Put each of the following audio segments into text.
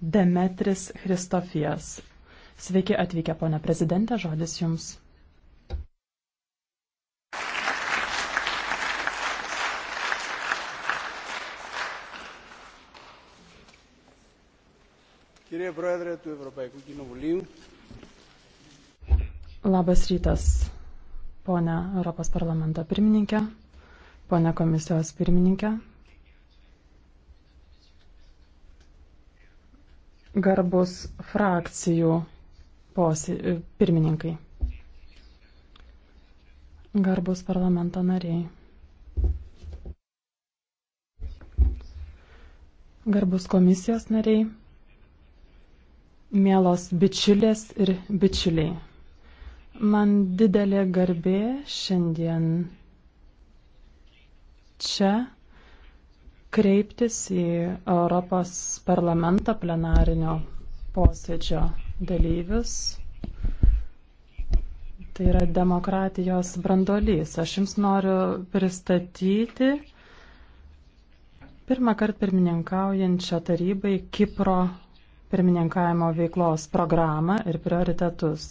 Demetris Kristofijas. Sveiki atvykę, ponia prezidentė, žodis jums. Κύριε Πρόεδρε του Ευρωπαϊκού Κοινοβουλίου. Labas rytas, ponia Europos parlamento pirmininkė, ponia komisijos pirmininkė, garbus frakcijų posi, pirmininkai, garbus parlamento nariai, garbus komisijos nariai, mielos bičiulės ir bičiuliai. Man didelė garbė šiandien čia kreiptis į Europos parlamento plenarinio posėdžio dalyvius. Tai yra demokratijos brandolys. Aš jums noriu pristatyti pirmą kartą pirmininkaujančią tarybai Kipro pirmininkavimo veiklos programą ir prioritetus.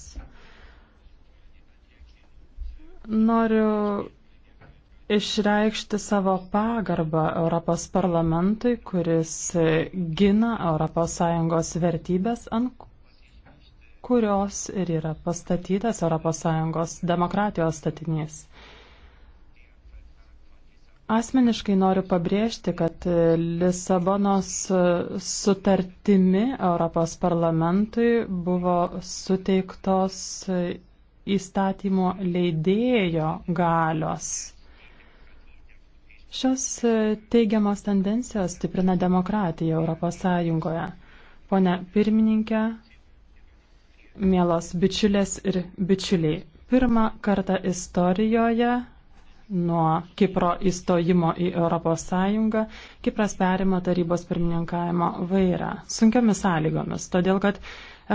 Noriu išreikšti savo pagarbą Europos parlamentui, kuris gina ES vertybės, ant kurios ir yra pastatytas ES demokratijos statinys. Asmeniškai noriu pabrėžti, kad Lisabonos sutartimi Europos parlamentui buvo suteiktos įstatymo leidėjo galios. Šios e, teigiamos tendencijos stiprina demokratiją Europos Sąjungoje. Pone pirmininkė, mielos bičiulės ir bičiuliai, pirmą kartą istorijoje nuo Kipro įstojimo į Europos Sąjungą Kipras perima tarybos pirmininkavimo vairą sunkiomis sąlygomis, todėl kad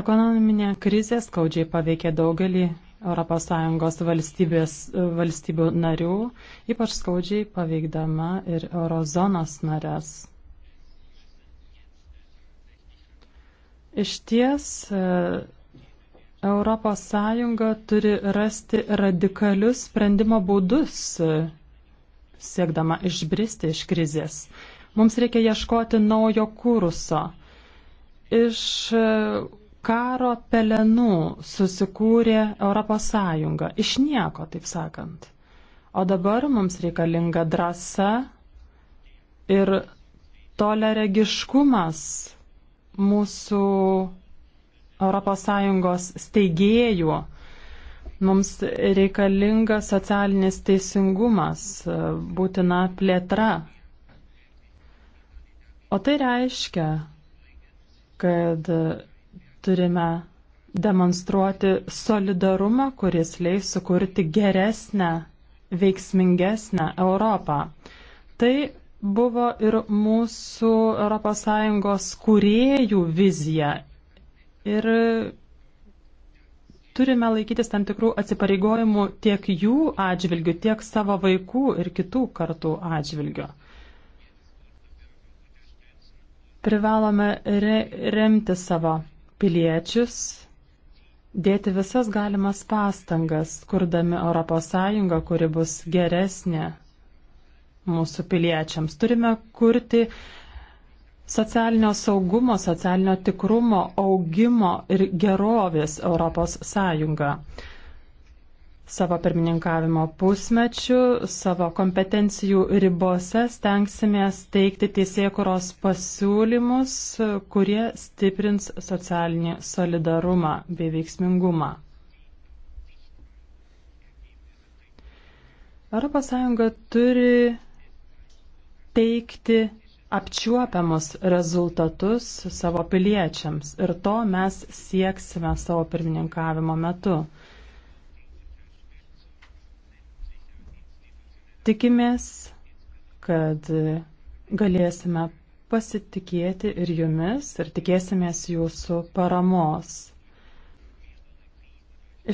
ekonominė krizė skaudžiai paveikė daugelį ES valstybės, valstybių narių, ypač skaudžiai paveikdama ir eurozonos narės. Iš ties ES turi rasti radikalius sprendimo būdus, e, siekdama išbristi iš krizės. Mums reikia ieškoti naujo kurso. Iš e, karo pelenų susikūrė Europos Sąjunga. Iš nieko, taip sakant. O dabar mums reikalinga drąsa ir toleregiškumas mūsų Europos Sąjungos steigėjų. Mums reikalinga socialinis teisingumas, būtina plėtra. O tai reiškia, kad turime demonstruoti solidarumą, kuris leis sukurti geresnę, veiksmingesnę Europą. Tai buvo ir mūsų ES kūrėjų vizija. Ir turime laikytis tam tikrų atsipareigojimų tiek jų atžvilgių, tiek savo vaikų ir kitų kartų atžvilgių. Privalome re remti savo piliečius dėti visas galimas pastangas, kurdami ES, kuri bus geresnė mūsų piliečiams. Turime kurti socialinio saugumo, socialinio tikrumo, augimo ir gerovės ES savo pirmininkavimo pusmečiu, savo kompetencijų ribose stengsimės teikti teisėkuros pasiūlymus, kurie stiprins socialinį solidarumą bei veiksmingumą. ES turi teikti apčiuopiamus rezultatus savo piliečiams ir to mes sieksime savo pirmininkavimo metu. Tikimės, kad galėsime pasitikėti ir jumis ir tikėsimės jūsų paramos.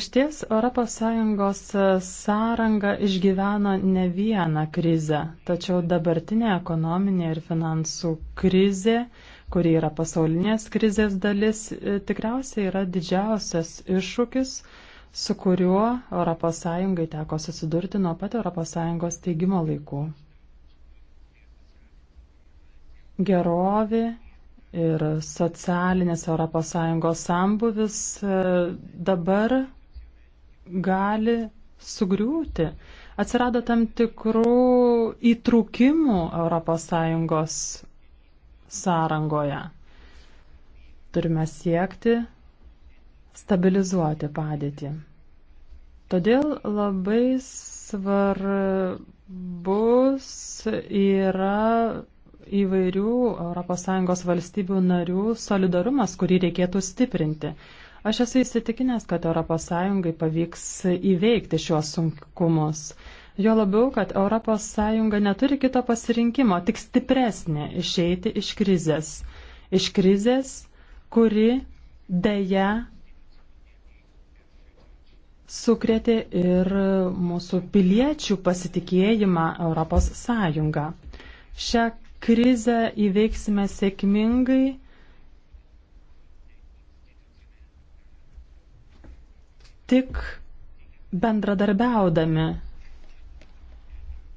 Iš ties ES sąranga išgyveno ne vieną krizę, tačiau dabartinė ekonominė ir finansų krizė, kuri yra pasaulinės krizės dalis, e, tikriausiai yra didžiausias iššūkis, su kuriuo ES teko susidurti nuo pat ES teigimo laikų. Gerovi ir socialinės ES sambuvis e, dabar gali sugriūti. Atsirado tam tikrų įtrūkimų ES sąrangoje. Turime siekti stabilizuoti padėtį. Todėl labai svarbus yra įvairių ES valstybių narių solidarumas, kurį reikėtų stiprinti. Aš esu įsitikinęs, kad ES pavyks įveikti šios sunkumus. Jo labiau, kad ES neturi kito pasirinkimo, tik stipresnė išeiti iš krizės. Iš krizės, kuri dėja sukretė ir mūsų piliečių pasitikėjimą Europos Sąjungą. Šią krizę įveiksime sėkmingai. Tik bendradarbiaudami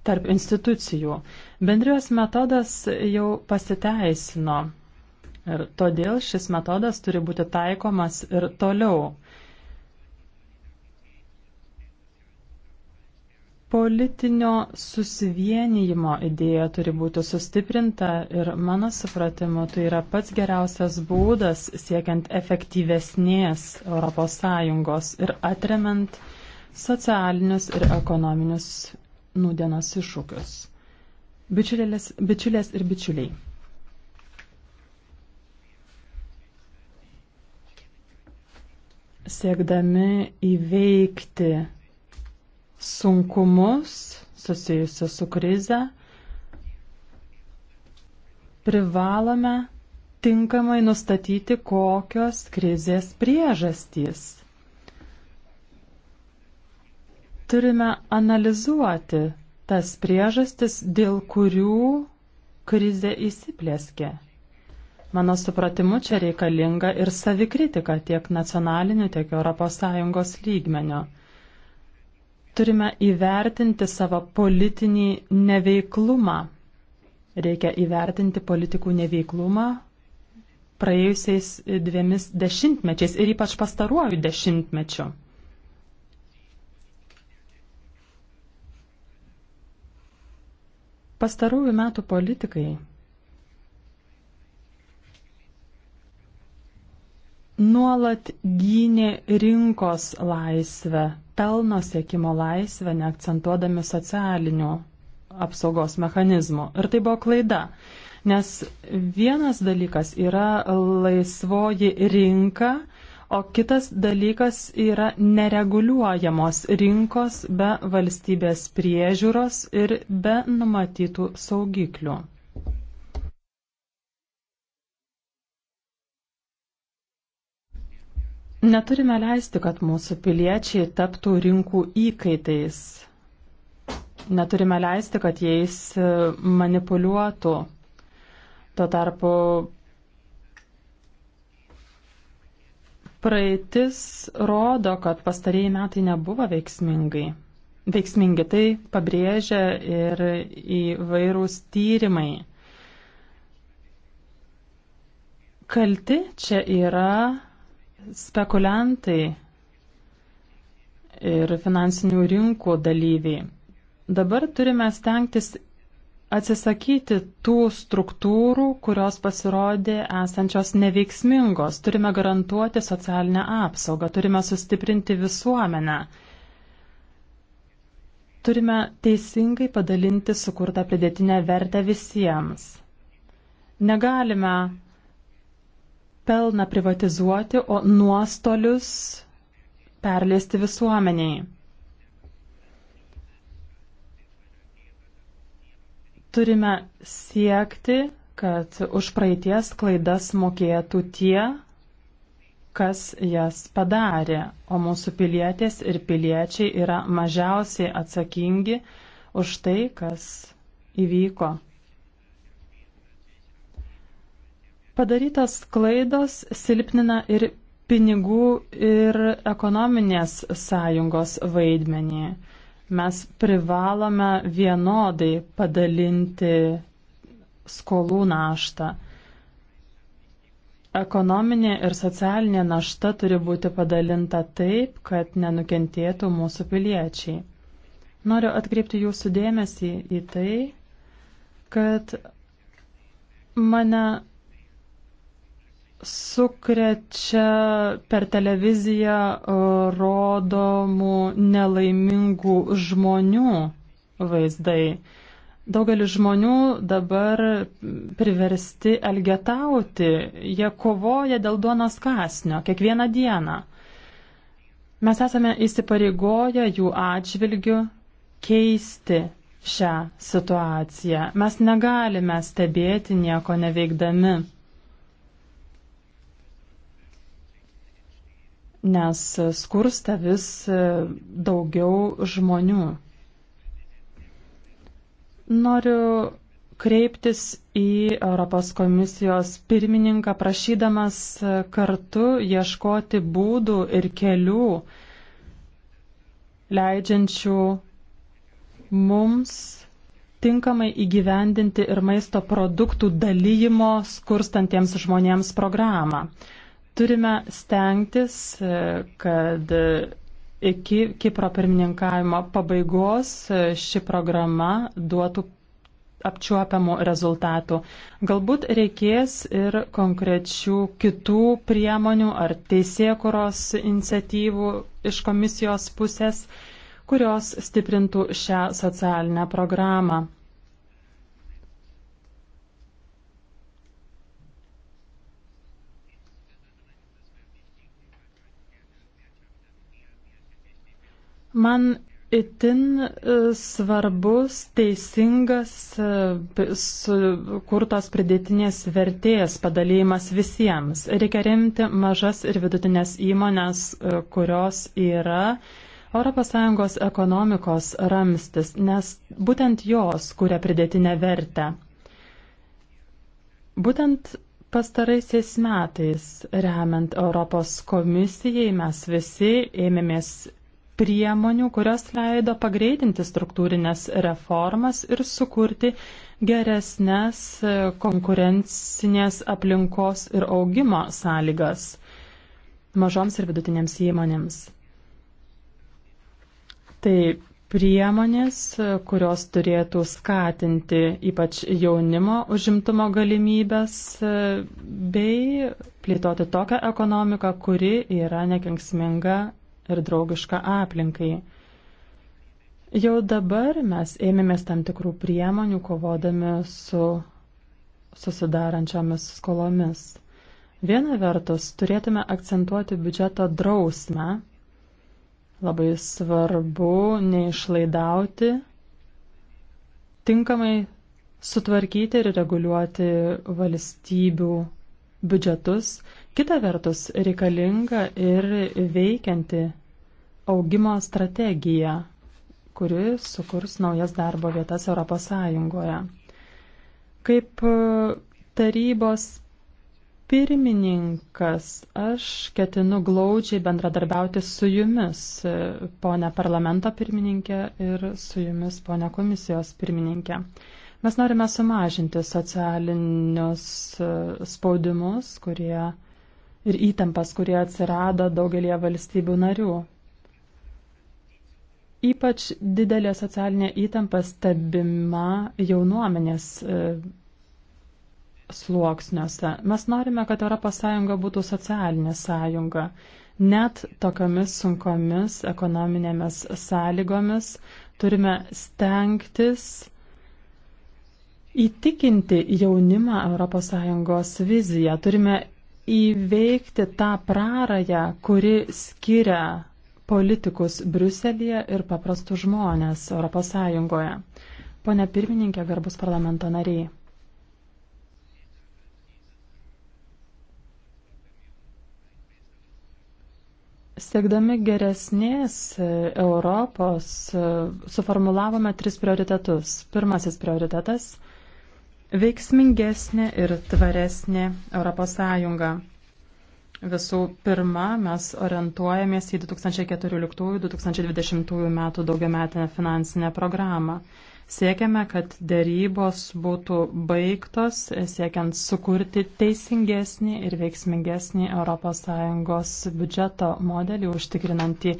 tarp institucijų. Bendrijos metodas jau pasiteisino ir todėl šis metodas turi būti taikomas ir toliau. Politinio susivienijimo idėja turi būti sustiprinta ir mano supratimu tai yra pats geriausias būdas siekiant efektyvesnės ES ir atremant socialinius ir ekonominius nūdienos iššūkius. Bičiulės, bičiulės ir bičiuliai. Siekdami įveikti sunkumus susijusius su krize, privalome tinkamai nustatyti, kokios krizės priežastys. Turime analizuoti tas priežastis, dėl kurių krizė įsiplėskė. Mano supratimu, čia reikalinga ir savikritika tiek nacionaliniu, tiek ES lygmenio turime įvertinti savo politinį neveiklumą. Reikia įvertinti politikų neveiklumą praėjusiais dviemis dešimtmečiais ir ypač pastaruoju dešimtmečiu. Pastarųjų metų politikai nuolat gynė rinkos laisvę, pelno siekimo laisvę, neakcentuodami socialinių apsaugos mechanizmų. Ir tai buvo klaida, nes vienas dalykas yra laisvoji rinka, o kitas dalykas yra nereguliuojamos rinkos be valstybės priežiūros ir be numatytų saugiklių. Neturime leisti, kad mūsų piliečiai taptų rinkų įkaitais. Neturime leisti, kad jais e, manipuliuotų. Tuo tarpu praeitis rodo, kad pastarėjai metai nebuvo veiksmingai. Veiksmingi tai pabrėžia ir įvairūs tyrimai. Kalti čia yra spekuliantai ir finansinių rinkų dalyviai. Dabar turime stengtis atsisakyti tų struktūrų, kurios pasirodė esančios neveiksmingos. Turime garantuoti socialinę apsaugą, turime sustiprinti visuomenę. Turime teisingai padalinti sukurtą pridėtinę vertę visiems. Negalime pelną privatizuoti, o nuostolius perleisti visuomeniai. Turime siekti, kad už praeities klaidas mokėtų tie, kas jas padarė, o mūsų pilietės ir piliečiai yra mažiausiai atsakingi už tai, kas įvyko. Padarytas klaidos silpnina ir pinigų ir ekonominės sąjungos vaidmenį. Mes privalome vienodai padalinti skolų naštą. Ekonominė ir socialinė našta turi būti padalinta taip, kad nenukentėtų mūsų piliečiai. Noriu atkreipti jūsų dėmesį į tai, kad mane sukrečia per televiziją e, rodomų nelaimingų žmonių vaizdai. Daugelis žmonių dabar priversti elgetauti, jie kovoja dėl duonos kasnio kiekvieną dieną. Mes esame įsipareigoję jų atžvilgių keisti šią situaciją. Mes negalime stebėti nieko neveikdami. nes skursta vis daugiau žmonių. Noriu kreiptis į Europos komisijos pirmininką, prašydamas kartu ieškoti būdų ir kelių, leidžiančių mums tinkamai įgyvendinti ir maisto produktų dalyjimo skurstantiems žmonėms programą. Turime stengtis, e, kad iki Kipro pirmininkavimo pabaigos e, ši programa duotų apčiuopiamų rezultatų. Galbūt reikės ir konkrečių kitų priemonių ar teisėkuros iniciatyvų iš komisijos pusės, kurios stiprintų šią socialinę programą. Man itin e, svarbus, teisingas, e, kurtos pridėtinės vertės padalymas visiems. Reikia remti mažas ir vidutinės įmonės, e, kurios yra ES ekonomikos ramstis, nes būtent jos kuria pridėtinę vertę. Būtent Pastaraisiais metais, remiant Europos komisijai, mes visi ėmėmės priemonių, kurios leido pagreitinti struktūrinės reformas ir sukurti geresnės e, konkurencinės aplinkos ir augimo sąlygas mažoms ir vidutinėms įmonėms. Tai priemonės, e, kurios turėtų skatinti ypač jaunimo užimtumo galimybės e, bei plėtoti tokią ekonomiką, kuri yra nekenksminga ir draugišką aplinkai. Jau dabar mes ėmėmės tam tikrų priemonių kovodami su susidarančiomis skolomis. Viena vertus, turėtume akcentuoti biudžeto drausmę. Labai svarbu neišlaidauti, tinkamai sutvarkyti ir reguliuoti valstybių biudžetus, Kita vertus, reikalinga ir veikianti augimo strategija, kuri sukurs naujas darbo vietas Europos Sąjungoje. Kaip e, tarybos pirmininkas, aš ketinu glaudžiai bendradarbiauti su jumis, e, ponia parlamento pirmininkė ir su jumis, ponia komisijos pirmininkė. Mes norime sumažinti socialinius e, spaudimus, kurie ir įtampas, kurie atsirado daugelie valstybių narių. Ypač didelė socialinė įtampa stebima jaunuomenės e, sluoksniuose. Mes norime, kad ES būtų socialinė sąjunga. Net tokiamis sunkomis ekonominėmis sąlygomis turime stengtis įtikinti jaunimą ES viziją. Turime įveikti tą prarąją, kuri skiria politikus Briuselėje ir paprastus žmonės ES. Pone pirmininkė, garbus parlamento nariai. Siekdami geresnės Europos suformulavome tris prioritetus. Pirmasis prioritetas veiksmingesnė ir tvaresnė ES. Visų pirma, mes orientuojamės į 2014-2020 metų daugiametinę finansinę programą. Siekiame, kad dėrybos būtų baigtos, siekiant sukurti teisingesnį ir veiksmingesnį ES biudžeto modelį, užtikrinantį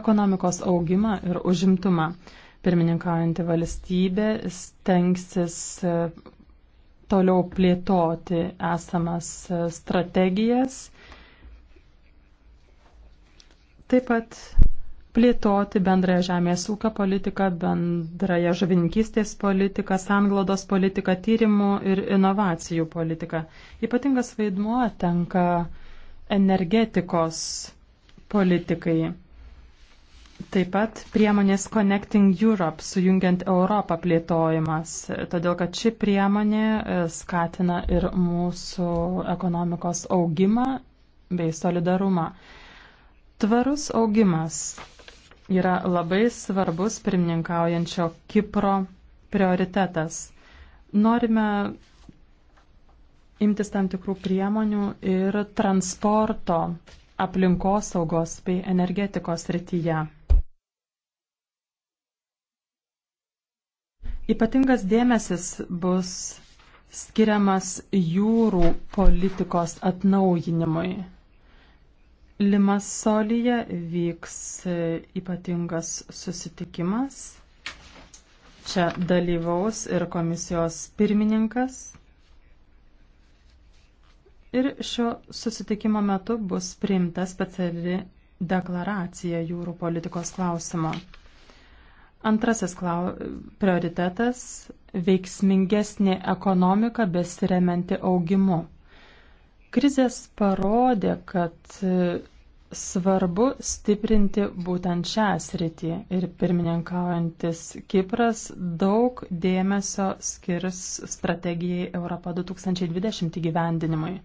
ekonomikos augimą ir užimtumą. Pirmininkaujantį valstybę stengsis toliau plėtoti esamas strategijas, taip pat plėtoti bendrąją žemės ūkio politiką, bendrąją žuvininkystės politiką, sanglodos politiką, tyrimų ir inovacijų politiką. Ypatingas vaidmuo tenka energetikos politikai. Taip pat priemonės Connecting Europe, sujungiant Europą plėtojimas, todėl kad ši priemonė e, skatina ir mūsų ekonomikos augimą bei solidarumą. Tvarus augimas yra labai svarbus pirmininkaujančio Kipro prioritetas. Norime imtis tam tikrų priemonių ir transporto, aplinkosaugos bei energetikos rytyje. Ypatingas dėmesys bus skiriamas jūrų politikos atnaujinimui. Limasolyje vyks ypatingas susitikimas. Čia dalyvaus ir komisijos pirmininkas. Ir šio susitikimo metu bus priimta speciali deklaracija jūrų politikos klausimo. Antrasis klau... prioritetas - veiksmingesnė ekonomika besiremianti augimu. Krizės parodė, kad e, svarbu stiprinti būtent šią sritį ir pirmininkaujantis Kipras daug dėmesio skirs strategijai Europa 2020 gyvendinimui.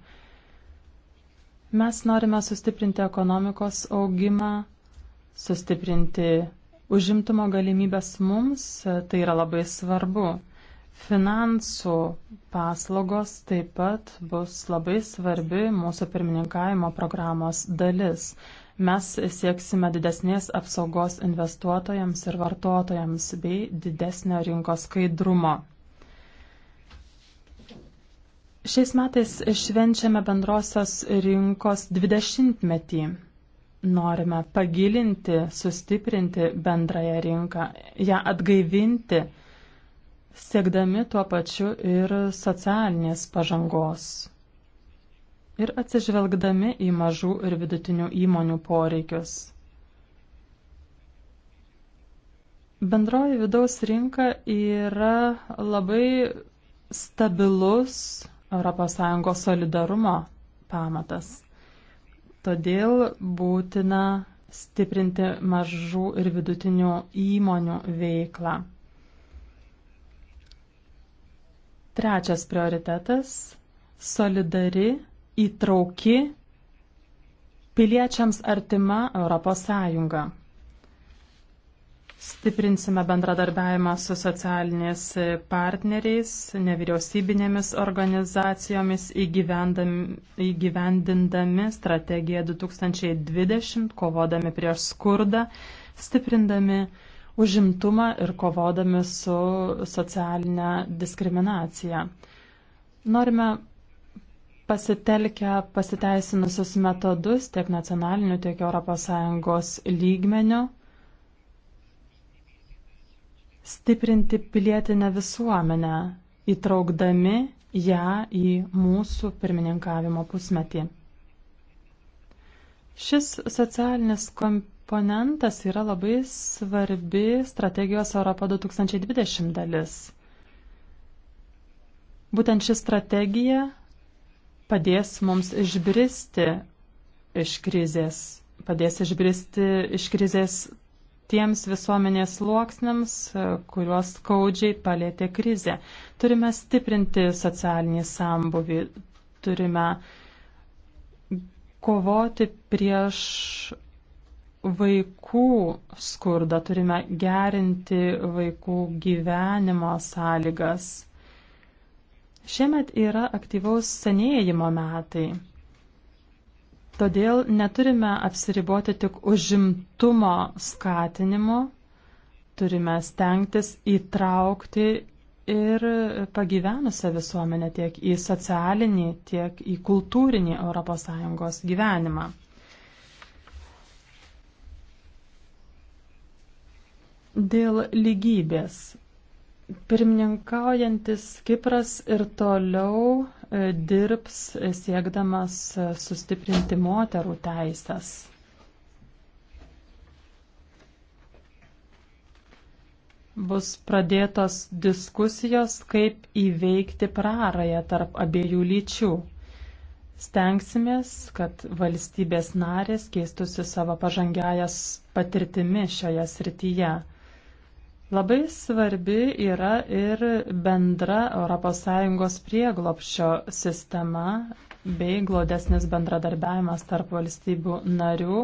Mes norime sustiprinti ekonomikos augimą, sustiprinti užimtumo galimybės mums, tai yra labai svarbu. Finansų paslaugos taip pat bus labai svarbi mūsų pirmininkavimo programos dalis. Mes sieksime didesnės apsaugos investuotojams ir vartotojams bei didesnio rinkos skaidrumo. Šiais metais švenčiame bendrosios rinkos 20 metį norime pagilinti, sustiprinti bendrąją rinką, ją atgaivinti, siekdami tuo pačiu ir socialinės pažangos. Ir atsižvelgdami į mažų ir vidutinių įmonių poreikius. Bendroji vidaus rinka yra labai stabilus ES solidarumo pamatas. Todėl būtina stiprinti mažų ir vidutinių įmonių veiklą. Trečias prioritetas - solidari, įtrauki, piliečiams artima Europos Sąjunga. Stiprinsime bendradarbiavimą su socialiniais partneriais, nevyriausybinėmis organizacijomis įgyvendindami strategiją 2020, kovodami prieš skurdą, stiprindami užimtumą ir kovodami su socialinė diskriminacija. Norime pasitelkę pasiteisinusius metodus tiek nacionaliniu, tiek ES lygmeniu stiprinti pilietinę visuomenę, įtraukdami ją į mūsų pirmininkavimo pusmetį. Šis socialinis komponentas yra labai svarbi strategijos Europa 2020 dalis. Būtent ši strategija padės mums išbristi iš krizės, padės išbristi iš krizės tiems visuomenės sluoksniams, e, kuriuos skaudžiai palėtė krizė. Turime stiprinti socialinį sambuvį, turime kovoti prieš vaikų skurdą, turime gerinti vaikų gyvenimo sąlygas. Šiemet yra aktyvaus senėjimo metai. Todėl neturime apsiriboti tik užimtumo skatinimu, turime stengtis įtraukti ir pagyvenusią visuomenę tiek į socialinį, tiek į kultūrinį ES gyvenimą. Dėl lygybės. Pirmininkaujantis Kipras ir toliau dirbs siekdamas sustiprinti moterų teisės. Bus pradėtos diskusijos, kaip įveikti prarąją tarp abiejų lyčių. Stengsimės, kad valstybės narės keistusi savo pažangiajas patirtimi šioje srityje. Labai svarbi yra ir bendra ES prieglopščio sistema bei glaudesnis bendradarbiavimas tarp valstybių narių,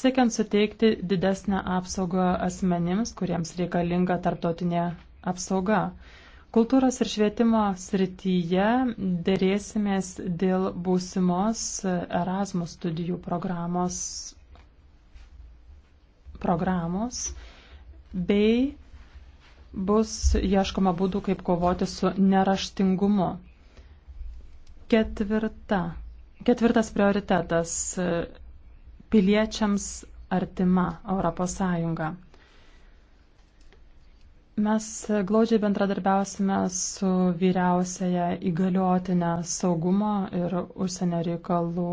siekiant suteikti didesnę apsaugą asmenims, kuriems reikalinga tarptautinė apsauga. Kultūros ir švietimo srityje dėrėsimės dėl būsimos Erasmus studijų programos, programos bei bus ieškoma būdų, kaip kovoti su neraštingumu. Ketvirta. Ketvirtas prioritetas - piliečiams artima Europos Sąjunga. Mes glaudžiai bendradarbiausime su vyriausiaja įgaliotinė saugumo ir užsienio reikalų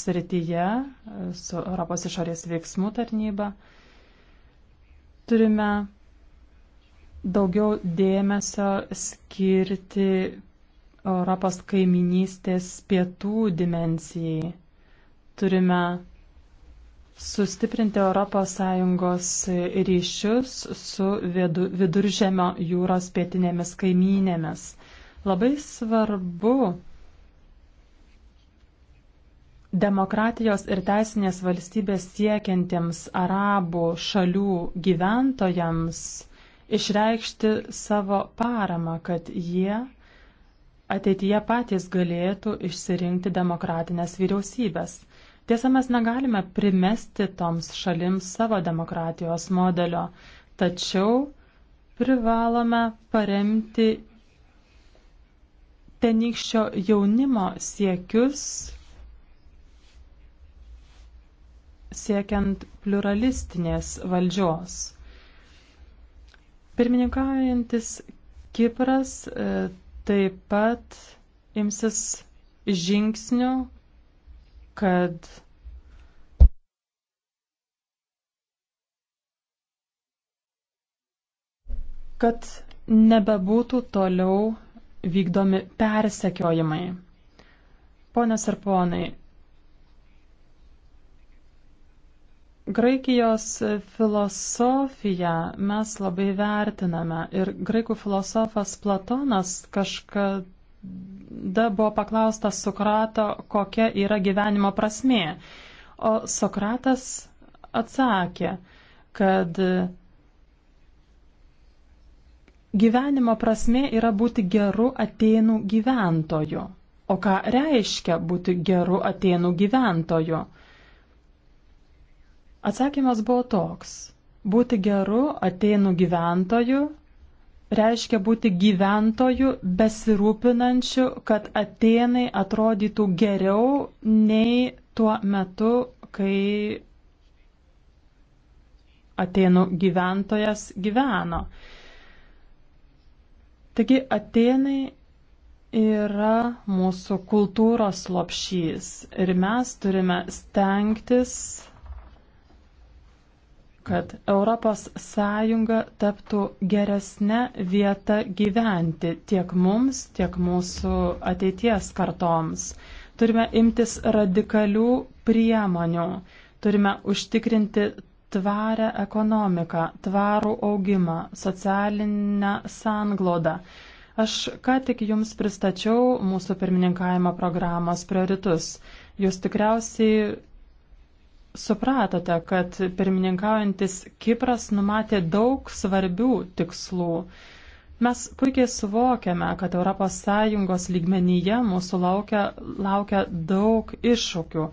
srityje, su Europos išorės veiksmų tarnyba. Turime daugiau dėmesio skirti Europos kaiminystės pietų dimensijai. Turime sustiprinti ES ryšius su viduržemio jūros pietinėmis kaimynėmis. Labai svarbu demokratijos ir teisinės valstybės siekiantiems arabų šalių gyventojams išreikšti savo paramą, kad jie ateityje patys galėtų išsirinkti demokratinės vyriausybės. Tiesa, mes negalime primesti toms šalims savo demokratijos modelio, tačiau privalome paremti tenykščio jaunimo siekius siekiant pluralistinės valdžios. Pirmininkaujantis Kipras e, taip pat imsis žingsnių, kad kad nebebūtų toliau vykdomi persekiojimai. Ponios ir ponai, Graikijos filosofiją mes labai vertiname ir graikų filosofas Platonas kažkada buvo paklaustas Sokrato, kokia yra gyvenimo prasmė. O Sokratas atsakė, kad gyvenimo prasmė yra būti geru atėnų gyventoju. O ką reiškia būti geru atėnų gyventoju? Atsakymas buvo toks. Būti geru ateinų gyventoju reiškia būti gyventoju besirūpinančiu, kad ateinai atrodytų geriau nei tuo metu, kai ateinų gyventojas gyveno. Taigi ateinai yra mūsų kultūros lopšys ir mes turime stengtis kad ES taptų geresnė vieta gyventi tiek mums, tiek mūsų ateities kartoms. Turime imtis radikalių priemonių, turime užtikrinti tvarę ekonomiką, tvarų augimą, socialinę sanglodą. Aš ką tik Jums pristačiau mūsų pirmininkavimo programos prioritus. Jūs tikriausiai Supratote, kad pirmininkaujantis Kipras numatė daug svarbių tikslų. Mes puikiai suvokiame, kad ES lygmenyje mūsų laukia, laukia daug iššūkių.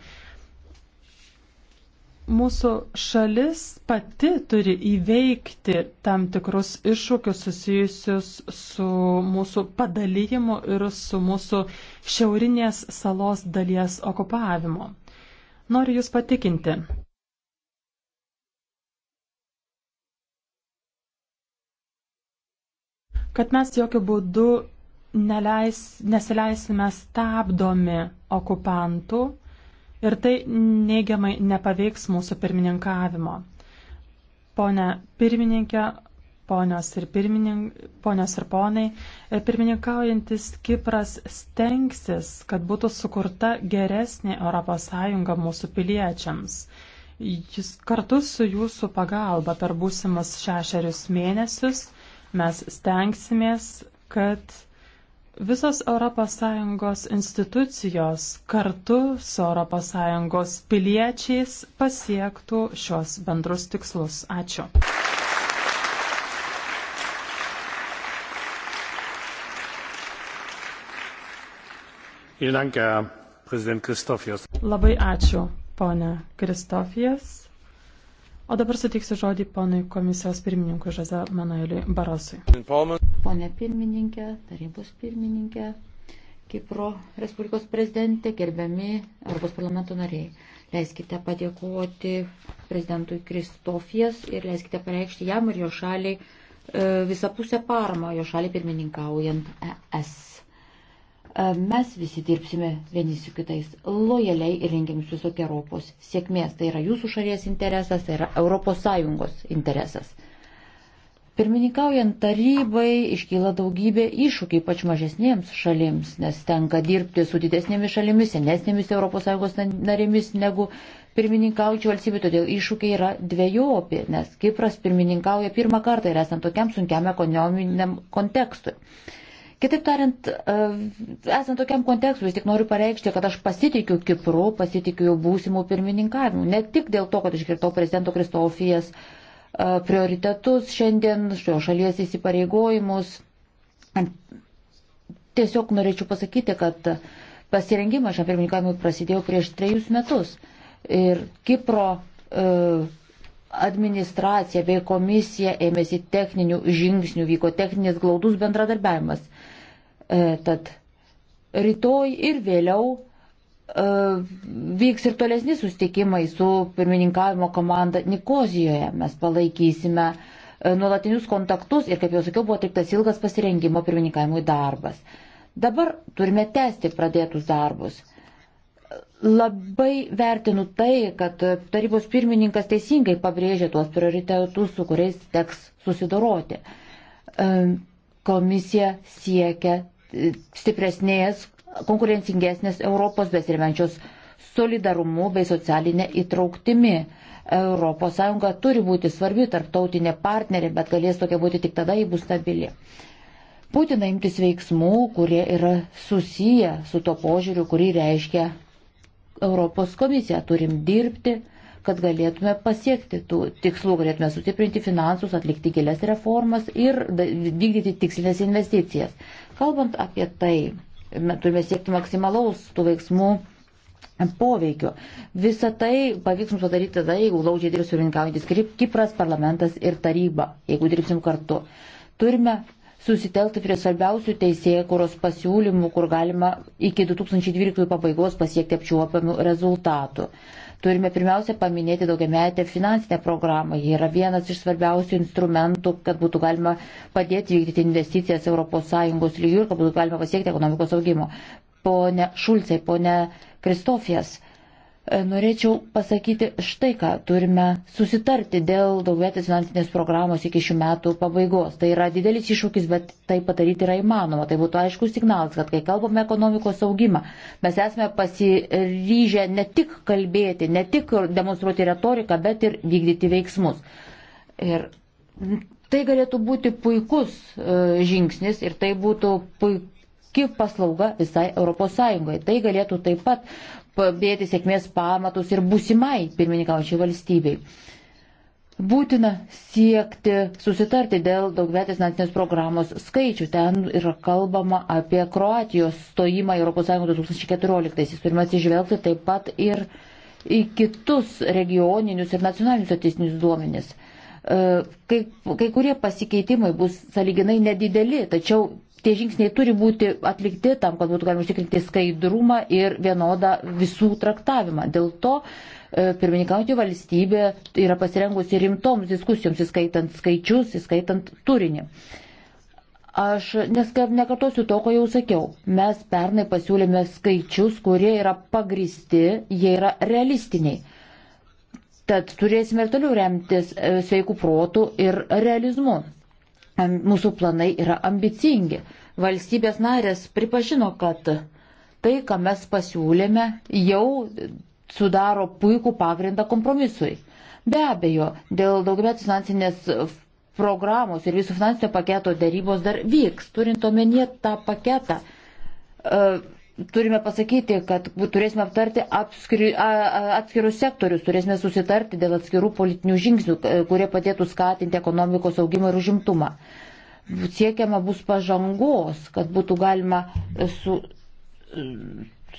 Mūsų šalis pati turi įveikti tam tikrus iššūkius susijusius su mūsų padalyjimu ir su mūsų šiaurinės salos dalies okupavimu. Noriu Jūs patikinti. kad mes jokių būdų neleis, nesileisime stabdomi okupantų ir tai neigiamai nepaveiks mūsų pirmininkavimo. Pone pirmininkė, Ponios ir, ponios ir ponai, e, pirmininkaujantis Kipras stengsis, kad būtų sukurta geresnė ES mūsų piliečiams. Jis kartu su jūsų pagalba per būsimus šešerius mėnesius mes stengsimės, kad visos ES institucijos kartu su ES piliečiais pasiektų šios bendrus tikslus. Ačiū. Labai ačiū, ponė Kristofijas. O dabar suteiksiu žodį ponui komisijos pirmininkui Žaze Manueliui Barosui. Pone pirmininkė, tarybos pirmininkė, Kipro Respublikos prezidentė, gerbiami Europos parlamento nariai. Leiskite padėkoti prezidentui Kristofijas ir leiskite pareikšti jam ir jo šaliai e, visapusę paramą jo šaliai pirmininkaujant ES. E, mes visi dirbsime vieni su kitais lojaliai ir rengiamis visokieropos sėkmės. Tai yra jūsų šalies interesas, tai yra ES interesas. Pirmininkaujant tarybai iškyla daugybė iššūkiai pač mažesnėms šalims, nes tenka dirbti su didesnėmis šalimis, senesnėmis ES narėmis negu pirmininkaujančių valstybių, todėl iššūkiai yra dviejopi, nes Kipras pirmininkauja pirmą kartą ir esant tokiam sunkiam ekonominiam kontekstui. Kitaip tariant, e, esant tokiam kontekstui, vis tik noriu pareikšti, kad aš pasitikiu Kipru, pasitikiu būsimų pirmininkavimų. Ne tik dėl to, kad iškirtau prezidento Kristofijas e, prioritetus šiandien, šio šalies įsipareigojimus. Tiesiog norėčiau pasakyti, kad pasirengimas šiam pirmininkavimui prasidėjo prieš trejus metus. Ir Kipro e, administracija bei komisija ėmėsi techninių žingsnių, vyko techninis glaudus bendradarbiavimas. E, tad rytoj ir vėliau e, vyks ir tolesni sustikimai su pirmininkavimo komanda Nikozijoje. Mes palaikysime e, nuolatinius kontaktus ir, kaip jau sakiau, buvo atliktas ilgas pasirengimo pirmininkavimui darbas. Dabar turime tęsti pradėtus darbus. Labai vertinu tai, kad tarybos pirmininkas teisingai pabrėžė tuos prioritetus, su kuriais teks susidoroti. E, komisija siekia e, stipresnės, konkurencingesnės Europos besirimenčios solidarumu bei socialinė įtrauktimi. ES turi būti svarbi tarptautinė partnerė, bet galės tokia būti tik tada, jei bus stabili. Būtina imtis veiksmų, kurie yra susiję su to požiūriu, kurį reiškia Europos komisiją. Turim dirbti, kad galėtume pasiekti tų tikslų, galėtume sustiprinti finansus, atlikti gilias reformas ir vykdyti tikslinės investicijas. Kalbant apie tai, turime siekti maksimalaus tų veiksmų poveikio. Visą tai pavyks mums padaryti tada, jeigu glaudžiai dirbs surinkaujantis Kipras, parlamentas ir taryba, jeigu dirbsim kartu. Turime susitelkti prie svarbiausių teisėjų, kurios pasiūlymų, kur galima iki 2012 pabaigos pasiekti apčiuopiamų rezultatų. Turime pirmiausia paminėti daugiametę finansinę programą. Ji yra vienas iš svarbiausių instrumentų, kad būtų galima padėti vykdyti investicijas ES lygių ir kad būtų galima pasiekti ekonomikos augimo. Pone Šulcai, pone Kristofijas, E, norėčiau pasakyti štai ką, turime susitarti dėl daugiatės finansinės programos iki šių metų pabaigos. Tai yra didelis iššūkis, bet tai padaryti yra įmanoma. Tai būtų aiškus signalas, kad kai kalbame ekonomikos augimą, mes esame pasiryžę ne tik kalbėti, ne tik demonstruoti retoriką, bet ir vykdyti veiksmus. Ir tai galėtų būti puikus e, žingsnis ir tai būtų puikus paslauga visai ES. Tai galėtų taip pat padėti sėkmės pamatus ir būsimai pirmininkaučiai valstybei. Būtina siekti susitarti dėl daugvetės nacinės programos skaičių. Ten yra kalbama apie Kroatijos stojimą į ES 2014. Turime atsižvelgti taip pat ir į kitus regioninius ir nacionalinius statistinius duomenis. E, kai, kai kurie pasikeitimai bus saliginai nedideli, tačiau tie žingsniai turi būti atlikti tam, kad būtų galima užtikrinti skaidrumą ir vienodą visų traktavimą. Dėl to e, pirmininkauti valstybė yra pasirengusi rimtoms diskusijoms, įskaitant skaičius, įskaitant turinį. Aš nekartosiu to, ko jau sakiau. Mes pernai pasiūlėme skaičius, kurie yra pagristi, jie yra realistiniai. Tad turėsime ir toliau remtis e, sveikų protų ir realizmu mūsų planai yra ambicingi. Valstybės narės pripažino, kad tai, ką mes pasiūlėme, jau sudaro puikų pagrindą kompromisui. Be abejo, dėl daugiametės finansinės programos ir visų finansinio paketo dėrybos dar vyks, turint omenyje tą paketą. Uh, turime pasakyti, kad turėsime aptarti apskri, atskirus sektorius, turėsime susitarti dėl atskirų politinių žingsnių, kurie padėtų skatinti ekonomikos augimą ir užimtumą. Siekiama bus pažangos, kad būtų galima su,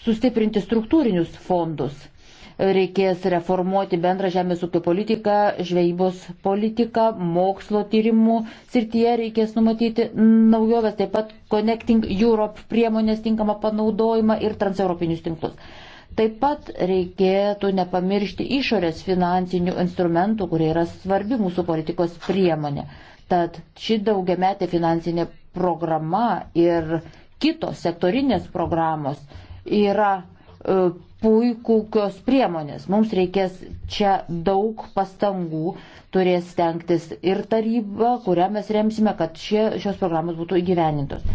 sustiprinti struktūrinius fondus reikės reformuoti bendrą žemės ūkio politiką, žvejybos politiką, mokslo tyrimų srityje reikės numatyti naujoves, taip pat Connecting Europe priemonės tinkamą panaudojimą ir transeuropinius tinklus. Taip pat reikėtų nepamiršti išorės finansinių instrumentų, kurie yra svarbi mūsų politikos priemonė. Tad ši daugiametė finansinė programa ir kitos sektorinės programos yra e, puikūkios priemonės. Mums reikės čia daug pastangų, turės tenktis ir taryba, kurią mes remsime, kad šie, šios programos būtų įgyvenintos.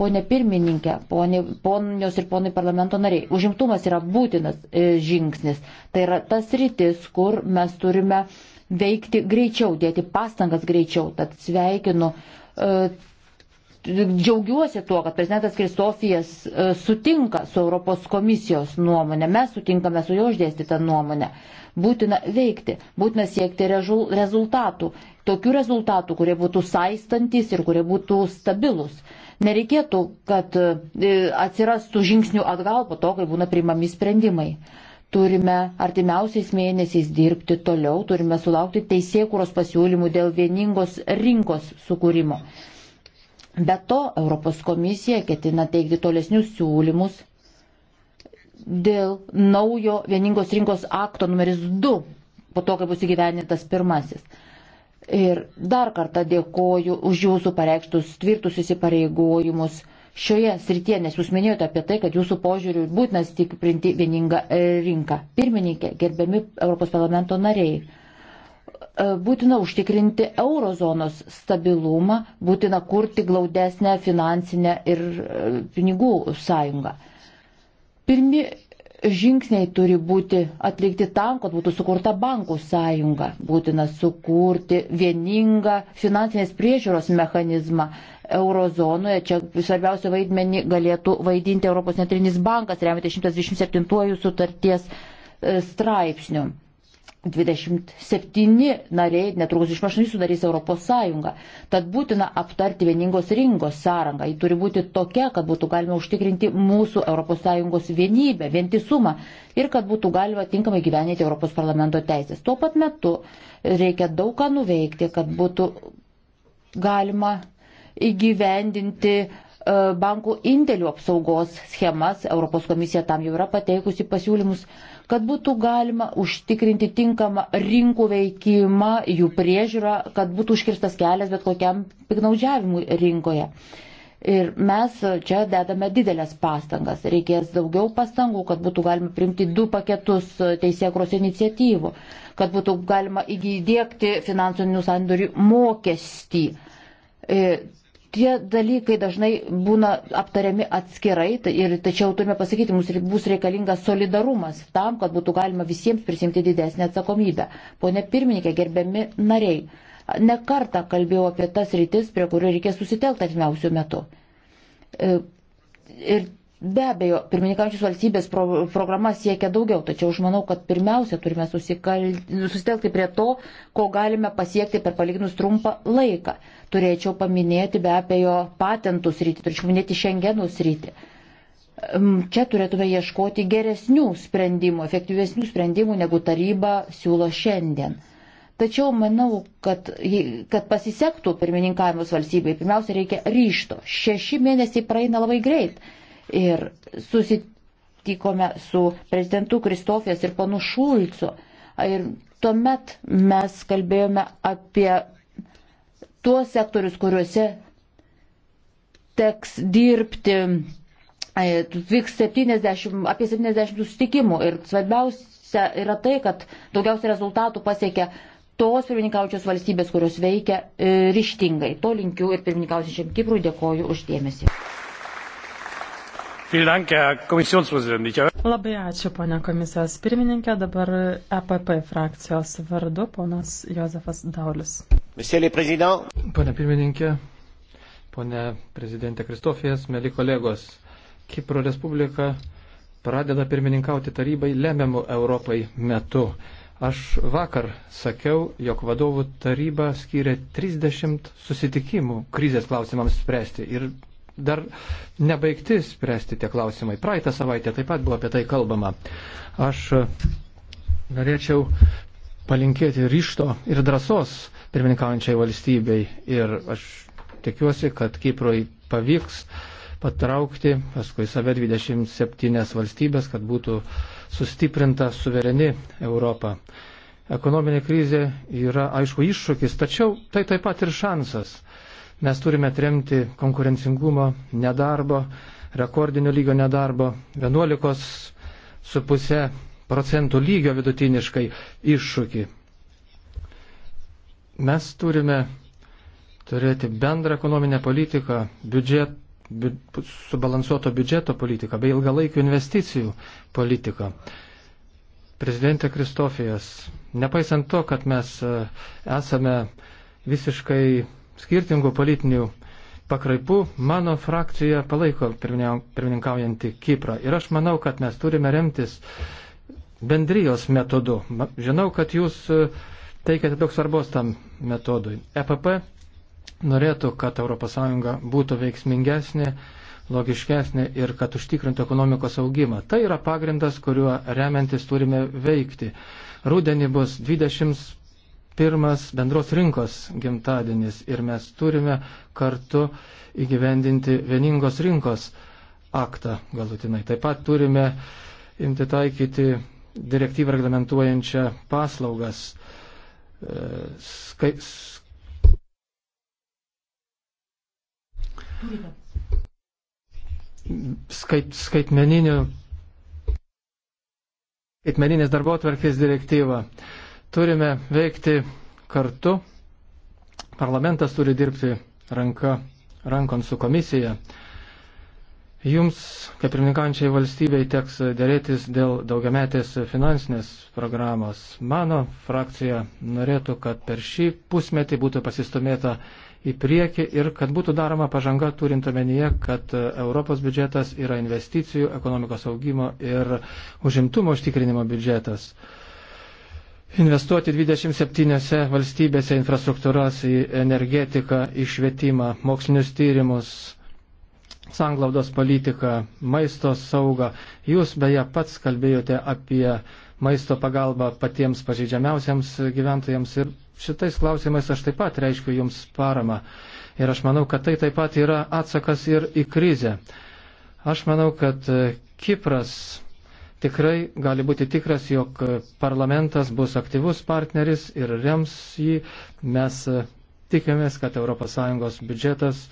Pone pirmininkė, ponė, ponios ir ponai parlamento nariai, užimtumas yra būtinas e, žingsnis. Tai yra tas rytis, kur mes turime veikti greičiau, dėti pastangas greičiau. Tad sveikinu e, džiaugiuosi tuo, kad prezidentas Kristofijas e, sutinka su Europos komisijos nuomonė, mes sutinkame su jo išdėstytą nuomonę. Būtina veikti, būtina siekti rezultatų, tokių rezultatų, kurie būtų saistantis ir kurie būtų stabilus. Nereikėtų, kad e, atsirastų žingsnių atgal po to, kai būna priimami sprendimai turime artimiausiais mėnesiais dirbti toliau, turime sulaukti teisėkuros pasiūlymų dėl vieningos rinkos sukūrimo. Be to, Europos komisija ketina teikti tolesnius siūlymus dėl naujo vieningos rinkos akto numeris 2, po to, kai bus įgyvenintas pirmasis. Ir dar kartą dėkoju už jūsų pareikštus tvirtus įsipareigojimus šioje srityje, nes jūs minėjote apie tai, kad jūsų požiūriu būtina stiprinti vieningą e, rinką. Pirmininkė, gerbiami Europos parlamento nariai, E, būtina užtikrinti eurozonos stabilumą, būtina kurti glaudesnę finansinę ir e, pinigų sąjungą. Pirmi žingsniai turi būti atlikti tam, kad būtų sukurta bankų sąjunga. Būtina sukurti vieningą finansinės priežiūros mechanizmą eurozonoje. Čia svarbiausią vaidmenį galėtų vaidinti Europos centrinis bankas, remiantis 127 sutarties e, straipsnių. 27 nariai, netrukus 28 sudarys Europos Sąjungą. Tad būtina aptarti vieningos rinkos sąrangą. Ji turi būti tokia, kad būtų galima užtikrinti mūsų Europos Sąjungos vienybę, vientisumą ir kad būtų galima tinkamai gyvenyti Europos parlamento teisės. Tuo pat metu reikia daug ką nuveikti, kad būtų galima įgyvendinti e, bankų indėlių apsaugos schemas. Europos komisija tam jau yra pateikusi pasiūlymus kad būtų galima užtikrinti tinkamą rinkų veikimą, jų priežiūrą, kad būtų užkirstas kelias bet kokiam piknaudžiavimui rinkoje. Ir mes čia dedame didelės pastangas. Reikės daugiau pastangų, kad būtų galima priimti du paketus teisėkros iniciatyvų, kad būtų galima įdėkti finansinių sandorių mokestį e, Tie dalykai dažnai būna aptariami atskirai tai ir tačiau turime pasakyti, mums bus reikalingas solidarumas tam, kad būtų galima visiems prisimti didesnį atsakomybę. Pone pirmininkė, gerbiami nariai, nekartą kalbėjau apie tas rytis, prie kurių reikės susitelkti atmiausių metų. E, ir Be abejo, pirmininkaujančios valstybės pro, programa siekia daugiau, tačiau aš manau, kad pirmiausia turime susikal... susitelkti prie to, ko galime pasiekti per palyginus trumpą laiką. Turėčiau paminėti be abejo patentų sritį, turėčiau paminėti šengenų sritį. Čia turėtume ieškoti geresnių sprendimų, efektyvesnių sprendimų, negu taryba siūlo šiandien. Tačiau manau, kad, kad pasisektų pirmininkavimus valstybei, pirmiausia reikia ryšto. Šeši mėnesiai praeina labai greit ir susitikome su prezidentu Kristofijas ir panu Šulcu. Ir tuomet mes kalbėjome apie tuos sektorius, kuriuose teks dirbti. E, vyks 70, apie 70 susitikimų ir svarbiausia yra tai, kad daugiausia rezultatų pasiekia tos pirmininkaučios valstybės, kurios veikia e, ryštingai. To linkiu ir pirmininkausiu šiam Kiprui dėkoju uždėmesi. Labai ačiū, ponia komisijos pirmininkė. Dabar EPP frakcijos vardu ponas Jozefas Daulis. Pone pirmininkė, pone prezidentė Kristofijas, mėly kolegos, Kipro Respublika pradeda pirmininkauti tarybai lemiamų Europai metu. Aš vakar sakiau, jog vadovų taryba skyrė 30 susitikimų krizės klausimams spręsti ir dar nebaigti spręsti tie klausimai. Praeitą savaitę taip pat buvo apie tai kalbama. Aš e, norėčiau palinkėti ryšto ir drąsos pirmininkaujančiai valstybei ir aš tikiuosi, kad Kiprui pavyks patraukti paskui save 27 valstybės, kad būtų sustiprinta suvereni Europa. Ekonominė krizė yra aišku iššūkis, tačiau tai taip pat ir šansas. Mes turime tremti konkurencingumo, nedarbo, rekordinio lygio nedarbo, 11,5 procentų lygio vidutiniškai iššūkį. Mes turime turėti bendrą ekonominę politiką, biudžet, bi, subalansuoto biudžeto politiką bei ilgalaikių investicijų politiką. Prezidentė Kristofijas, nepaisant to, kad mes e, esame visiškai skirtingų politinių pakraipų mano frakcija palaiko pirmininkaujantį Kiprą. Ir aš manau, kad mes turime remtis bendrijos metodu. Žinau, kad jūs e, teikiate daug svarbos tam metodui. EPP norėtų, kad ES būtų veiksmingesnė, logiškesnė ir kad užtikrintų ekonomikos augimą. Tai yra pagrindas, kuriuo remiantis turime veikti. Rūdienį bus 20 pirmas bendros rinkos gimtadienis ir mes turime kartu įgyvendinti vieningos rinkos aktą galutinai. Taip pat turime imti taikyti direktyvą reglamentuojančią paslaugas. E, skai, skait, skaitmeninių skaitmeninės darbo atverkės direktyvą. Turime veikti kartu. Parlamentas turi dirbti ranka, rankon su komisija. Jums, kaip pirmininkančiai valstybei, teks dėrėtis dėl daugiametės finansinės programos. Mano frakcija norėtų, kad per šį pusmetį būtų pasistumėta į priekį ir kad būtų daroma pažanga turint omenyje, kad Europos biudžetas yra investicijų, ekonomikos augimo ir užimtumo užtikrinimo biudžetas investuoti 27 valstybėse infrastruktūras į energetiką, į švietimą, mokslinius tyrimus, sanglaudos politiką, maisto saugą. Jūs beje pats kalbėjote apie maisto pagalbą patiems pažeidžiamiausiams gyventojams ir šitais klausimais aš taip pat reiškiu jums paramą. Ir aš manau, kad tai taip pat yra atsakas ir į krizę. Aš manau, kad Kipras tikrai gali būti tikras, jog parlamentas bus aktyvus partneris ir rems jį. Mes e, tikimės, kad ES biudžetas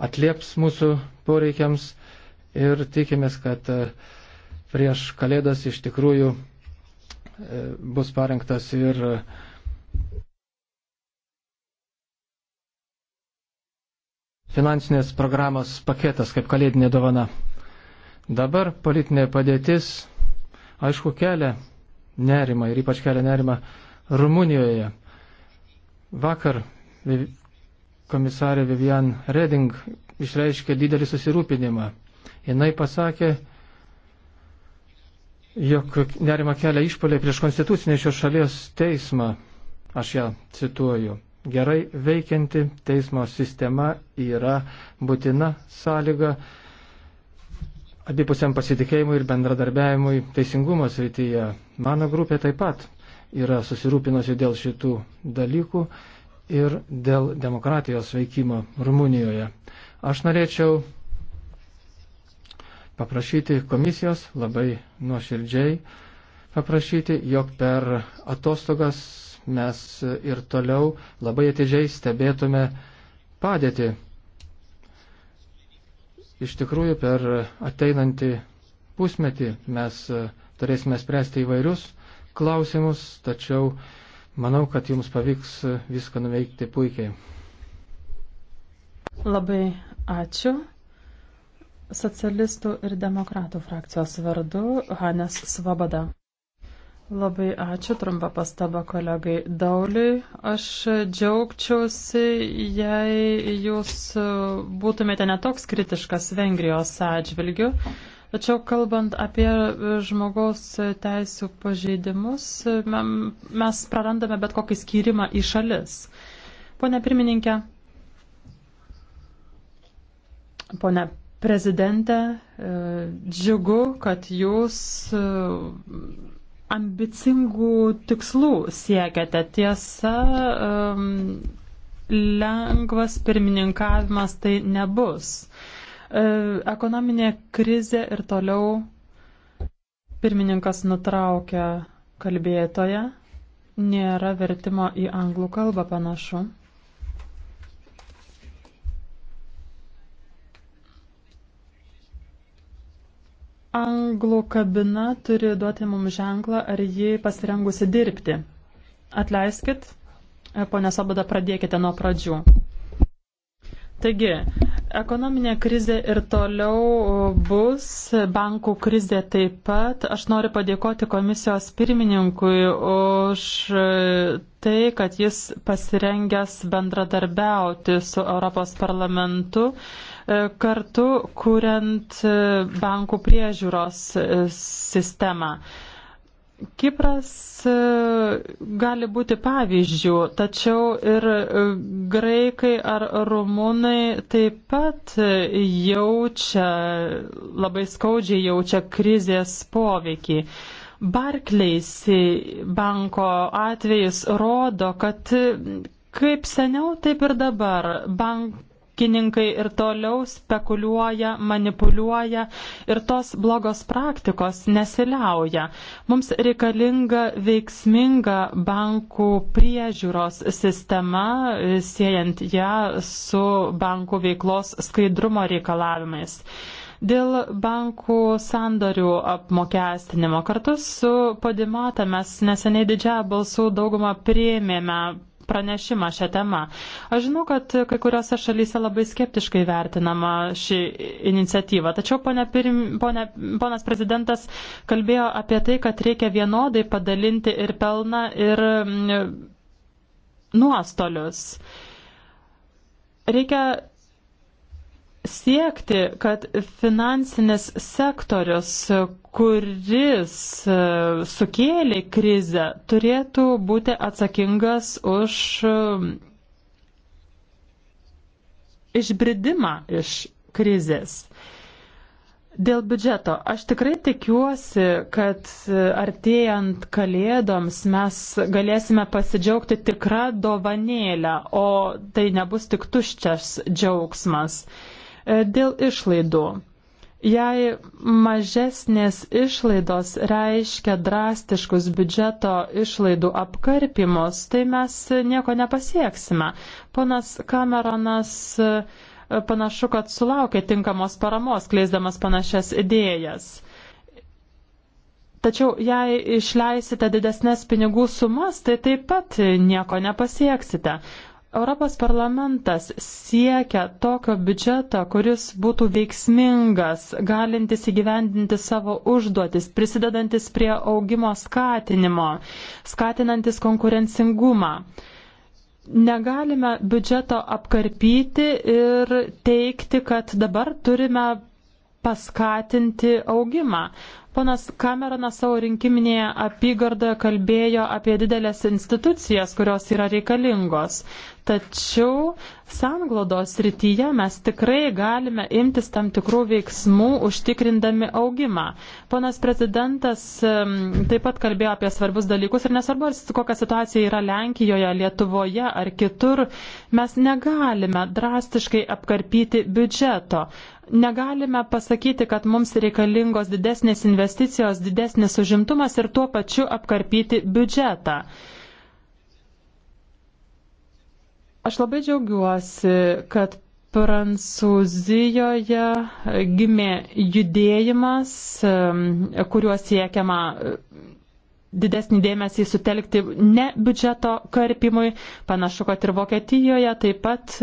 atlieps mūsų poreikiams ir tikimės, kad e, prieš Kalėdas iš tikrųjų e, bus parengtas ir finansinės programos paketas kaip kalėdinė dovana. Dabar politinė padėtis, aišku, kelia nerimą ir ypač kelia nerimą Rumunijoje. Vakar komisarė Vivian Reding išreiškė didelį susirūpinimą. Jis pasakė, jog nerima kelia išpoliai prieš konstitucinį šios šalies teismą. Aš ją cituoju. Gerai veikianti teismo sistema yra būtina sąlyga abipusiam pasitikėjimui ir bendradarbiavimui teisingumo srityje. Mano grupė taip pat yra susirūpinusi dėl šitų dalykų ir dėl demokratijos veikimo Rumunijoje. Aš norėčiau paprašyti komisijos labai nuoširdžiai, paprašyti, jog per atostogas mes ir toliau labai atidžiai stebėtume padėtį Iš tikrųjų, per ateinantį pusmetį mes e, turėsime spręsti įvairius klausimus, tačiau manau, kad jums pavyks e, viską nuveikti puikiai. Labai ačiū. Socialistų ir demokratų frakcijos vardu Hanes Svoboda. Labai ačiū, trumpa pastaba kolegai Dauliui. Aš džiaugčiausi, jei jūs būtumėte netoks kritiškas Vengrijos atžvilgiu. Tačiau kalbant apie žmogaus teisų pažeidimus, mes prarandame bet kokį skyrimą į šalis. Pone pirmininkė, pone prezidente, džiugu, kad jūs ambicingų tikslų siekiate. Tiesa, um, lengvas pirmininkavimas tai nebus. E, ekonominė krizė ir toliau pirmininkas nutraukia kalbėtoje. Nėra vertimo į anglų kalbą panašu. Anglų kabina turi duoti mums ženklą, ar ji pasirengusi dirbti. Atleiskit, ponė Soboda, pradėkite nuo pradžių. Taigi, ekonominė krizė ir toliau bus, bankų krizė taip pat. Aš noriu padėkoti komisijos pirmininkui už tai, kad jis pasirengęs bendradarbiauti su Europos parlamentu. Uh, E, kartu kuriant e, bankų priežiūros e, sistemą. Kipras gali būti pavyzdžių, tačiau ir graikai ar rumunai taip pat jaučia, labai skaudžiai jaučia krizės poveikį. Barkleis banko atvejis rodo, kad kaip seniau, taip ir dabar bank ūkininkai ir toliau spekuliuoja, manipuliuoja ir tos blogos praktikos nesiliauja. Mums reikalinga veiksminga bankų priežiūros sistema, siejant ją su bankų veiklos skaidrumo reikalavimais dėl bankų sandorių apmokestinimo. Kartu su Podimata mes neseniai didžiąją balsų daugumą prieimėme pranešimą šią temą. Aš žinau, kad kai kuriuose šalyse labai skeptiškai vertinama ši iniciatyva, tačiau ponia pirim, ponia, ponas prezidentas kalbėjo apie tai, kad reikia vienodai padalinti ir pelną, ir mm, nuostolius. Reikia siekti, kad finansinis sektorius, kuris e, sukėlė krizę, turėtų būti atsakingas už e, išbridimą iš krizės. Dėl biudžeto. Aš tikrai tikiuosi, kad e, artėjant kalėdoms mes galėsime pasidžiaugti tikrą dovanėlę, o tai nebus tik tuščias džiaugsmas. Uh, E, dėl išlaidų. Jei mažesnės išlaidos reiškia drastiškus biudžeto išlaidų apkarpimus, tai mes nieko nepasieksime. Ponas Kameronas e, panašu, kad sulaukė tinkamos paramos, kleisdamas panašias idėjas. Tačiau jei išleisite didesnės pinigų sumas, tai taip pat nieko nepasieksite. Europos parlamentas siekia tokio biudžeto, kuris būtų veiksmingas, galintis įgyvendinti savo užduotis, prisidedantis prie augimo skatinimo, skatinantis konkurencingumą. Negalime biudžeto apkarpyti ir teikti, kad dabar turime paskatinti augimą. Ponas Kameronas savo rinkiminėje apygardoje kalbėjo apie didelės institucijas, kurios yra reikalingos. Tačiau sanglodos rytyje mes tikrai galime imtis tam tikrų veiksmų užtikrindami augimą. Ponas prezidentas taip pat kalbėjo apie svarbus dalykus ir nesvarbu, kokia situacija yra Lenkijoje, Lietuvoje ar kitur, mes negalime drastiškai apkarpyti biudžeto. Negalime pasakyti, kad mums reikalingos didesnės investicijos, didesnis užimtumas ir tuo pačiu apkarpyti biudžetą. Aš labai džiaugiuosi, kad Prancūzijoje gimė judėjimas, kuriuo siekiama didesnį dėmesį sutelkti ne biudžeto karpimui. Panašu, kad ir Vokietijoje taip pat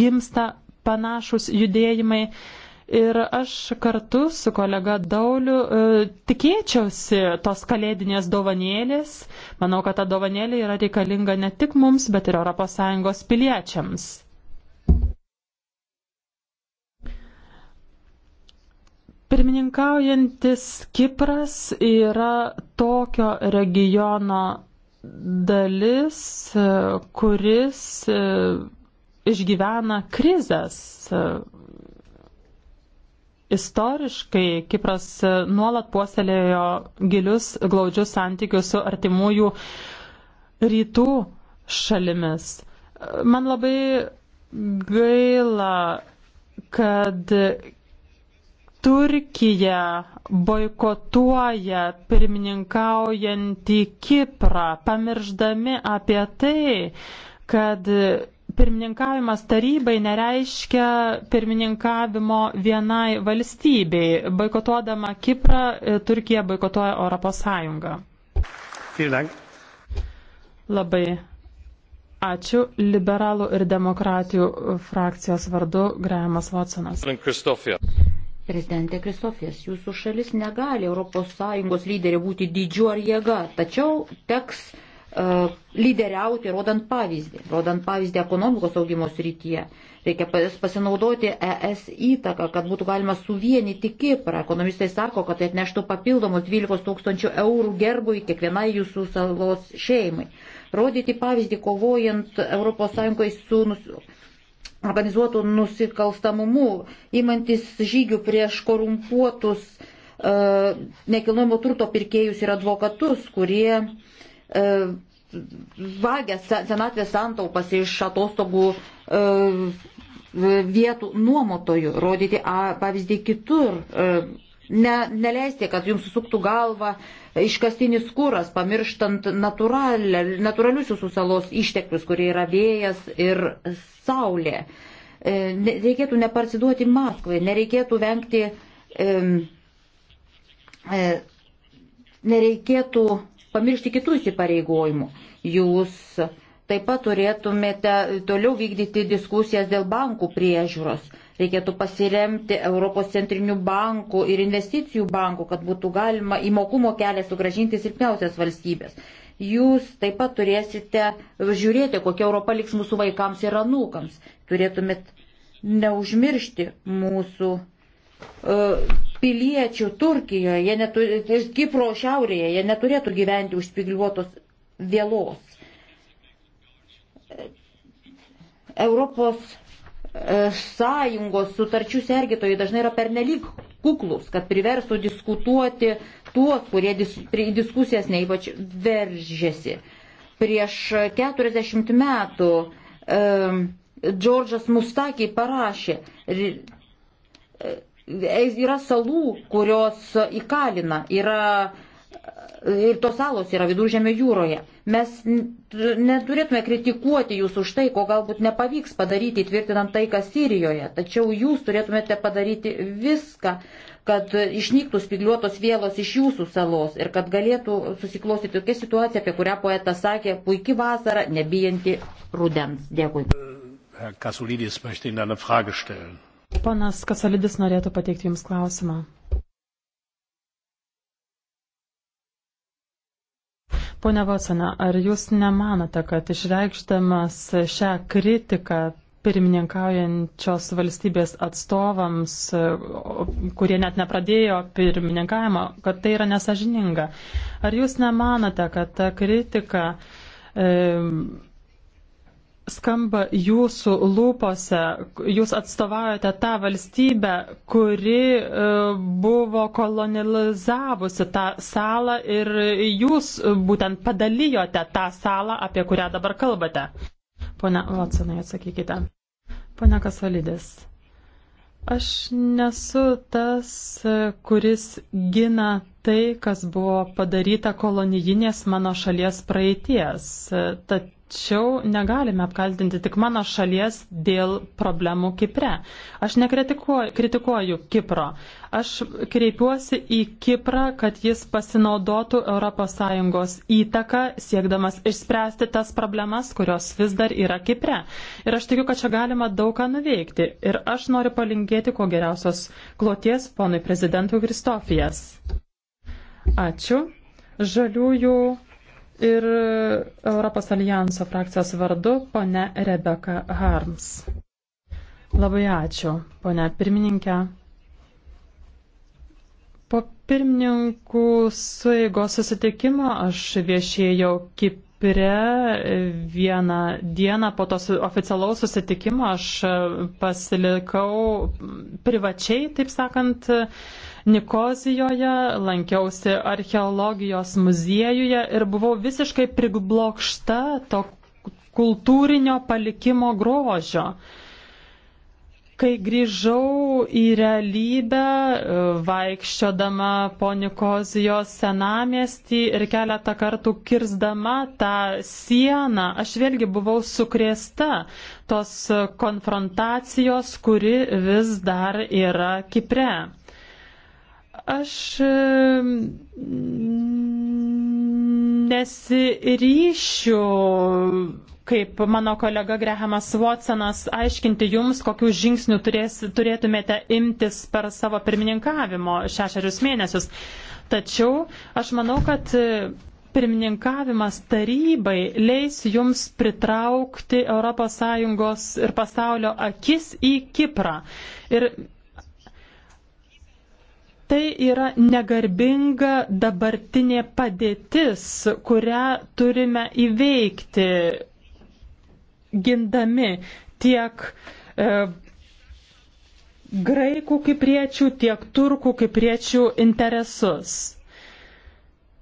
gimsta panašus judėjimai. Ir aš kartu su kolega Dauliu e, tikėčiausi tos kalėdinės dovanėlės. Manau, kad ta dovanėlė yra reikalinga ne tik mums, bet ir ES piliečiams. Pirmininkaujantis Kipras yra tokio regiono dalis, e, kuris e, išgyvena krizės Istoriškai Kipras nuolat puoselėjo gilius, glaudžius santykius su artimųjų rytų šalimis. Man labai gaila, kad Turkija boikotuoja pirmininkaujantį Kiprą, pamirždami apie tai, kad pirmininkavimas tarybai nereiškia pirmininkavimo vienai valstybei. Boikotuodama Kiprą, e, Turkija boikotuoja Europos Sąjungą. Labai Ačiū. Liberalų ir demokratijų frakcijos vardu Grahamas Watsonas. Prezidentė Kristofijas, jūsų šalis negali ES lyderė būti didžiu ar jėga, tačiau teks E, lyderiauti, rodant pavyzdį, rodant pavyzdį ekonomikos augimo srityje. Reikia pasinaudoti ES įtaką, kad būtų galima suvienyti Kiprą. Ekonomistai sako, kad tai atneštų papildomus 12 tūkstančių eurų gerbui kiekvienai jūsų salos šeimai. Rodyti pavyzdį kovojant ES su organizuotų nusikalstamumu, imantis žygių prieš korumpuotus e, nekilnojamo turto pirkėjus ir advokatus, kurie E, vagia senatvės santaupas iš atostogų e, vietų nuomotojų, rodyti a, pavyzdį kitur, e, ne, neleisti, kad jums susuktų galvą iškastinis kūras, pamirštant natūralius jūsų salos išteklius, kurie yra vėjas ir saulė. Reikėtų neparsiduoti Maskvai, nereikėtų vengti, nereikėtų pamiršti kitų įsipareigojimų. Jūs taip pat turėtumėte toliau vykdyti diskusijas dėl bankų priežiūros. Reikėtų pasiremti Europos centrinių bankų ir investicijų bankų, kad būtų galima į mokumo kelią sugražinti silpniausias valstybės. Jūs taip pat turėsite žiūrėti, kokia Europa liks mūsų vaikams ir anūkams. Turėtumėt neužmiršti mūsų. Uh, piliečių Turkijoje, jie neturi, Kipro šiaurėje, jie neturėtų gyventi užspigliuotos vėlos. Europos e, sąjungos sutarčių sergėtojai dažnai yra pernelyg kuklus, kad priverstų diskutuoti tuos, kurie dis, prie diskusijas neįpač veržėsi. Prieš 40 metų um, Džordžas Mustakį parašė, e, Yra salų, kurios įkalina, yra ir tos salos yra viduržėmio jūroje. Mes neturėtume kritikuoti jūs už tai, ko galbūt nepavyks padaryti įtvirtinant taiką Sirijoje, tačiau jūs turėtumėte padaryti viską, kad išnyktų spigliuotos vėlos iš jūsų salos ir kad galėtų susiklostyti tokia situacija, apie kurią poetas sakė, puikia vasara, nebijanti rudens. Dėkui. Herr Kasulidis möchte Ihnen eine Frage stellen. Ponas Kasalidis norėtų pateikti Jums klausimą. Pone Vatsane, ar Jūs nemanote, kad išreikšdamas šią kritiką pirmininkaujančios valstybės atstovams, kurie net nepradėjo pirmininkavimo, kad tai yra nesažininga. Ar jūs nemanote, kad ta kritika e, skamba jūsų lūpose. Jūs atstovaujate tą valstybę, kuri e, buvo kolonizavusi tą salą ir jūs būtent padalijote tą salą, apie kurią dabar kalbate. Pone Watsonai, atsakykite. Pone Kasolidis. Aš nesu tas, kuris gina tai, kas buvo padaryta kolonijinės mano šalies praeities. Tad Tačiau negalime apkaltinti tik mano šalies dėl problemų Kipre. Aš nekritikuoju kritikuoju Kipro. Aš kreipiuosi į Kiprą, kad jis pasinaudotų ES įtaką, siekdamas išspręsti tas problemas, kurios vis dar yra Kipre. Ir aš tikiu, kad čia galima daug ką nuveikti. Ir aš noriu palinkėti kuo geriausios kloties ponui prezidentui Kristofijas. Ačiū. Žaliųjų ir Europos alijanso frakcijos vardu pone Rebeka Harms. Labai ačiū, pone pirmininkė. Po pirmininkų sueigos susitikimo aš viešėjau Kipre. Vieną dieną po to oficialaus susitikimo aš pasilikau privačiai, taip sakant, Nikozijoje, lankiausi archeologijos muziejuje ir buvau visiškai priblokšta to kultūrinio palikimo grožio. Kai grįžau į realybę, e, vaikščiodama po Nikozijos senamiestį ir keletą kartų kirzdama tą sieną, aš vėlgi buvau sukrėsta tos konfrontacijos, kuri vis dar yra Kipre. Aš nesiryšiu, kaip mano kolega Grehamas Watsonas, aiškinti jums, kokių žingsnių turės, turėtumėte imtis per savo pirmininkavimo šešerius mėnesius. Tačiau aš manau, kad e, pirmininkavimas tarybai leis jums pritraukti ES ir pasaulio akis į Kiprą. Ir Tai yra negarbinga dabartinė padėtis, kurią turime įveikti, gindami tiek e, graikų kipriečių, tiek turkų kipriečių interesus.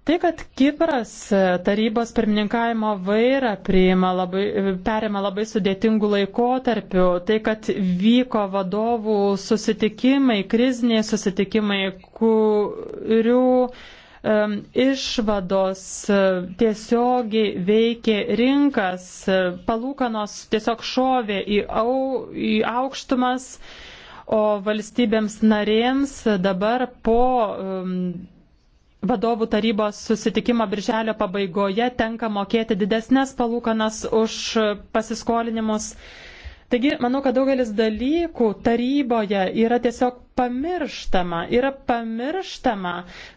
Tai, kad Kipras e, tarybos pirmininkavimo vairą priima labai, e, perima labai sudėtingų laikotarpių, tai, kad vyko vadovų susitikimai, kriziniai susitikimai, kurių um, išvados e, tiesiogiai veikė rinkas, palūkanos tiesiog šovė į, au, į aukštumas, o valstybėms narėms dabar po um, vadovų tarybos susitikimo birželio pabaigoje tenka mokėti didesnės palūkanas už pasiskolinimus. Taigi, manau, kad daugelis dalykų taryboje yra tiesiog pamirštama. Yra pamirštama,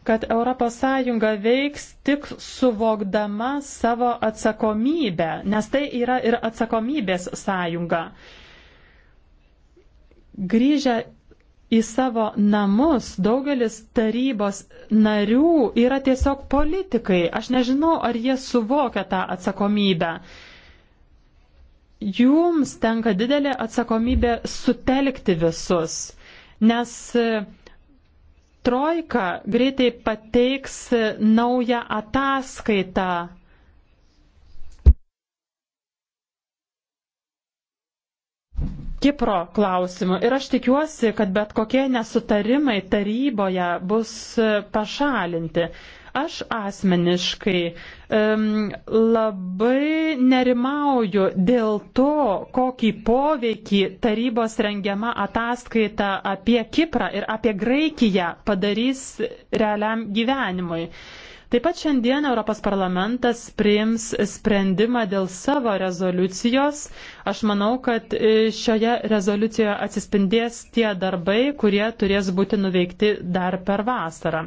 kad ES veiks tik suvokdama savo atsakomybę, nes tai yra ir atsakomybės sąjunga. Grįžę į savo namus, daugelis tarybos narių yra tiesiog politikai. Aš nežinau, ar jie suvokia tą atsakomybę. Jums tenka didelė atsakomybė sutelkti visus, nes e, Trojka greitai pateiks naują ataskaitą Kipro klausimu. Ir aš tikiuosi, kad bet kokie nesutarimai taryboje bus e, pašalinti. Aš asmeniškai um, labai nerimauju dėl to, kokį poveikį tarybos rengiama ataskaita apie Kiprą ir apie Graikiją padarys realiam gyvenimui. Uh, Taip pat šiandien Europos parlamentas priims sprendimą dėl savo rezoliucijos. Aš manau, kad e, šioje rezoliucijoje atsispindės tie darbai, kurie turės būti nuveikti dar per vasarą.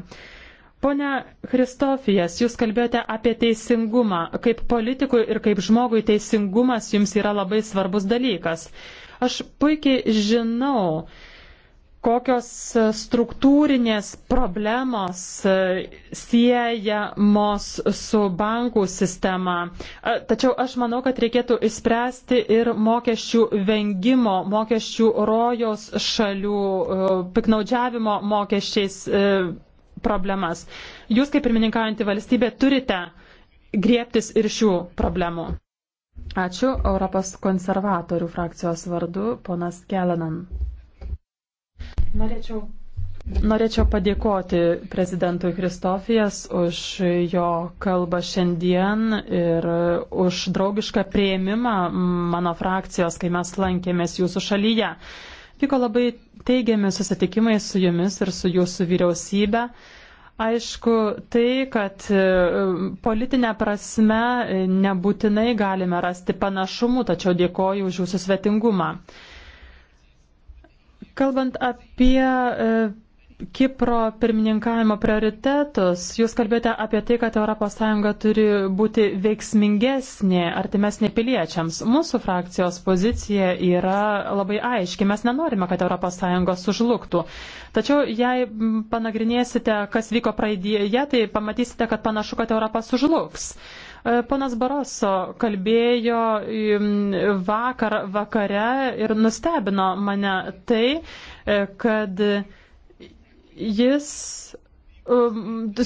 Pone Kristofijas, jūs kalbėjote apie teisingumą. Kaip politikui ir kaip žmogui teisingumas jums yra labai svarbus dalykas. Aš puikiai žinau, kokios struktūrinės problemos e, siejamos su bankų sistema. Tačiau aš manau, kad reikėtų įspręsti ir mokesčių vengimo, mokesčių rojos šalių, e, piknaudžiavimo mokesčiais e, problemas. Jūs, kaip pirmininkaujantį valstybę, turite griebtis ir šių problemų. Ačiū Europos konservatorių frakcijos vardu, ponas Kelenan. Norėčiau Norėčiau padėkoti prezidentui Kristofijas už jo kalbą šiandien ir už draugišką prieimimą mano frakcijos, kai mes lankėmės jūsų šalyje. Vyko labai teigiami susitikimai su jumis ir su jūsų vyriausybė. Aišku, tai, kad e, politinė prasme e, nebūtinai galime rasti panašumų, tačiau dėkoju už jūsų svetingumą. Kalbant apie e, Kipro pirmininkavimo prioritetus, jūs kalbėjote apie tai, kad ES turi būti veiksmingesnė, artimesnė piliečiams. Mūsų frakcijos pozicija yra labai aiški. Mes nenorime, kad ES sužlugtų. Tačiau jei panagrinėsite, kas vyko praeidėje, tai pamatysite, kad panašu, kad Europa sužlugs. Uh, E, ponas Baroso kalbėjo vakar vakare ir nustebino mane tai, e, kad jis e,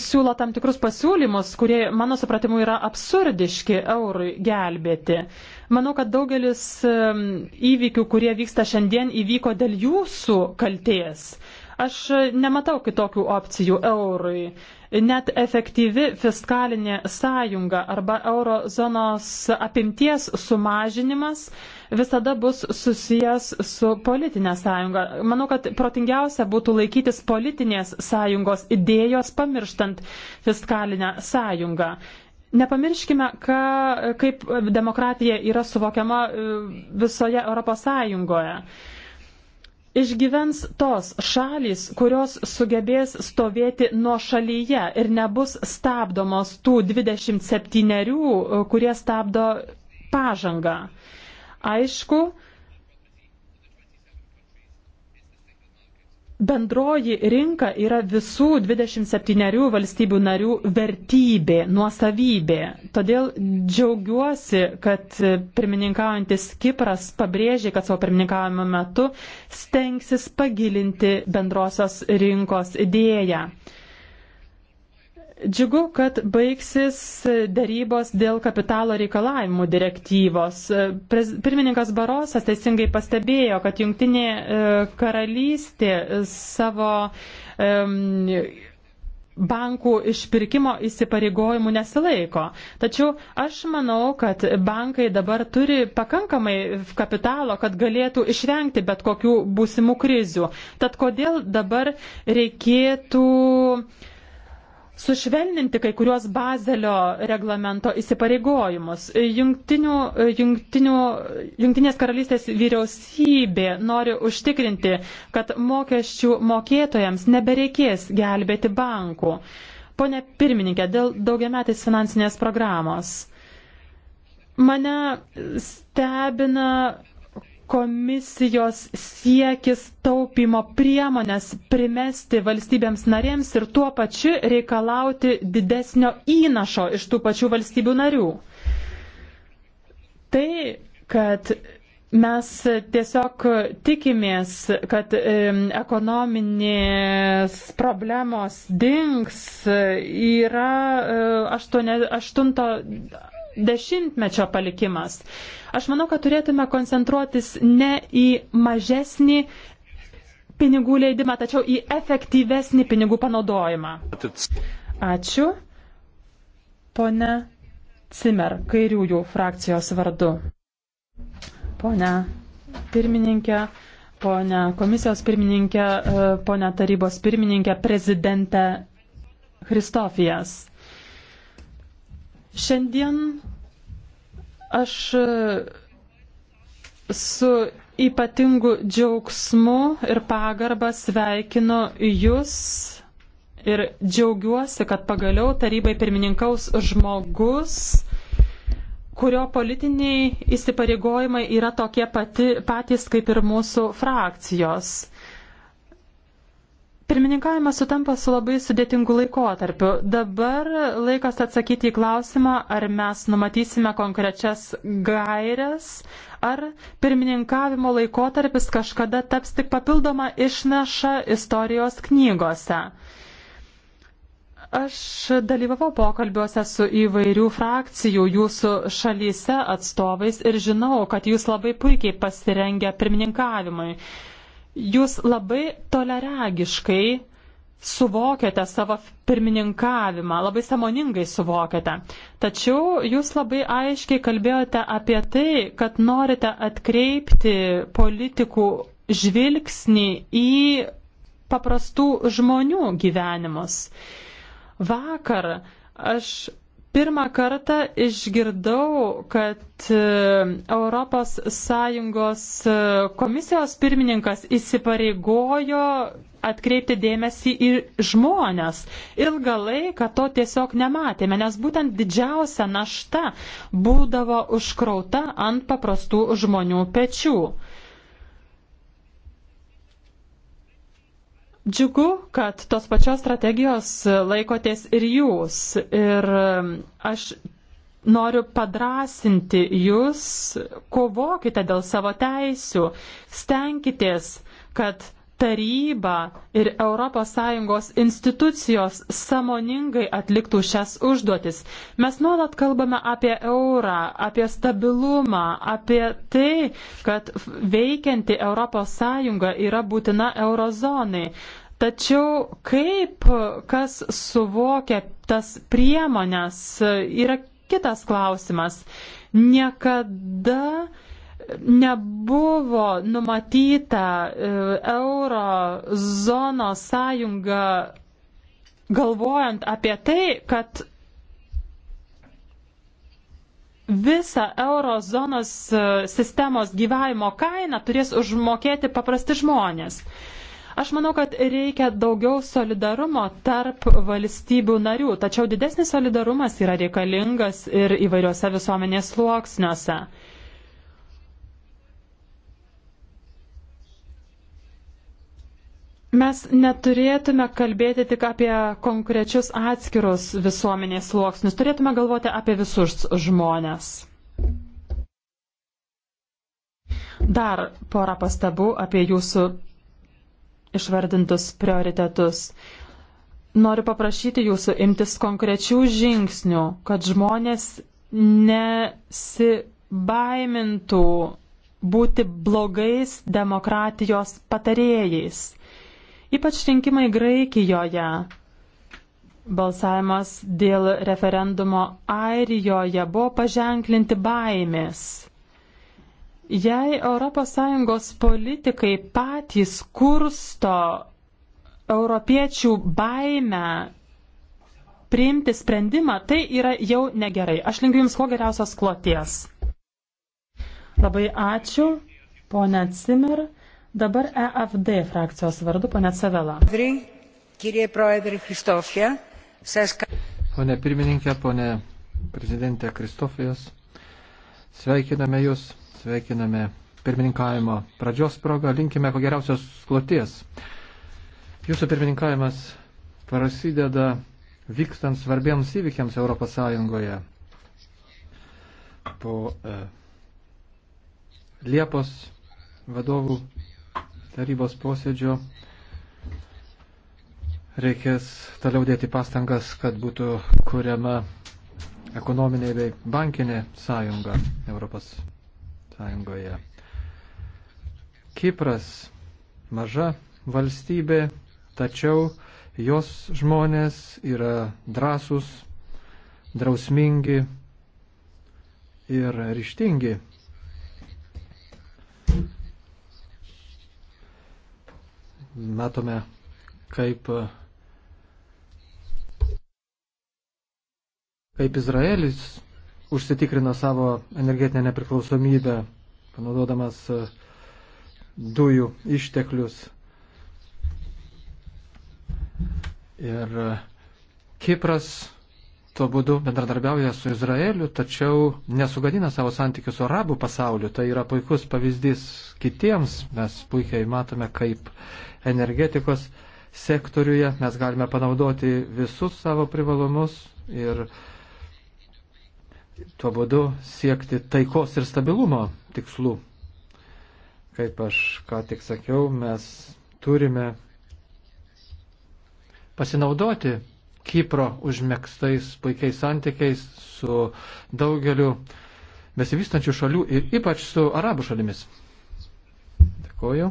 siūlo tam tikrus pasiūlymus, kurie, mano supratimu, yra absurdiški eurui gelbėti. Manau, kad daugelis įvykių, kurie vyksta šiandien, įvyko dėl jūsų kalties. Aš nematau kitokių opcijų eurui. Net efektyvi fiskalinė sąjunga arba eurozonos apimties sumažinimas visada bus susijęs su politinė sąjunga. Manau, kad protingiausia būtų laikytis politinės sąjungos idėjos, pamirštant fiskalinę sąjungą. Nepamirškime, ka, kaip demokratija yra suvokiama e, visoje Europos Sąjungoje. Išgyvens tos šalys, kurios sugebės stovėti nuo šalyje ir nebus stabdomos tų 27, kurie stabdo pažangą. Aišku, Bendroji rinka yra visų 27 valstybių narių vertybė, nuosavybė. Todėl džiaugiuosi, kad pirmininkaujantis Kipras pabrėžė, kad savo pirmininkavimo metu stengsis pagilinti bendrosios rinkos idėją. Džiugu, kad baigsis darybos dėl kapitalo reikalavimų direktyvos. Pirmininkas Barosas teisingai pastebėjo, kad jungtinė e, karalystė savo um, bankų išpirkimo įsipareigojimų nesilaiko. Tačiau aš manau, kad bankai dabar turi pakankamai kapitalo, kad galėtų išvengti bet kokių būsimų krizių. Tad kodėl dabar reikėtų uh, sušvelninti kai kuriuos Bazelio reglamento įsipareigojimus. Jungtinių, jungtinių, jungtinės karalystės vyriausybė nori užtikrinti, kad mokesčių mokėtojams nebereikės gelbėti bankų. Pone pirmininkė, dėl daugiametės finansinės programos. Mane stebina komisijos siekis taupimo priemonės primesti valstybėms narėms ir tuo pačiu reikalauti didesnio įnašo iš tų pačių valstybių narių. Tai, kad Mes tiesiog tikimės, kad ekonominės problemos dings yra 8, e, 8 dešimtmečio palikimas. Aš manau, kad turėtume koncentruotis ne į mažesnį pinigų leidimą, tačiau į efektyvesnį pinigų panaudojimą. Ačiū. Pone Cimer, kairiųjų frakcijos vardu. Pone pirmininkė, pone komisijos pirmininkė, e, pone tarybos pirmininkė, prezidentė Kristofijas. Šiandien aš su ypatingu džiaugsmu ir pagarba sveikinu Jūs ir džiaugiuosi, kad pagaliau tarybai pirmininkaus žmogus, kurio politiniai įsipareigojimai yra tokie pati, patys kaip ir mūsų frakcijos. Pirmininkavimas sutampa su labai sudėtingu laikotarpiu. Dabar laikas atsakyti į klausimą, ar mes numatysime konkrečias gairias, ar pirmininkavimo laikotarpis kažkada taps tik papildoma išnaša istorijos knygose. Aš dalyvavau pokalbiuose su įvairių frakcijų jūsų šalyse atstovais ir žinau, kad jūs labai puikiai pasirengę pirmininkavimui jūs labai toleragiškai suvokiate savo pirmininkavimą, labai samoningai suvokiate. Tačiau jūs labai aiškiai kalbėjote apie tai, kad norite atkreipti politikų žvilgsnį į paprastų žmonių gyvenimus. Vakar aš Pirmą kartą išgirdau, kad ES e, komisijos pirmininkas įsipareigojo atkreipti dėmesį į žmonės. Ilgą laiką to tiesiog nematėme, nes būtent didžiausia našta būdavo užkrauta ant paprastų žmonių pečių. Džiugu, kad tos pačios strategijos laikotės ir jūs. Ir um, aš noriu padrasinti jūs, kovokite dėl savo teisių, stenkitės, kad taryba ir ES institucijos samoningai atliktų šias užduotis. Mes nuolat kalbame apie eurą, apie stabilumą, apie tai, kad veikianti ES yra būtina eurozonai. Tačiau kaip kas suvokia tas priemonės, yra kitas klausimas. Niekada nebuvo numatyta e, euro zonos sąjunga galvojant apie tai, kad visą eurozonos e, sistemos gyvavimo kainą turės užmokėti paprasti žmonės. Aš manau, kad reikia daugiau solidarumo tarp valstybių narių, tačiau didesnis solidarumas yra reikalingas ir įvairiuose visuomenės sluoksniuose. Mes neturėtume kalbėti tik apie konkrečius atskirus visuomenės sluoksnius, turėtume galvoti apie visus žmonės. Dar porą pastabų apie jūsų išvardintus prioritetus. Noriu paprašyti jūsų imtis konkrečių žingsnių, kad žmonės nesibaimintų būti blogais demokratijos patarėjais. Ypač rinkimai Graikijoje. Balsavimas dėl referendumo Airijoje buvo paženklinti baimės. Jei ES politikai patys kursto europiečių baimę priimti sprendimą, tai yra jau negerai. Aš linkiu Jums kuo geriausios kloties. Labai ačiū, ponia Cimer. Dabar EFD frakcijos vardu, ponė Cevela. Pone pirmininkė, ponė prezidentė Kristofijos, sveikiname Jūs, sveikiname pirmininkavimo pradžios progą, linkime ko geriausios kloties. Jūsų pirmininkavimas prasideda vykstant svarbiems įvykiams Europos Sąjungoje. Po e, Liepos vadovų tarybos posėdžio reikės toliau dėti pastangas, kad būtų kuriama ekonominė bei bankinė sąjunga Europos sąjungoje. Kipras maža valstybė, tačiau jos žmonės yra drąsūs, drausmingi ir ryštingi matome, kaip, kaip Izraelis užsitikrino savo energetinę nepriklausomybę, panaudodamas e, dujų išteklius. Ir e, Kipras tuo būdu bendradarbiauja su Izraeliu, tačiau nesugadina savo santykių su arabų pasauliu. Tai yra puikus pavyzdys kitiems. Mes puikiai matome, kaip energetikos sektoriuje mes galime panaudoti visus savo privalumus ir tuo būdu siekti taikos ir stabilumo tikslų. Kaip aš ką tik sakiau, mes turime pasinaudoti Kipro užmėgstais puikiais santykiais su daugeliu besivystančių šalių ir ypač su arabų šalimis. Dėkoju.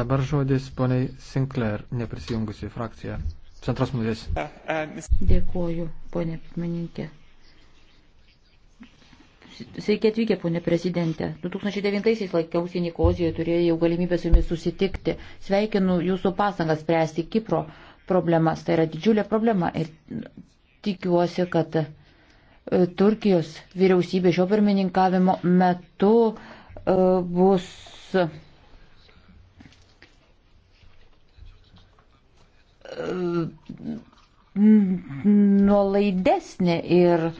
Dabar žodis poniai Sinclair, neprisijungusi į frakciją. Centros mūdės. Dėkoju, ponė pirmininkė. Sveiki atvykę, ponė prezidentė. 2009-aisiais laikiausi Nikozijoje, turėjau galimybę su jumis susitikti. Sveikinu jūsų pasangas spręsti Kipro problemas. Tai yra didžiulė problema ir tikiuosi, kad e, Turkijos vyriausybė šio pirmininkavimo metu e, bus e, nuolaidesnė ir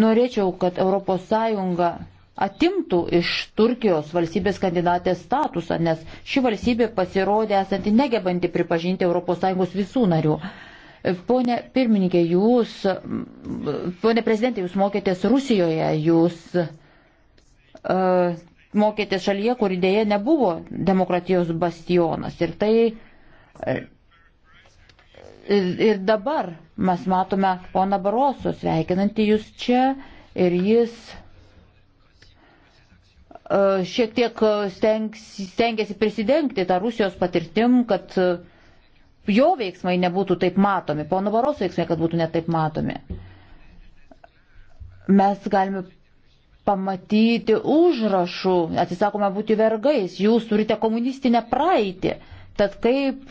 Norėčiau, kad ES atimtų iš Turkijos valstybės kandidatės statusą, nes ši valstybė pasirodė esanti negebanti pripažinti ES visų narių. Pone pirmininkė, jūs, pone prezidentė, jūs mokėtės Rusijoje, jūs uh, mokėtės šalyje, kur idėja nebuvo demokratijos bastionas. Ir tai Ir dabar mes matome poną Baroso sveikinantį jūs čia ir jis e, šiek tiek stengs, stengiasi prisidengti tą Rusijos patirtim, kad jo veiksmai nebūtų taip matomi, pono Baroso veiksmai, kad būtų netaip matomi. Mes galime pamatyti užrašų, atsisakome būti vergais, jūs turite komunistinę praeitį. Tad kaip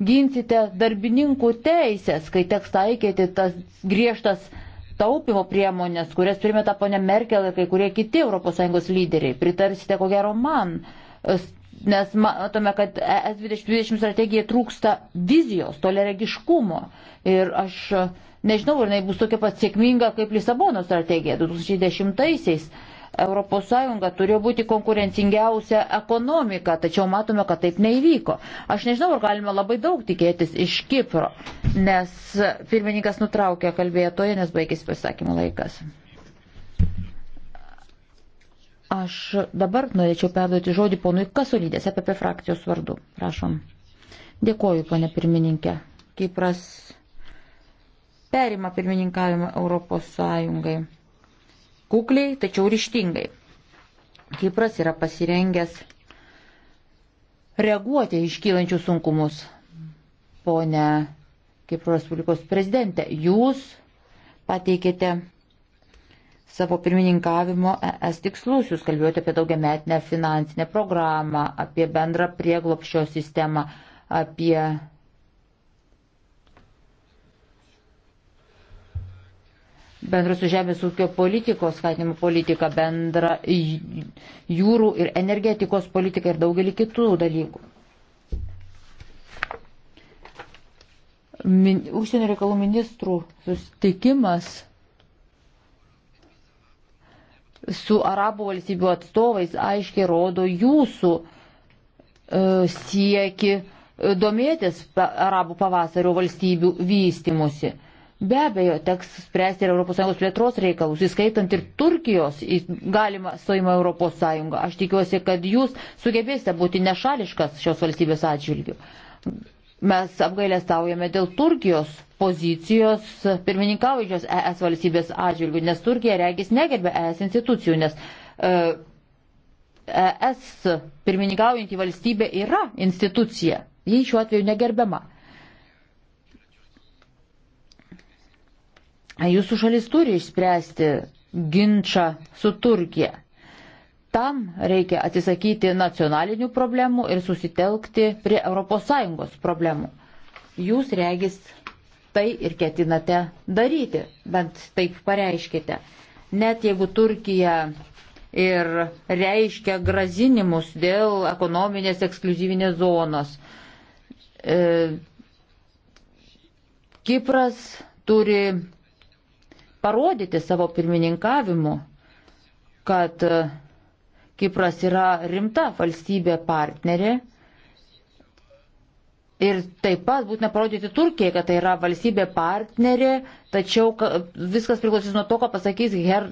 ginsite darbininkų teisės, kai teks taikyti tas griežtas taupimo priemonės, kurias primeta ponė Merkel ir kai kurie kiti ES lyderiai. Pritarsite ko gero man, nes matome, kad ES 2020 strategija trūksta vizijos, toleregiškumo. Ir aš nežinau, ar jinai bus tokia pat sėkminga kaip Lisabono strategija 2010-aisiais. ES turėjo būti konkurencingiausia ekonomika, tačiau matome, kad taip neįvyko. Aš nežinau, ar galima labai daug tikėtis iš Kipro, nes pirmininkas nutraukė kalbėtoje, nes baigėsi pasakymų laikas. Aš dabar norėčiau perduoti žodį ponui Kasulydės apie frakcijos vardu. Prašom. Dėkoju, ponė pirmininkė. Kipras perima pirmininkavimą Europos Sąjungai kukliai, tačiau ryštingai. Kipras yra pasirengęs reaguoti iškylančius sunkumus. Pone Kipro Respublikos prezidente, jūs pateikėte savo pirmininkavimo ES tikslus, jūs kalbėjote apie daugiametinę finansinę programą, apie bendrą prieglopščio sistemą, apie bendrosios žemės ūkio politikos skatinimo politiką, bendrą jūrų ir energetikos politiką ir daugelį kitų dalykų. Min, užsienio reikalų ministrų sustikimas su arabų valstybių atstovais aiškiai rodo jūsų e, sieki e, domėtis arabų pavasario valstybių vystimusi. Be abejo, teks spręsti ir ES plėtros reikalus, įskaitant ir Turkijos galimą stojimą ES. Aš tikiuosi, kad jūs sugebėsite būti nešališkas šios valstybės atžvilgių. Mes apgailestaujame dėl Turkijos pozicijos pirmininkaujančios ES valstybės atžvilgių, nes Turkija regis negerbė ES institucijų, nes ES e pirmininkaujantį valstybę yra institucija. Jei šiuo atveju negerbiama. Jūsų šalis turi išspręsti ginčą su Turkija. Tam reikia atsisakyti nacionalinių problemų ir susitelkti prie ES problemų. Jūs regis tai ir ketinate daryti, bent taip pareiškite. Net jeigu Turkija ir reiškia grazinimus dėl ekonominės ekskluzyvinės zonos. E, Kipras turi parodyti savo pirmininkavimu, kad e, Kipras yra rimta valstybė partnerė. Ir taip pat būtina parodyti Turkijai, kad tai yra valstybė partnerė, tačiau viskas priklausys nuo to, ką pasakys Her...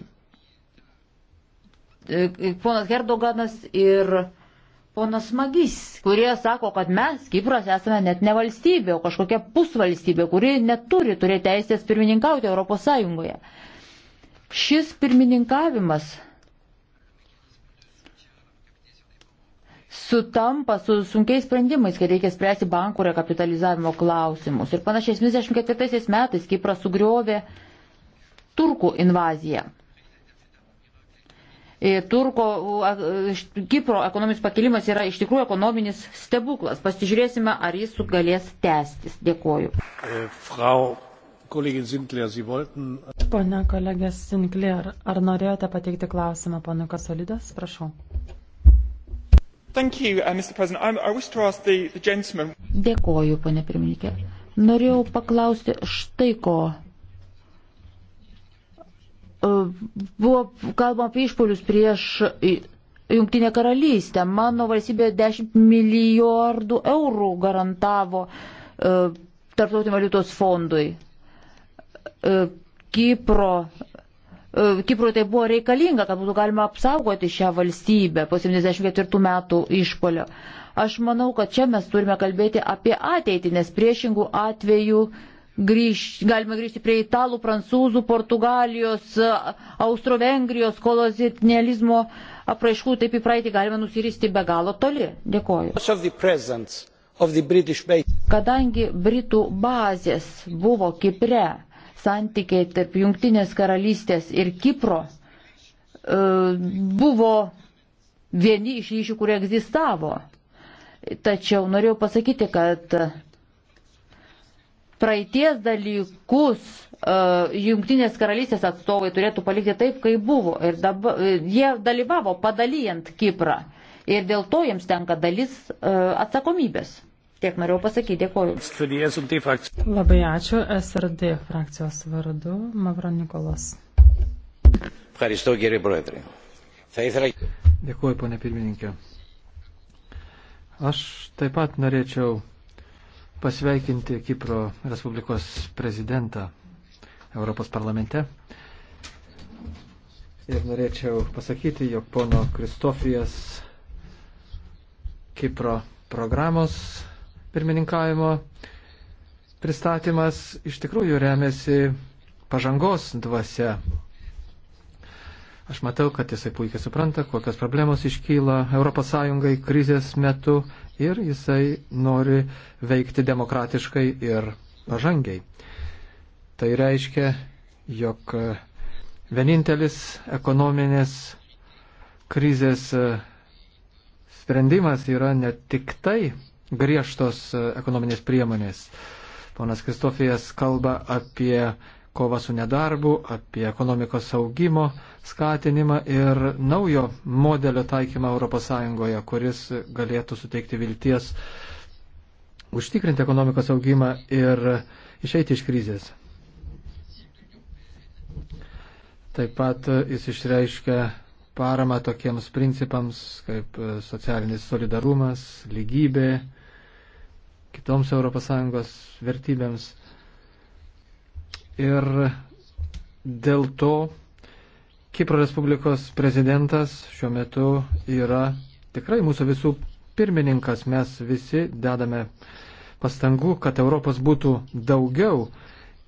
E, ponas Herdoganas ir ponas Magys, kurie sako, kad mes, Kipras, esame net ne valstybė, o kažkokia pusvalstybė, kuri neturi turėti teisės pirmininkauti Europos Sąjungoje. Šis pirmininkavimas sutampa su sunkiais sprendimais, kai reikia spręsti bankų rekapitalizavimo klausimus. Ir panašiai 74 metais Kipras sugriovė turkų invaziją. E, Turko, Kipro ekonominis pakilimas yra iš tikrųjų ekonominis stebuklas. Pasižiūrėsime, ar jis galės tęstis. Dėkoju. E, pone kolegė Sinclair, ar norėjote pateikti klausimą, pone Kasolidas? Prašau. You, uh, the, the Dėkoju, pone pirmininkė. Norėjau paklausti štai ko Buvo kalbama apie išpolius prieš Junktinė karalystė. Mano valstybė 10 milijardų eurų garantavo e, Tarptautinio valiutos fondui. E, Kipro, e, Kipro tai buvo reikalinga, kad būtų galima apsaugoti šią valstybę po 74 metų išpolio. Aš manau, kad čia mes turime kalbėti apie ateitį, nes priešingų atvejų e, grįž, galime grįžti prie italų, prancūzų, portugalijos, austro-vengrijos, kolonializmo apraiškų, taip į praeitį galime nusiristi be galo toli. Dėkoju. Kadangi Britų bazės buvo Kipre, santykiai tarp Junktinės karalystės ir Kipro e, buvo vieni iš ryšių, kurie egzistavo. Tačiau norėjau pasakyti, kad praeities dalykus e, Junktinės karalystės atstovai turėtų palikti taip, kaip buvo. Ir dabar, e, jie dalyvavo padalyjant Kiprą. Ir dėl to jiems tenka dalis e, atsakomybės. Tiek norėjau pasakyti, dėkoju. Labai ačiū SRD frakcijos vardu, Mavro Nikolas. Dėkuoju, ponė pirmininkė. Aš taip pat norėčiau pasveikinti Kipro Respublikos prezidentą Europos parlamente. Ir norėčiau pasakyti, jog pono Kristofijas Kipro programos pirmininkavimo pristatymas iš tikrųjų remiasi pažangos dvasia. Aš matau, kad jisai puikiai supranta, kokios problemos iškyla ES krizės metu, ir jisai nori veikti demokratiškai ir pažangiai. Tai reiškia, jog vienintelis ekonominės krizės sprendimas yra ne tik tai griežtos ekonominės priemonės. Ponas Kristofijas kalba apie kovą su nedarbu, apie ekonomikos saugimo skatinimą ir naujo modelio taikymą ES, kuris galėtų suteikti vilties užtikrinti ekonomikos augimą ir išeiti iš krizės. Taip pat jis išreiškia paramą tokiems principams kaip socialinis solidarumas, lygybė, kitoms ES vertybėms ir dėl to Kipro Respublikos prezidentas šiuo metu yra tikrai mūsų visų pirmininkas. Mes visi dedame pastangų, kad Europos būtų daugiau.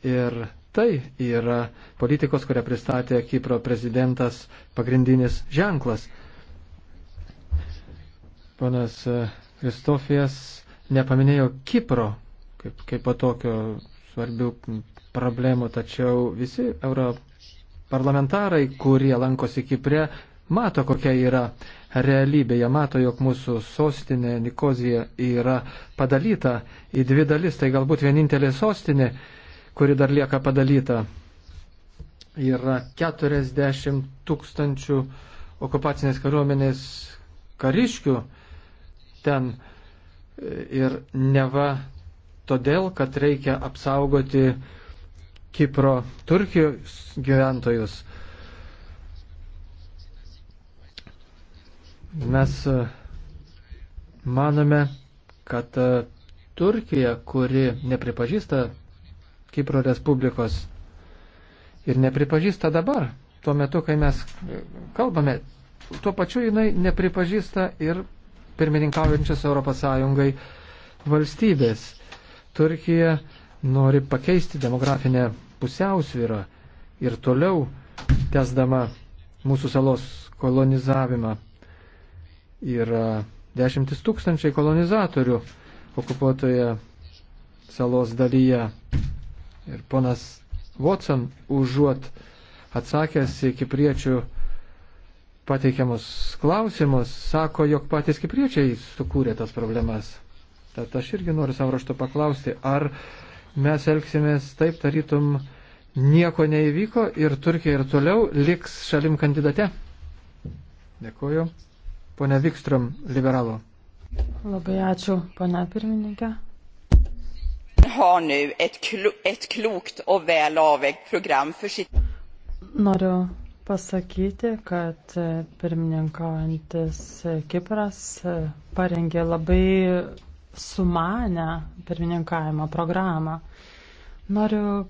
Ir tai yra politikos, kurią pristatė Kipro prezidentas, pagrindinis ženklas. Panas e, Kristofijas nepaminėjo Kipro kaip, kaip patokio svarbių problemų, tačiau visi europarlamentarai, kurie lankosi Kiprė, mato, kokia yra realybė. Jie mato, jog mūsų sostinė Nikozija yra padalyta į dvi dalis. Tai galbūt vienintelė sostinė, kuri dar lieka padalyta. Yra 40 tūkstančių okupacinės kariuomenės kariškių ten ir neva todėl, kad reikia apsaugoti Kipro Turkijos gyventojus. Mes e, manome, kad e, Turkija, kuri nepripažįsta Kipro Respublikos ir nepripažįsta dabar, tuo metu, kai mes e, kalbame, tuo pačiu jinai nepripažįsta ir pirmininkaujančios ES valstybės. Turkija nori pakeisti demografinę pusiausvyrą ir toliau tesdama mūsų salos kolonizavimą. Yra dešimtis tūkstančiai kolonizatorių okupuotoje salos dalyje. Ir ponas Watson užuot atsakęs į kipriečių pateikiamus klausimus, sako, jog patys kipriečiai sukūrė tas problemas. Tad aš irgi noriu savo raštu paklausti, ar uh, mes elgsimės taip, tarytum nieko neįvyko ir Turkija ir toliau liks šalim kandidate. Dėkuoju. Pone Vikstrom, liberalo. Labai ačiū, pane pirmininkė. Nu Noriu pasakyti, kad eh, pirmininkaujantis eh, Kipras eh, parengė labai sumanę pirmininkavimo programą. Noriu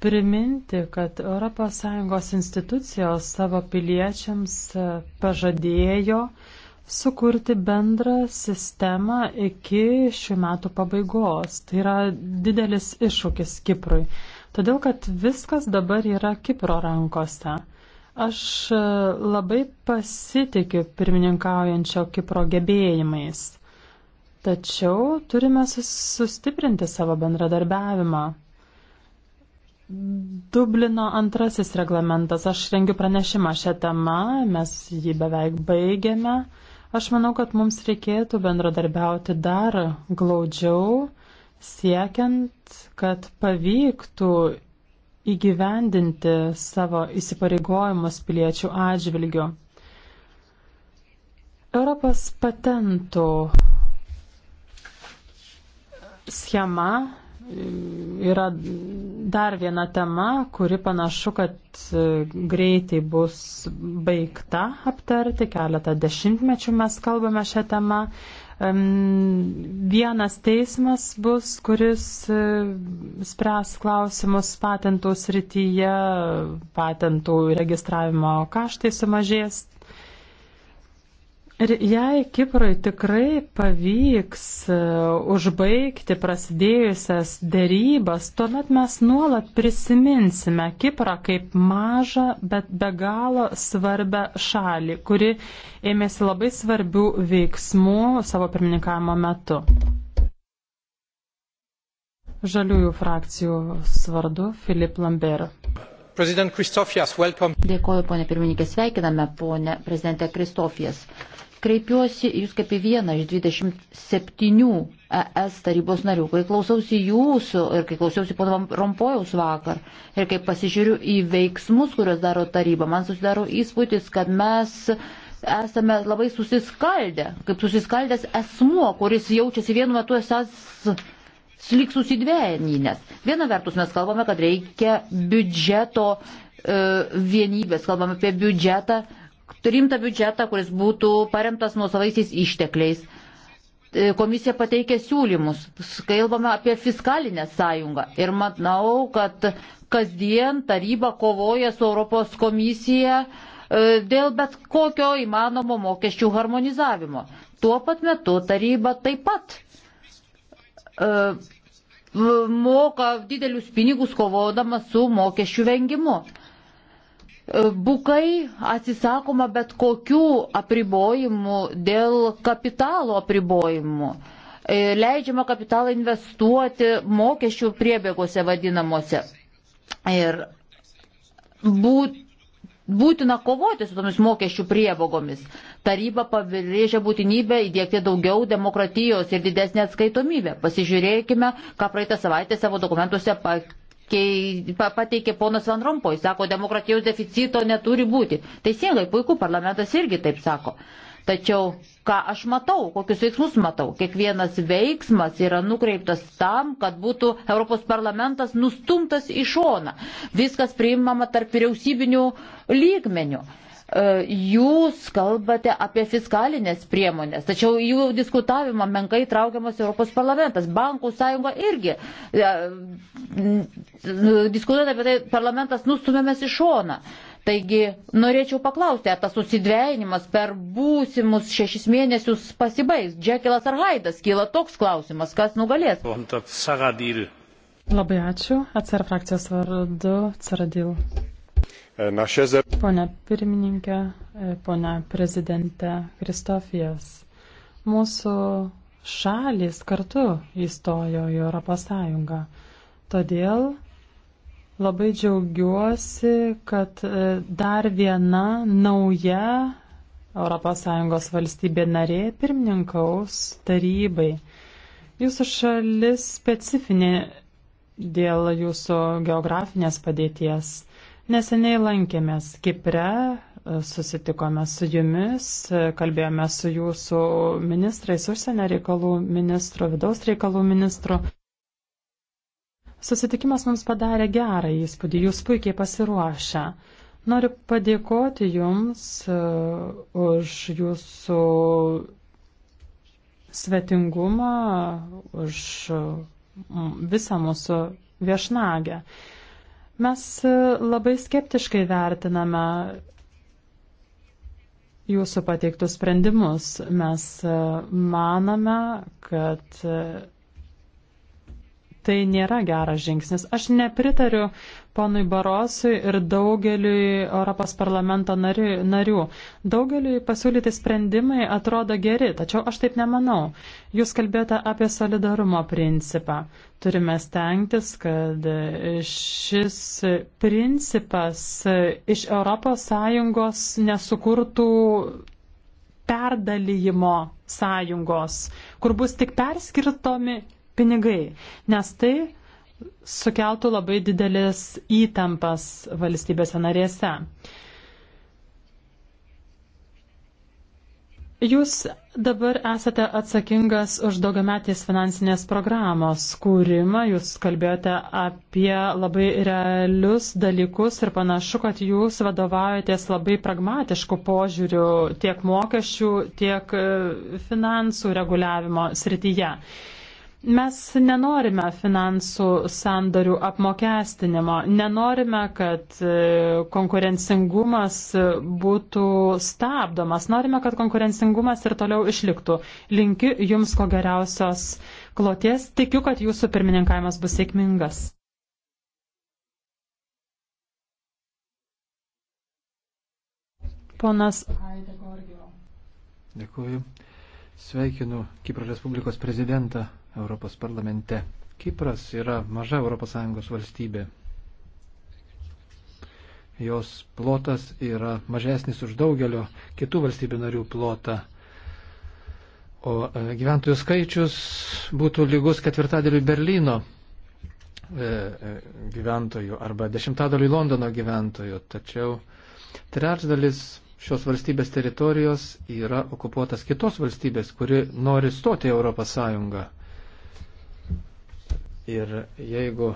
priminti, kad ES institucijos savo piliečiams pažadėjo sukurti bendrą sistemą iki šių metų pabaigos. Tai yra didelis iššūkis Kiprui, todėl kad viskas dabar yra Kipro rankose. Aš labai pasitikiu pirmininkaujančio Kipro gebėjimais. Tačiau turime sustiprinti savo bendradarbiavimą. Dublino antrasis reglamentas. Aš rengiu pranešimą šią temą, mes jį beveik baigėme. Aš manau, kad mums reikėtų bendradarbiauti dar glaudžiau, siekiant, kad pavyktų įgyvendinti savo įsipareigojimus piliečių atžvilgiu. Europos patentų schema yra dar viena tema, kuri panašu, kad e, greitai bus baigta aptarti. Keletą dešimtmečių mes kalbame šią temą. Vienas teismas bus, kuris e, spręs klausimus patentų srityje, patentų registravimo kaštai sumažės. Ir jei Kiprui tikrai pavyks e, užbaigti prasidėjusias dėrybas, tuomet mes nuolat prisiminsime Kiprą kaip mažą, bet be galo svarbę šalį, kuri ėmėsi labai svarbių veiksmų savo pirmininkavimo metu. Žaliųjų frakcijų vardu Filip Lambert. Dėkoju, ponė pirmininkė, sveikiname, ponė prezidentė Kristofijas kreipiuosi jūs kaip į vieną iš 27 ES tarybos narių, kai klausiausi jūsų ir kai klausiausi pono Rompojaus vakar ir kai pasižiūriu į veiksmus, kuriuos daro taryba, man susidaro įspūdis, kad mes esame labai susiskaldę, kaip susiskaldęs esmuo, kuris jaučiasi vienu metu esas slik susidvėjinės. Viena vertus mes kalbame, kad reikia biudžeto e, vienybės, kalbame apie biudžetą, rimtą biudžetą, kuris būtų paremtas nuosavaisiais ištekliais. E, komisija pateikė siūlymus, kalbame apie fiskalinę sąjungą ir matau, kad kasdien taryba kovoja su Europos komisija e, dėl bet kokio įmanomo mokesčių harmonizavimo. Tuo pat metu taryba taip pat e, moka didelius pinigus kovodama su mokesčių vengimu bukai atsisakoma bet kokių apribojimų dėl kapitalo apribojimų. E, leidžiama kapitalą investuoti mokesčių priebėgose vadinamuose. Ir būt, būtina kovoti su tomis mokesčių prievogomis. Taryba pabrėžia būtinybę įdėkti daugiau demokratijos ir didesnę atskaitomybę. Pasižiūrėkime, ką praeitą savaitę savo dokumentuose kai pateikė ponas Van Rompoj, sako, demokratijos deficito neturi būti. Teisingai, puiku, parlamentas irgi taip sako. Tačiau ką aš matau, kokius veiksmus matau, kiekvienas veiksmas yra nukreiptas tam, kad būtų Europos parlamentas nustumtas į šoną. Viskas priimama tarp vyriausybinių lygmenių. E, jūs kalbate apie fiskalinės priemonės, tačiau jų diskutavimą menkai traukiamas Europos parlamentas. Bankų sąjunga irgi. E, diskutuojant apie tai, parlamentas nustumiamas į šoną. Taigi norėčiau paklausti, ar tas susidvėjimas per būsimus šešis mėnesius pasibaigs. Džekilas ar Haidas, kyla toks klausimas, kas nugalės. Labai ačiū. Atsar frakcijos vardu Caradil. E, naše země. Pone pirmininkė, e, pone prezidente Kristofijas, mūsų šalis kartu įstojo į Europos Sąjungą. Todėl labai džiaugiuosi, kad e, dar viena nauja ES valstybė narė pirmininkaus tarybai. Jūsų šalis specifinė dėl jūsų geografinės padėties. Neseniai lankėmės Kipre, susitikome su jumis, kalbėjome su jūsų ministrais, užsienio reikalų ministro, vidaus reikalų ministro. Susitikimas mums padarė gerą įspūdį, jūs puikiai pasiruošę. Noriu padėkoti Jums e, už Jūsų svetingumą, už visą mūsų viešnagę. Mes e, labai skeptiškai vertiname jūsų pateiktus sprendimus. Mes e, maname, kad e, tai nėra geras žingsnis. Aš nepritariu ponui Barosui ir daugeliui Europos parlamento narių. Daugeliui pasiūlyti sprendimai atrodo geri, tačiau aš taip nemanau. Jūs kalbėjote apie solidarumo principą. Turime stengtis, kad šis principas iš ES nesukurtų perdalyjimo sąjungos, kur bus tik perskirtomi pinigai, nes tai sukeltų labai didelis įtampas valstybėse narėse. Jūs dabar esate atsakingas už daugiametės finansinės programos kūrimą, jūs kalbėjote apie labai realius dalykus ir panašu, kad jūs vadovaujatės labai pragmatiškų požiūrių tiek mokesčių, tiek e, finansų reguliavimo srityje. Mes nenorime finansų sandorių apmokestinimo, nenorime, kad e, konkurencingumas būtų stabdomas, norime, kad konkurencingumas ir toliau išliktų. Linkiu Jums ko geriausios kloties, tikiu, kad Jūsų pirmininkavimas bus sėkmingas. Ponas Dėkuoju. Sveikinu Kipro Respublikos prezidentą Europos parlamente. Kipras yra maža ES valstybė. Jos plotas yra mažesnis už daugelio kitų valstybių narių plotą. O e, gyventojų skaičius būtų lygus ketvirtadėliui Berlyno e, e, gyventojų arba dešimtadaliui Londono gyventojų. Tačiau trečdalis šios valstybės teritorijos yra okupuotas kitos valstybės, kuri nori stoti į Europos Sąjungą. Ir jeigu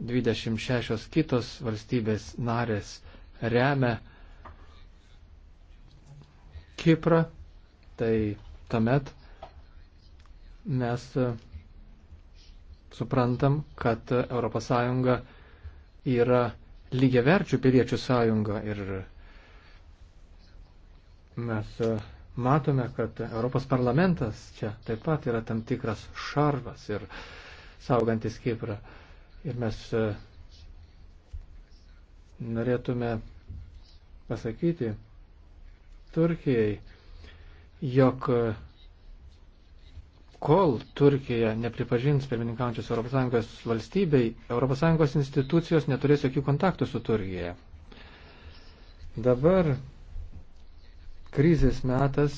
26 kitos valstybės narės remia Kiprą, tai tuomet mes suprantam, kad ES yra lygiaverčių piliečių sąjunga ir mes matome, kad Europos parlamentas čia taip pat yra tam tikras šarvas ir uh, saugantis Kiprą. Ir mes e, norėtume pasakyti Turkijai, jog e, kol Turkija nepripažins pirmininkaujančios ES valstybei, ES institucijos neturės jokių kontaktų su Turkija. Dabar krizės metas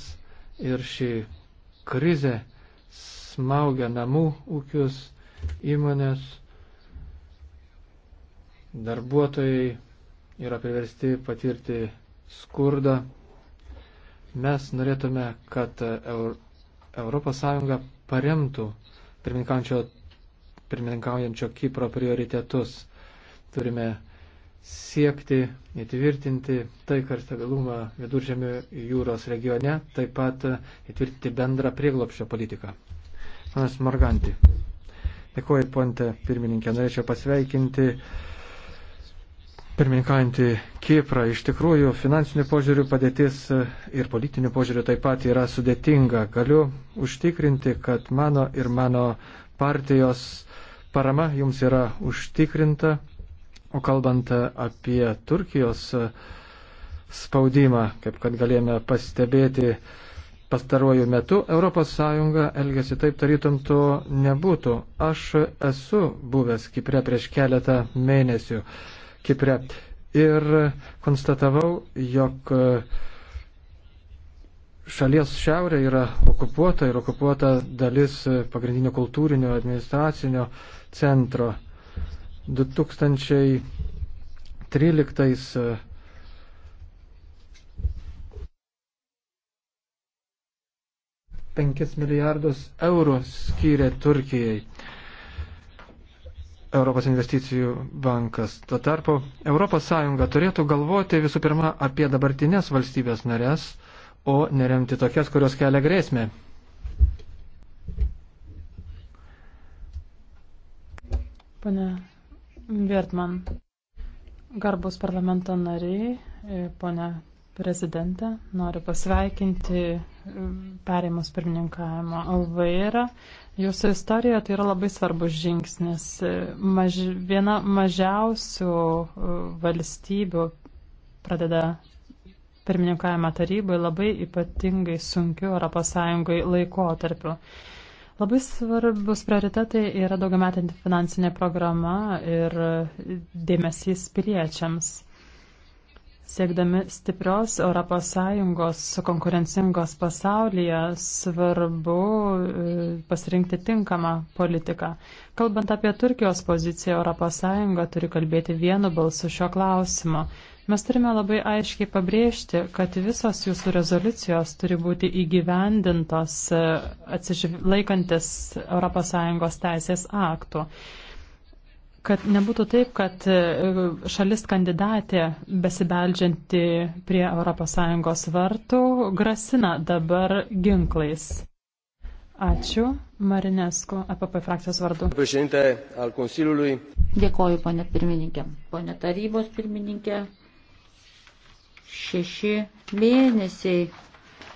ir ši krizė smaugia namų ūkius, įmonės darbuotojai yra priversti patirti skurdą. Mes norėtume, kad ES paremtų pirmininkaujančio Kipro prioritetus. Turime siekti įtvirtinti taiką ir stabilumą viduržėmio jūros regione, taip pat įtvirtinti bendrą prieglopščio politiką. Panas Morganti. Dėkuoju, ponte pirmininkė. Norėčiau pasveikinti pirmininkaujantį Kiprą. Iš tikrųjų, finansinių požiūrių padėtis ir politinių požiūrių taip pat yra sudėtinga. Galiu užtikrinti, kad mano ir mano partijos parama jums yra užtikrinta. O kalbant apie Turkijos spaudimą, kaip kad galėjome pastebėti, pastaruoju metu ES elgesi taip, tarytum to nebūtų. Aš esu buvęs Kipre prieš keletą mėnesių Kipre ir konstatavau, jog e, šalies šiaurė yra okupuota ir okupuota dalis e, pagrindinio kultūrinio administracinio centro. 2013 5 milijardus eurų skyrė Turkijai. Europos investicijų bankas. Tuo tarpu ES turėtų galvoti visų pirma apie dabartinės valstybės narės, o neremti tokias, kurios kelia grėsmę. Pane Vertman, garbus parlamento nariai, e, pone prezidentę, noriu pasveikinti e, perėmus pirmininkavimo Alvairą. Jūsų istorija tai yra labai svarbus žingsnis. E, maž, viena mažiausių e, valstybių pradeda pirmininkavimą tarybai labai ypatingai sunkiu ES laikotarpiu. Labai svarbus prioritetai yra daugiametinė finansinė programa ir dėmesys piliečiams. Siekdami stiprios ES konkurencingos pasaulyje, svarbu e, pasirinkti tinkamą politiką. Kalbant apie Turkijos poziciją, ES turi kalbėti vienu balsu šio klausimu. Mes turime labai aiškiai pabrėžti, kad visos jūsų rezoliucijos turi būti įgyvendintos e, atsižv... laikantis ES teisės aktų kad nebūtų taip, kad e, šalis kandidatė besibeldžianti prie ES vartų grasina dabar ginklais. Ačiū. Marinesko, APP e frakcijos vardu. Dėkoju, ponė pirmininkė. Ponė tarybos pirmininkė, šeši mėnesiai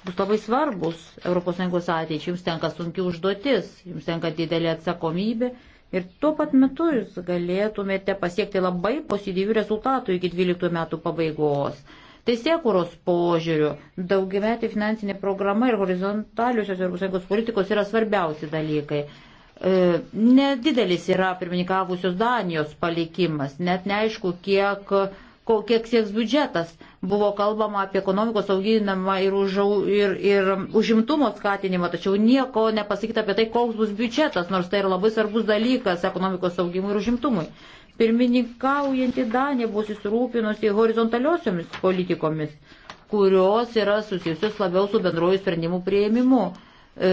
bus labai svarbus ES ateičiai. Jums tenka sunki užduotis, jums tenka didelė atsakomybė Ir tuo pat metu jūs galėtumėte pasiekti labai pozityvių rezultatų iki 12 metų pabaigos. Teisėkūros požiūrių daugiametė finansinė programa ir horizontaliusios ES politikos yra svarbiausi dalykai. E, nedidelis yra pirmininkavusios Danijos palikimas, net neaišku, kiek kiek sieks biudžetas. Buvo kalbama apie ekonomikos auginimą ir, užau, ir, ir užimtumo skatinimą, tačiau nieko nepasakyta apie tai, koks bus biudžetas, nors tai yra labai svarbus dalykas ekonomikos augimui ir užimtumui. Pirmininkaujanti Danė buvo susirūpinusi horizontaliosiomis politikomis, kurios yra susijusios labiau su bendruoju sprendimų prieimimu. E,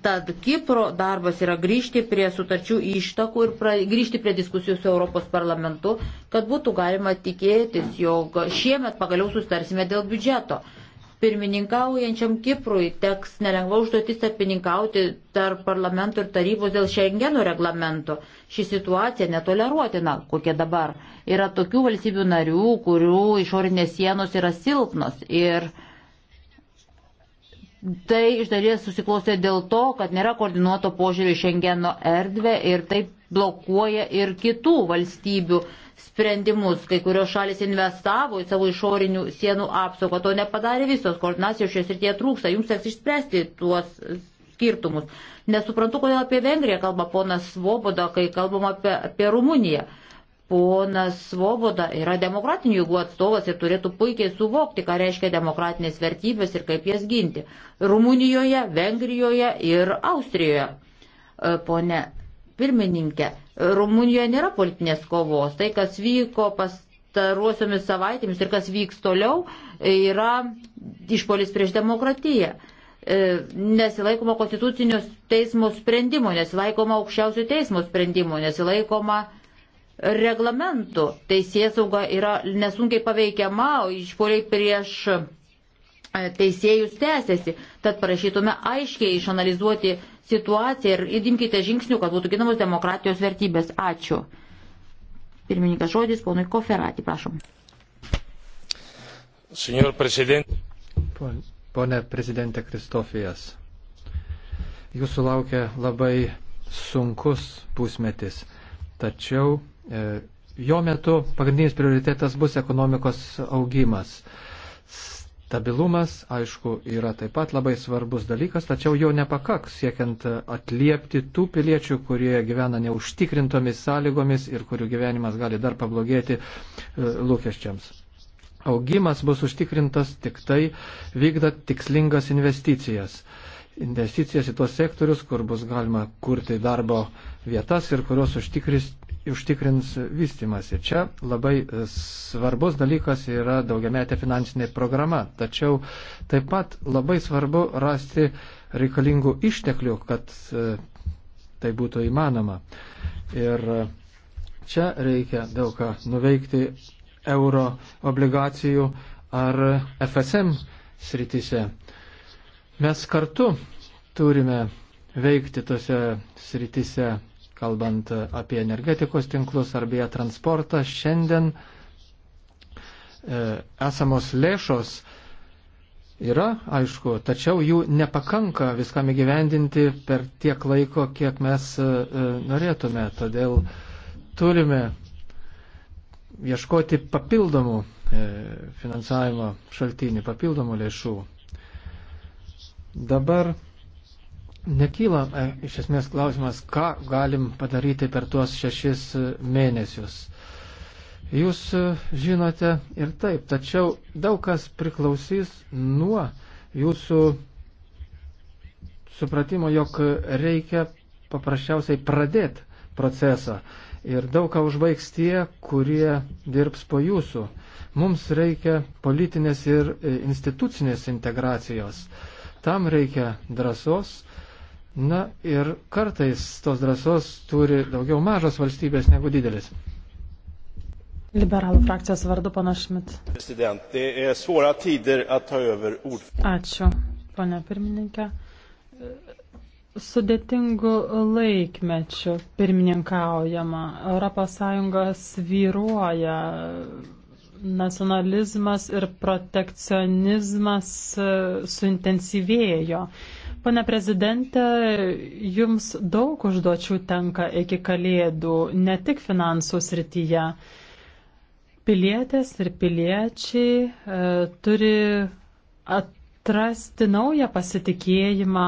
Tad Kipro darbas yra grįžti prie sutarčių ištakų ir pra, grįžti prie diskusijų su Europos parlamentu, kad būtų galima tikėtis, jog šiemet pagaliau sustarsime dėl biudžeto. Pirmininkaujančiam Kiprui teks nelengva užduotis tarpininkauti tarp parlamentų ir tarybos dėl Schengeno reglamento. Ši situacija netoleruotina, kokia dabar. Yra tokių valstybių narių, kurių išorinės sienos yra silpnos. Ir, uh, Tai iš dalies susiklostė dėl to, kad nėra koordinuoto požiūrį Šengeno erdvę ir taip blokuoja ir kitų valstybių sprendimus. Kai kurios šalis investavo į savo išorinių sienų apsaugą, to nepadarė visos, koordinacijos šios ir tie trūksta, jums teks išspręsti tuos skirtumus. Nesuprantu, kodėl apie Vengriją kalba ponas Svoboda, kai kalbam apie, apie Rumuniją ponas Svoboda yra demokratinių jėgų atstovas ir turėtų puikiai suvokti, ką reiškia demokratinės vertybės ir kaip jas ginti. Rumunijoje, Vengrijoje ir Austrijoje. E, pone pirmininkė, Rumunijoje nėra politinės kovos. Tai, kas vyko pastaruosiomis savaitėmis ir kas vyks toliau, yra išpolis prieš demokratiją e, nesilaikoma konstitucinio teismo sprendimo, nesilaikoma aukščiausio teismo sprendimo, nesilaikoma reglamentų. Teisėsauga yra nesunkiai paveikiama, o išpoliai prieš e, teisėjus tęsiasi. Tad prašytume aiškiai išanalizuoti situaciją ir įdimkite žingsnių, kad būtų ginamos demokratijos vertybės. Ačiū. Pirmininkas žodis, ponui Koferati, prašom. Pone prezidente Kristofijas, jūsų laukia labai sunkus pusmetis, tačiau E, jo metu pagrindinis prioritetas bus ekonomikos augimas. Stabilumas, aišku, yra taip pat labai svarbus dalykas, tačiau jo nepakaks siekiant atliepti tų piliečių, kurie gyvena neužtikrintomis sąlygomis ir kurių gyvenimas gali dar pablogėti e, lūkesčiams. Augimas bus užtikrintas tik tai vykdant tikslingas investicijas investicijas į tos sektorius, kur bus galima kurti darbo vietas ir kurios užtikris užtikrins vystimas. Ir čia labai e, svarbus dalykas yra daugiametė finansinė programa. Tačiau taip pat labai svarbu rasti reikalingų išteklių, kad e, tai būtų įmanoma. Ir e, čia reikia daug ką nuveikti euro obligacijų ar FSM srityse. Mes kartu turime veikti tose srityse kalbant apie energetikos tinklus ar beje transportą, šiandien e, esamos lėšos yra, aišku, tačiau jų nepakanka viskam įgyvendinti per tiek laiko, kiek mes e, e, norėtume. Todėl turime ieškoti papildomų finansavimo šaltinių, papildomų lėšų. Dabar nekyla e, iš esmės klausimas, ką galim padaryti per tuos šešis e, mėnesius. Jūs e, žinote ir taip, tačiau daug kas priklausys nuo jūsų supratimo, jog reikia paprasčiausiai pradėti procesą. Ir daug ką užbaigs tie, kurie dirbs po jūsų. Mums reikia politinės ir institucinės integracijos. Tam reikia drąsos Na ir kartais tos drąsos turi daugiau mažos valstybės negu didelis. Liberalų frakcijos vardu panašmit. Ačiū, ponia pirmininkė. Sudėtingų laikmečių pirmininkaujama. ES vyruoja nacionalizmas ir protekcionizmas e, suintensyvėjo. Uh, Pane prezidente, jums daug užduočių tenka iki kalėdų, ne tik finansų srityje. Pilietės ir piliečiai e, turi atrasti naują pasitikėjimą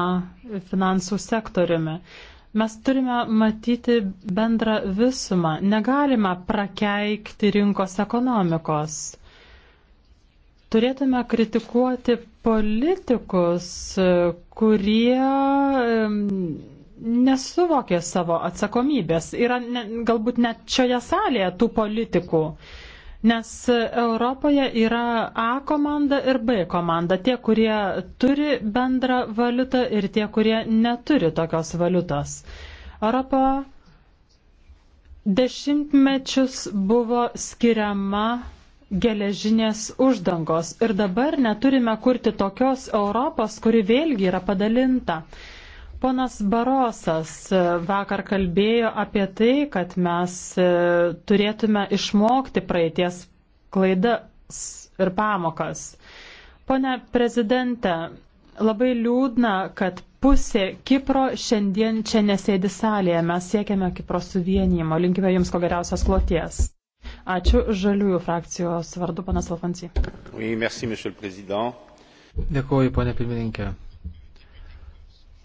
finansų sektoriumi. Mes turime matyti bendrą visumą, negalime prakeikti rinkos ekonomikos turėtume kritikuoti politikus, kurie nesuvokė savo atsakomybės. Yra ne, galbūt net šioje salėje tų politikų. Nes Europoje yra A komanda ir B komanda. Tie, kurie turi bendrą valiutą ir tie, kurie neturi tokios valiutos. Europa dešimtmečius buvo skiriama geležinės uždangos. Ir dabar neturime kurti tokios Europos, kuri vėlgi yra padalinta. Ponas Barosas e, vakar kalbėjo apie tai, kad mes e, turėtume išmokti praeities klaidas ir pamokas. Pone prezidente, labai liūdna, kad pusė Kipro šiandien čia nesėdi salėje. Mes siekiame Kipro suvienijimo. Linkime Jums ko geriausios kloties. Ačiū žaliųjų frakcijos vardu, panas Alfonsy. Oui, merci, Dėkuoju, ponė pirmininkė.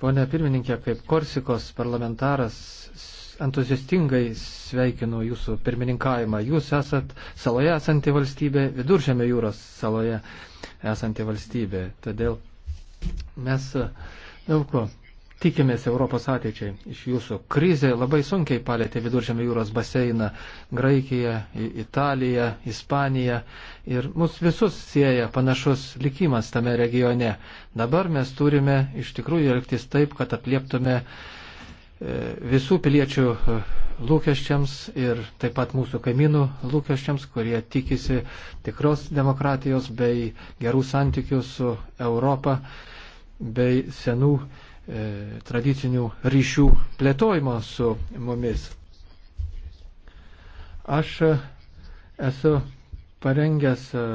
Pone pirmininkė, kaip Korsikos parlamentaras entuziastingai sveikinu jūsų pirmininkavimą. Jūs esat saloje esanti valstybė, viduržėme jūros saloje esanti valstybė. Todėl mes daug ko tikimės Europos ateičiai iš jūsų. Krizė labai sunkiai palėtė viduržėmio jūros baseiną - Graikiją, Italiją, Ispaniją ir mus visus sieja panašus likimas tame regione. Dabar mes turime iš tikrųjų elgtis taip, kad atlieptume e, visų piliečių e, lūkesčiams ir taip pat mūsų kaimynų lūkesčiams, kurie tikisi tikros demokratijos bei gerų santykių su Europa bei senų E, tradicinių ryšių plėtojimo su mumis. Aš e, esu parengęs e,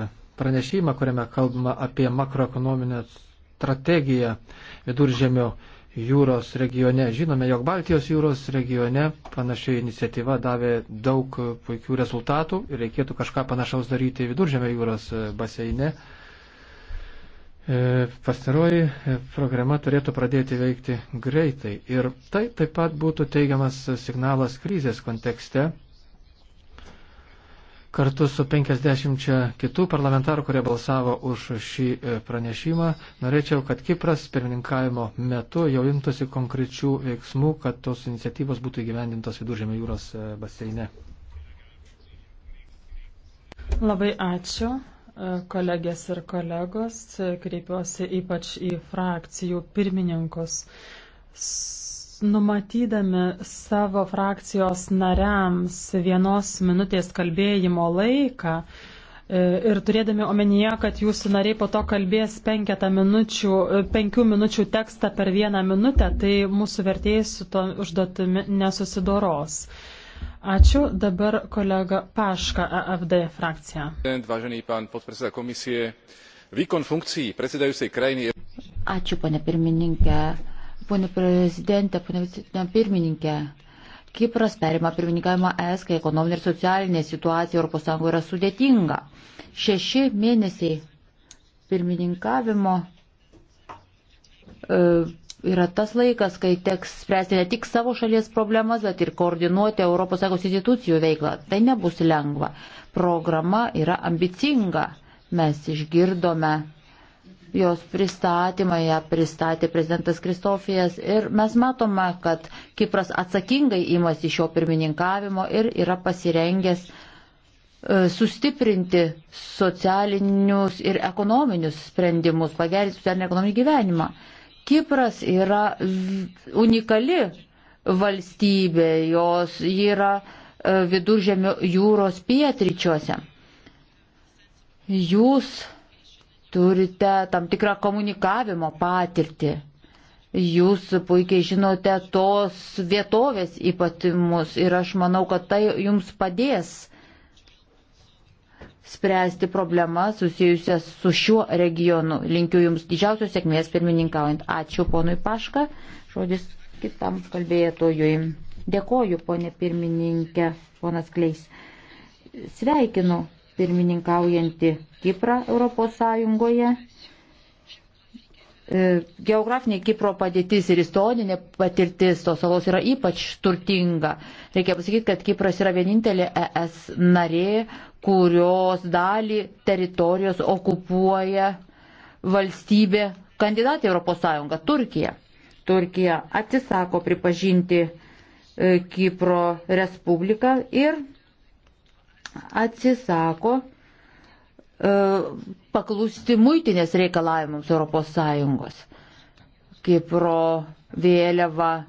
pranešimą, kuriame kalbama apie makroekonominę strategiją viduržėmio jūros regione. Žinome, jog Baltijos jūros regione panašiai iniciatyva davė daug puikių rezultatų ir reikėtų kažką panašaus daryti viduržėmio jūros baseine. E, pastaroji e, programa turėtų pradėti veikti greitai ir tai taip pat būtų teigiamas signalas krizės kontekste. Kartu su 50 kitų parlamentarų, kurie balsavo už šį e, pranešimą, norėčiau, kad Kipras pirmininkavimo metu jau imtųsi konkrečių veiksmų, kad tos iniciatyvos būtų įgyvendintos viduržėmio jūros baseine. Labai ačiū kolegės ir kolegos, kreipiuosi ypač į frakcijų pirmininkus. Numatydami savo frakcijos nariams vienos minutės kalbėjimo laiką e, ir turėdami omenyje, kad jūsų nariai po to kalbės minučių, e, penkių minučių tekstą per vieną minutę, tai mūsų vertėjai su to užduotimi nesusidoros. Ačiū. Dabar kolega Paška, AFD frakcija. Vážený pán podpredseda komisie, výkon funkcií predsedajúcej krajiny... Ačiū, pane pirmininkė. Pone prezidentė, pone pirmininkė. Kipras perima pirmininkavimą ES, kai ekonominė ir socialinė situacija ES yra sudėtinga. Šeši mėnesiai pirmininkavimo e, yra tas laikas, kai teks spręsti ne tik savo šalies problemas, bet ir koordinuoti ES institucijų veiklą. Tai nebus lengva. Programa yra ambicinga. Mes išgirdome jos pristatymą, ją pristatė prezidentas Kristofijas ir mes matome, kad Kipras atsakingai imasi šio pirmininkavimo ir yra pasirengęs e, sustiprinti socialinius ir ekonominius sprendimus, pagerinti socialinį ekonominį gyvenimą. Kipras yra unikali valstybė, jos yra e, viduržėmio jūros pietryčiuose. Jūs turite tam tikrą komunikavimo patirtį. Jūs puikiai žinote tos vietovės ypatimus ir aš manau, kad tai jums padės spręsti problemą susijusią su šiuo regionu. Linkiu Jums didžiausios sėkmės pirmininkaujant. Ačiū ponui Paška. Žodis kitam kalbėtojui. Dėkoju, ponė pirmininkė, ponas Kleis. Sveikinu pirmininkaujantį Kiprą Europos Sąjungoje E, geografinė Kipro padėtis ir istorinė patirtis tos salos yra ypač turtinga. Reikia pasakyti, kad Kipras yra vienintelė ES narė, kurios dalį teritorijos okupuoja valstybė kandidatė Europos Sąjunga - Turkija. Turkija atsisako pripažinti e, Kipro Respubliką ir atsisako E, paklusti muitinės reikalavimams ES. Kipro vėliava e,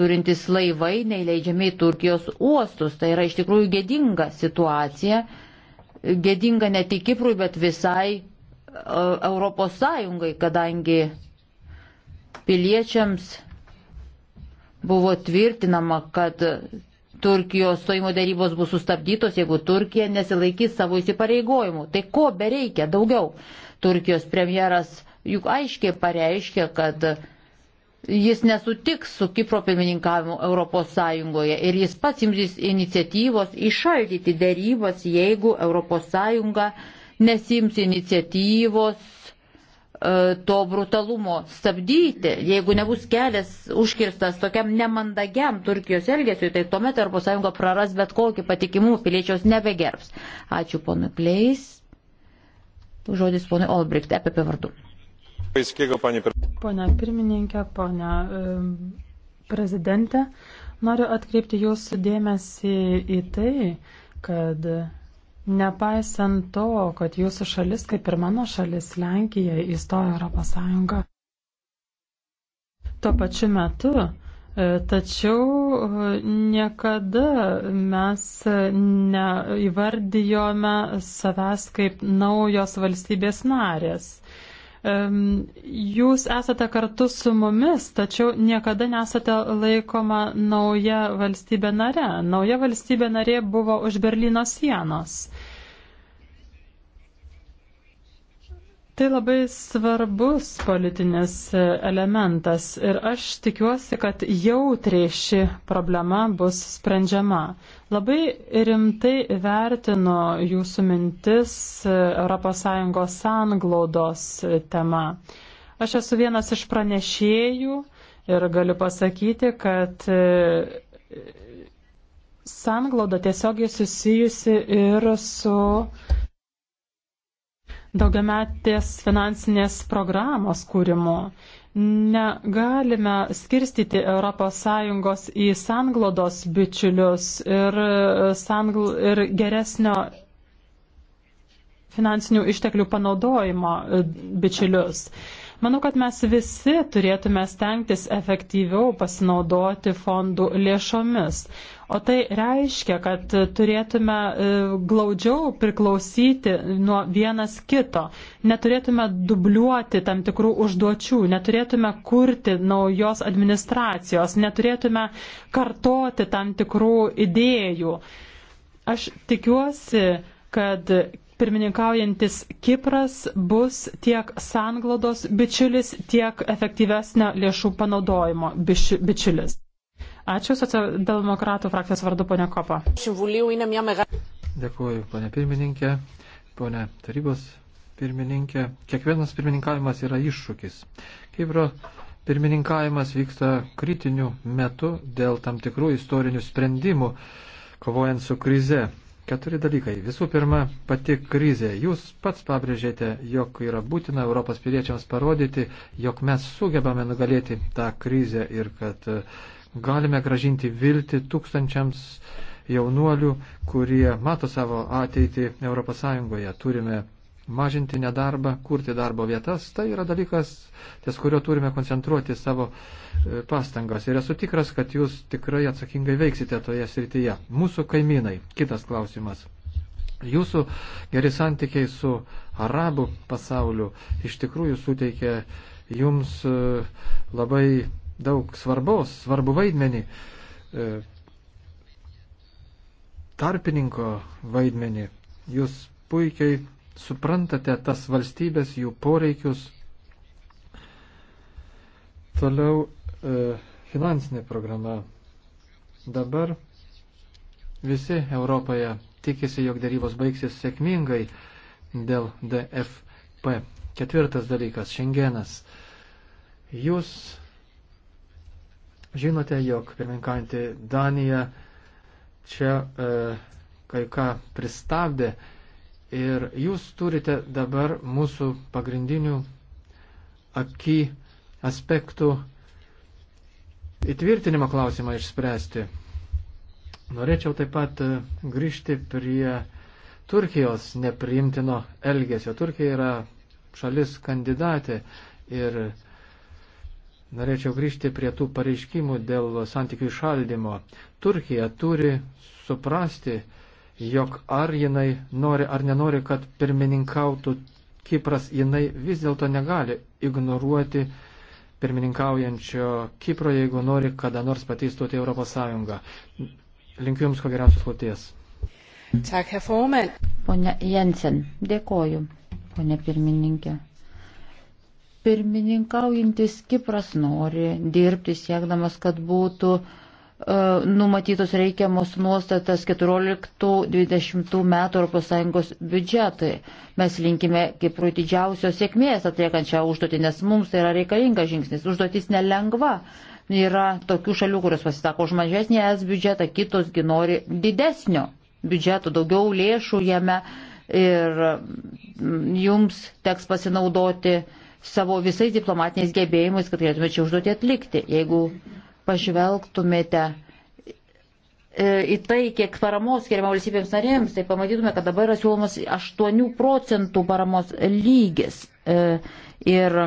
turintys laivai neįleidžiami į Turkijos uostus. Tai yra iš tikrųjų gėdinga situacija. Gėdinga ne tik Kiprui, bet visai ES, kadangi piliečiams buvo tvirtinama, kad Turkijos stojimo darybos bus sustabdytos, jeigu Turkija nesilaikys savo įsipareigojimų. Tai ko bereikia daugiau? Turkijos premjeras juk aiškiai pareiškė, kad jis nesutiks su Kipro pirmininkavimu Europos Sąjungoje ir jis pats imsis iniciatyvos išaldyti darybas, jeigu Europos Sąjunga nesims iniciatyvos E, to brutalumo stabdyti, jeigu nebus kelias užkirstas tokiam nemandagiam Turkijos elgesiu, tai tuomet ES praras bet kokį patikimų piliečios nebegerbs. Ačiū ponui Kleis. Žodis ponui Olbricht, EPP vardu. Pone pirmininkė, pone e, prezidentė, noriu atkreipti jūsų dėmesį į tai, kad Nepaisant to, kad jūsų šalis, kaip ir mano šalis, Lenkija, įstojo Europos Sąjungą, tuo pačiu metu e, Tačiau e, niekada mes neįvardijome savęs kaip naujos valstybės narės. Jūs esate kartu su mumis, tačiau niekada nesate laikoma nauja valstybė nare. Nauja valstybė narė buvo už Berlyno sienos. Tai labai svarbus politinis elementas ir aš tikiuosi, kad jautriai ši problema bus sprendžiama. Labai rimtai vertinu jūsų mintis ES sanglaudos tema. Aš esu vienas iš pranešėjų ir galiu pasakyti, kad e, sanglauda tiesiogiai susijusi ir su daugiametės finansinės programos kūrimu. Negalime skirstyti ES į sanglodos bičiulius ir, sangl ir geresnio finansinių išteklių panaudojimo e, bičiulius. Manau, kad mes visi turėtume stengtis efektyviau pasinaudoti fondų lėšomis. O tai reiškia, kad turėtume e, glaudžiau priklausyti nuo vienas kito, neturėtume dubliuoti tam tikrų užduočių, neturėtume kurti naujos administracijos, neturėtume kartoti tam tikrų idėjų. Aš tikiuosi, kad pirmininkaujantis Kipras bus tiek sanglados bičiulis, tiek efektyvesnio lėšų panaudojimo bičiulis. Ačiū socialdemokratų frakcijos vardu, ponė Kopa. Dėkuoju, ponė pirmininkė, ponė tarybos pirmininkė. Kiekvienas pirmininkavimas yra iššūkis. Kipro pirmininkavimas vyksta kritiniu metu dėl tam tikrų istorinių sprendimų, kovojant su krize. Keturi dalykai. Visų pirma, pati krizė. Jūs pats pabrėžėte, jog yra būtina Europos piliečiams parodyti, jog mes sugebame nugalėti tą krizę ir kad uh, galime gražinti viltį tūkstančiams jaunuolių, kurie mato savo ateitį ES. Turime mažinti nedarbą, kurti darbo vietas. Tai yra dalykas, ties kurio turime koncentruoti savo e, pastangas. Ir esu tikras, kad jūs tikrai atsakingai veiksite toje srityje. Mūsų kaimynai. Kitas klausimas. Jūsų geri santykiai su arabų pasauliu iš tikrųjų suteikia jums e, labai daug svarbos, svarbu vaidmenį, e, tarpininko vaidmenį. Jūs puikiai suprantate tas valstybės, jų poreikius. Toliau e, finansinė programa. Dabar visi Europoje tikisi, jog darybos baigsis sėkmingai dėl DFP. Ketvirtas dalykas - Šengenas. Jūs Žinote, jog pirmininkaujantį Daniją čia e, kai ką pristabdė ir jūs turite dabar mūsų pagrindinių akį aspektų įtvirtinimo klausimą išspręsti. Norėčiau taip pat e, grįžti prie Turkijos nepriimtino elgesio. Turkija yra šalis kandidatė ir Norėčiau grįžti prie tų pareiškimų dėl santykių išaldymo. Turkija turi suprasti, jog ar jinai nori ar nenori, kad pirmininkautų Kipras, jinai vis dėlto negali ignoruoti pirmininkaujančio Kipro, jeigu nori kada nors pateistoti Europos Sąjungą. Linkiu Jums ko geriausios kloties. Tak, Herr Forman. Pone Jensen, dėkoju, pone pirmininkė. Pirmininkaujantis Kipras nori dirbti siekdamas, kad būtų uh, numatytos reikiamos nuostatas 14-20 metų ES biudžetai. Mes linkime Kiprui didžiausios sėkmės atliekant šią užduotį, nes mums tai yra reikalingas žingsnis. Užduotis nelengva. Yra tokių šalių, kurios pasisako už mažesnį es biudžetą, kitosgi nori didesnio biudžeto, daugiau lėšų jame ir mm, jums teks pasinaudoti uh, savo visais diplomatiniais gebėjimais, kad galėtume čia užduoti atlikti. Jeigu pažvelgtumėte e, į tai, kiek paramos skiriama valstybėms narėms, tai pamatytume, kad dabar yra siūlomas 8 procentų paramos lygis. E, ir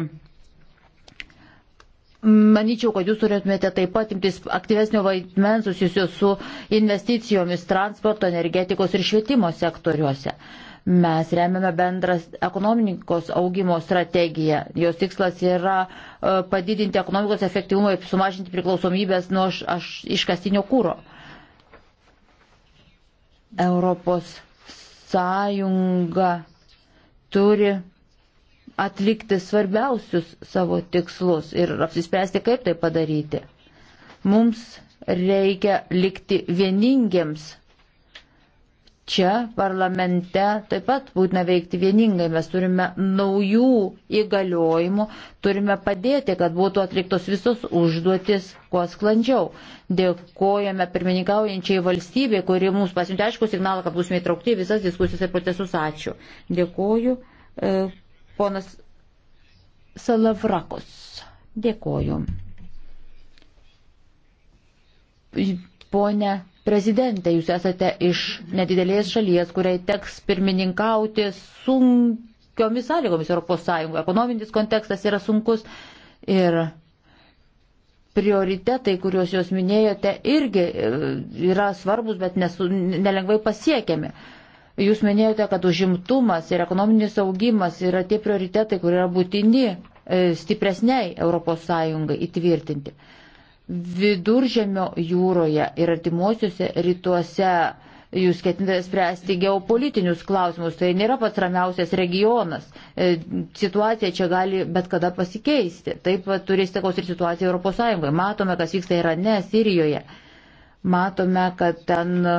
Manyčiau, kad jūs turėtumėte taip pat imtis aktyvesnio vaidmens susijusio su investicijomis transporto, energetikos ir švietimo sektoriuose. Uh, Mes remiame bendras ekonomikos augimo strategiją. Jos tikslas yra e, padidinti ekonomikos efektyvumą ir sumažinti priklausomybės nuo iškastinio kūro. Europos sąjunga turi atlikti svarbiausius savo tikslus ir apsispręsti, kaip tai padaryti. Mums reikia likti vieningiems čia parlamente taip pat būtina veikti vieningai. Mes turime naujų įgaliojimų, turime padėti, kad būtų atliktos visos užduotis kuo sklandžiau. Dėkojame pirmininkaujančiai valstybė, kuri mums pasiuntė aišku signalą, kad būsime įtraukti į visas diskusijas ir procesus. Ačiū. Dėkoju. E, ponas Salavrakos. Dėkoju. Pone Prezidentė, jūs esate iš nedidelės šalies, kuriai teks pirmininkauti sunkiomis sąlygomis ES. Ekonominis kontekstas yra sunkus ir prioritetai, kuriuos jūs minėjote, irgi e, yra svarbus, bet nesu, nelengvai pasiekiami. Jūs minėjote, kad užimtumas ir ekonominis augimas yra tie prioritetai, kurie yra būtini e, stipresniai ES įtvirtinti. Viduržemio jūroje ir artimuosiuose rytuose jūs ketinate spręsti geopolitinius klausimus, tai nėra pats ramiausias regionas. E, situacija čia gali bet kada pasikeisti. Taip turės takos ir situacija ES. Matome, kas vyksta Irane, Sirijoje. Matome, kad ten e,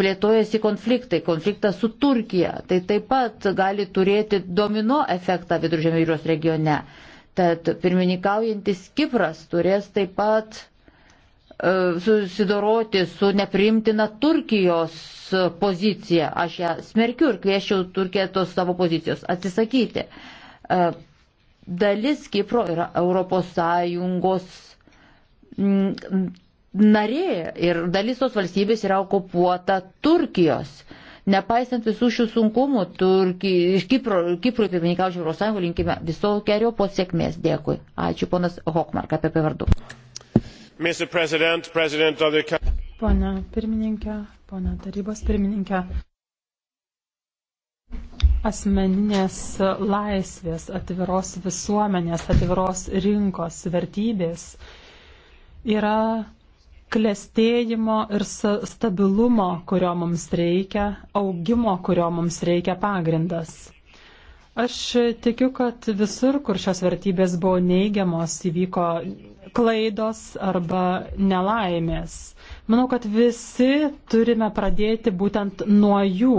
plėtojasi konfliktai, konfliktas su Turkija. Tai taip pat gali turėti domino efektą Viduržėmio jūros regione. Tad pirmininkaujantis Kipras turės taip pat e, susidoroti su neprimtina Turkijos pozicija. Aš ją smerkiu ir kviečiau Turkiją tos savo pozicijos atsisakyti. E, dalis Kipro yra ES mm, narė ir dalis tos valstybės yra okupuota Turkijos. Nepaisant visų šių sunkumų, Turki, Kipro, Kiprui pirmininkaučių Europos Sąjungų linkime visokiojo po sėkmės. Dėkui. Ačiū ponas Hokmark apie pavardų. President, President the... Pone pirmininkė, pone tarybos pirmininkė. Asmeninės laisvės, atviros visuomenės, atviros rinkos vertybės yra klestėjimo ir stabilumo, kurio mums reikia, augimo, kurio mums reikia pagrindas. Aš tikiu, kad visur, kur šios vertybės buvo neigiamos, įvyko klaidos arba nelaimės. Manau, kad visi turime pradėti būtent nuo jų.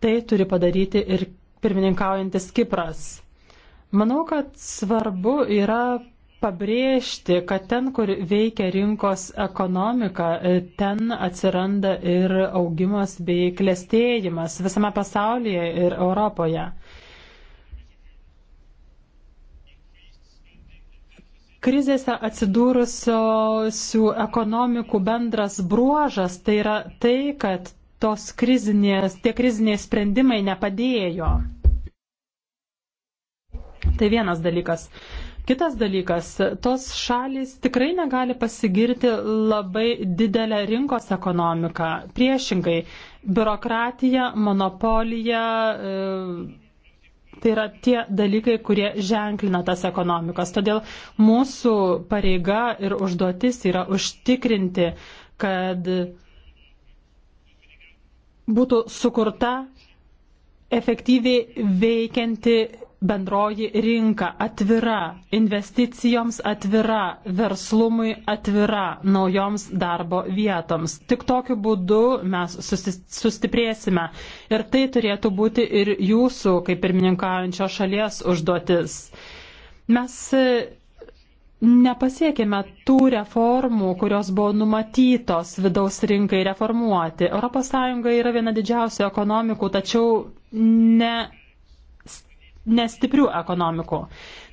Tai turi padaryti ir pirmininkaujantis Kipras. Manau, kad svarbu yra pabrėžti, kad ten, kur veikia rinkos ekonomika, ten atsiranda ir augimas bei klėstėjimas visame pasaulyje ir Europoje. Krizėse atsidūrusių ekonomikų bendras bruožas tai yra tai, kad tos krizinės, tie kriziniai sprendimai nepadėjo. Tai vienas dalykas. Uh, Kitas dalykas, tos šalys tikrai negali pasigirti labai didelę rinkos ekonomiką. Priešingai, biurokratija, monopolija. E, Tai yra tie dalykai, kurie ženklina tas ekonomikas. Todėl mūsų pareiga ir užduotis yra užtikrinti, kad būtų sukurta efektyviai veikianti bendroji rinka atvira investicijoms, atvira verslumui, atvira naujoms darbo vietoms. Tik tokiu būdu mes sustiprėsime ir tai turėtų būti ir jūsų, kaip pirmininkaujančio šalies, užduotis. Mes e, nepasiekėme tų reformų, kurios buvo numatytos vidaus rinkai reformuoti. ES yra viena didžiausių ekonomikų, tačiau ne nestiprių ekonomikų.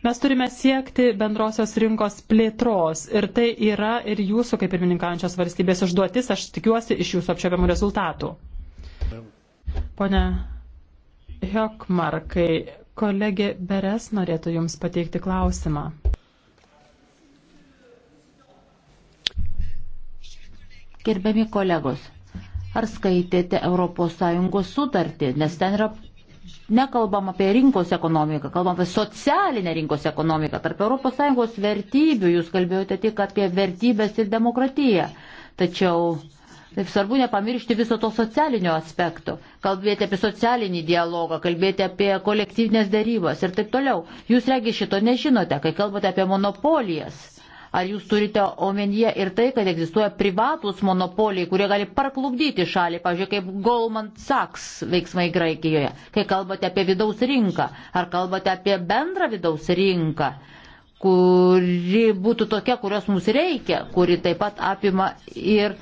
Mes turime siekti bendrosios rinkos plėtros ir tai yra ir jūsų, kaip pirmininkaujančios valstybės, užduotis, aš tikiuosi, iš jūsų apčiopiamų rezultatų. Pone Hjokmarkai, kolegė Beres norėtų Jums pateikti klausimą. Gerbiami kolegos, ar skaitėte ES sutartį, nes ten yra nekalbam apie rinkos ekonomiką, kalbam apie socialinę rinkos ekonomiką. Tarp ES vertybių jūs kalbėjote tik apie vertybės ir demokratiją. Tačiau taip svarbu nepamiršti viso to socialinio aspekto. Kalbėti apie socialinį dialogą, kalbėti apie kolektyvinės darybas ir taip toliau. Jūs regi šito nežinote, kai kalbate apie monopolijas Ar jūs turite omenyje ir tai, kad egzistuoja privatus monopoliai, kurie gali parklubdyti šalį, pavyzdžiui, kaip Goldman Sachs veiksmai Graikijoje, kai kalbate apie vidaus rinką, ar kalbate apie bendrą vidaus rinką, kuri būtų tokia, kurios mums reikia, kuri taip pat apima ir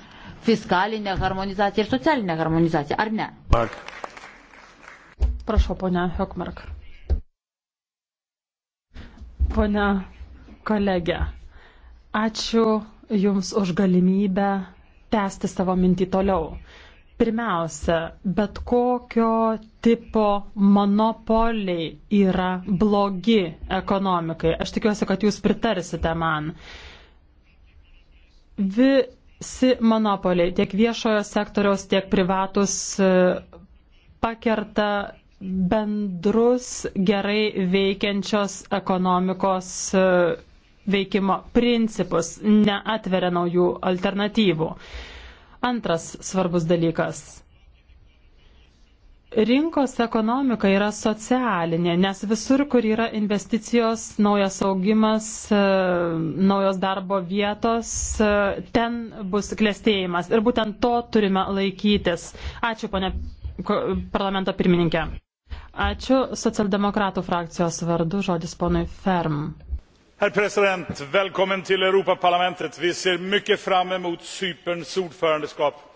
fiskalinę harmonizaciją ir socialinę harmonizaciją, ar ne? Mark. Prašau, ponia Hokmark. Ponia kolegė, Ačiū Jums už galimybę tęsti savo mintį toliau. Pirmiausia, bet kokio tipo monopoliai yra blogi ekonomikai. Aš tikiuosi, kad Jūs pritarsite man. Visi monopoliai, tiek viešojo sektoriaus, tiek privatus, pakerta bendrus gerai veikiančios ekonomikos veikimo principus, neatveria naujų alternatyvų. Antras svarbus dalykas. Rinkos ekonomika yra socialinė, nes visur, kur yra investicijos, naujas augimas, e, naujos darbo vietos, e, ten bus klėstėjimas. Ir būtent to turime laikytis. Ačiū, ponė parlamento pirmininkė. Ačiū socialdemokratų frakcijos vardu, žodis ponui Ferm herr president välkommen till europaparlamentet! vi ser mycket fram emot cyperns ordförandeskap.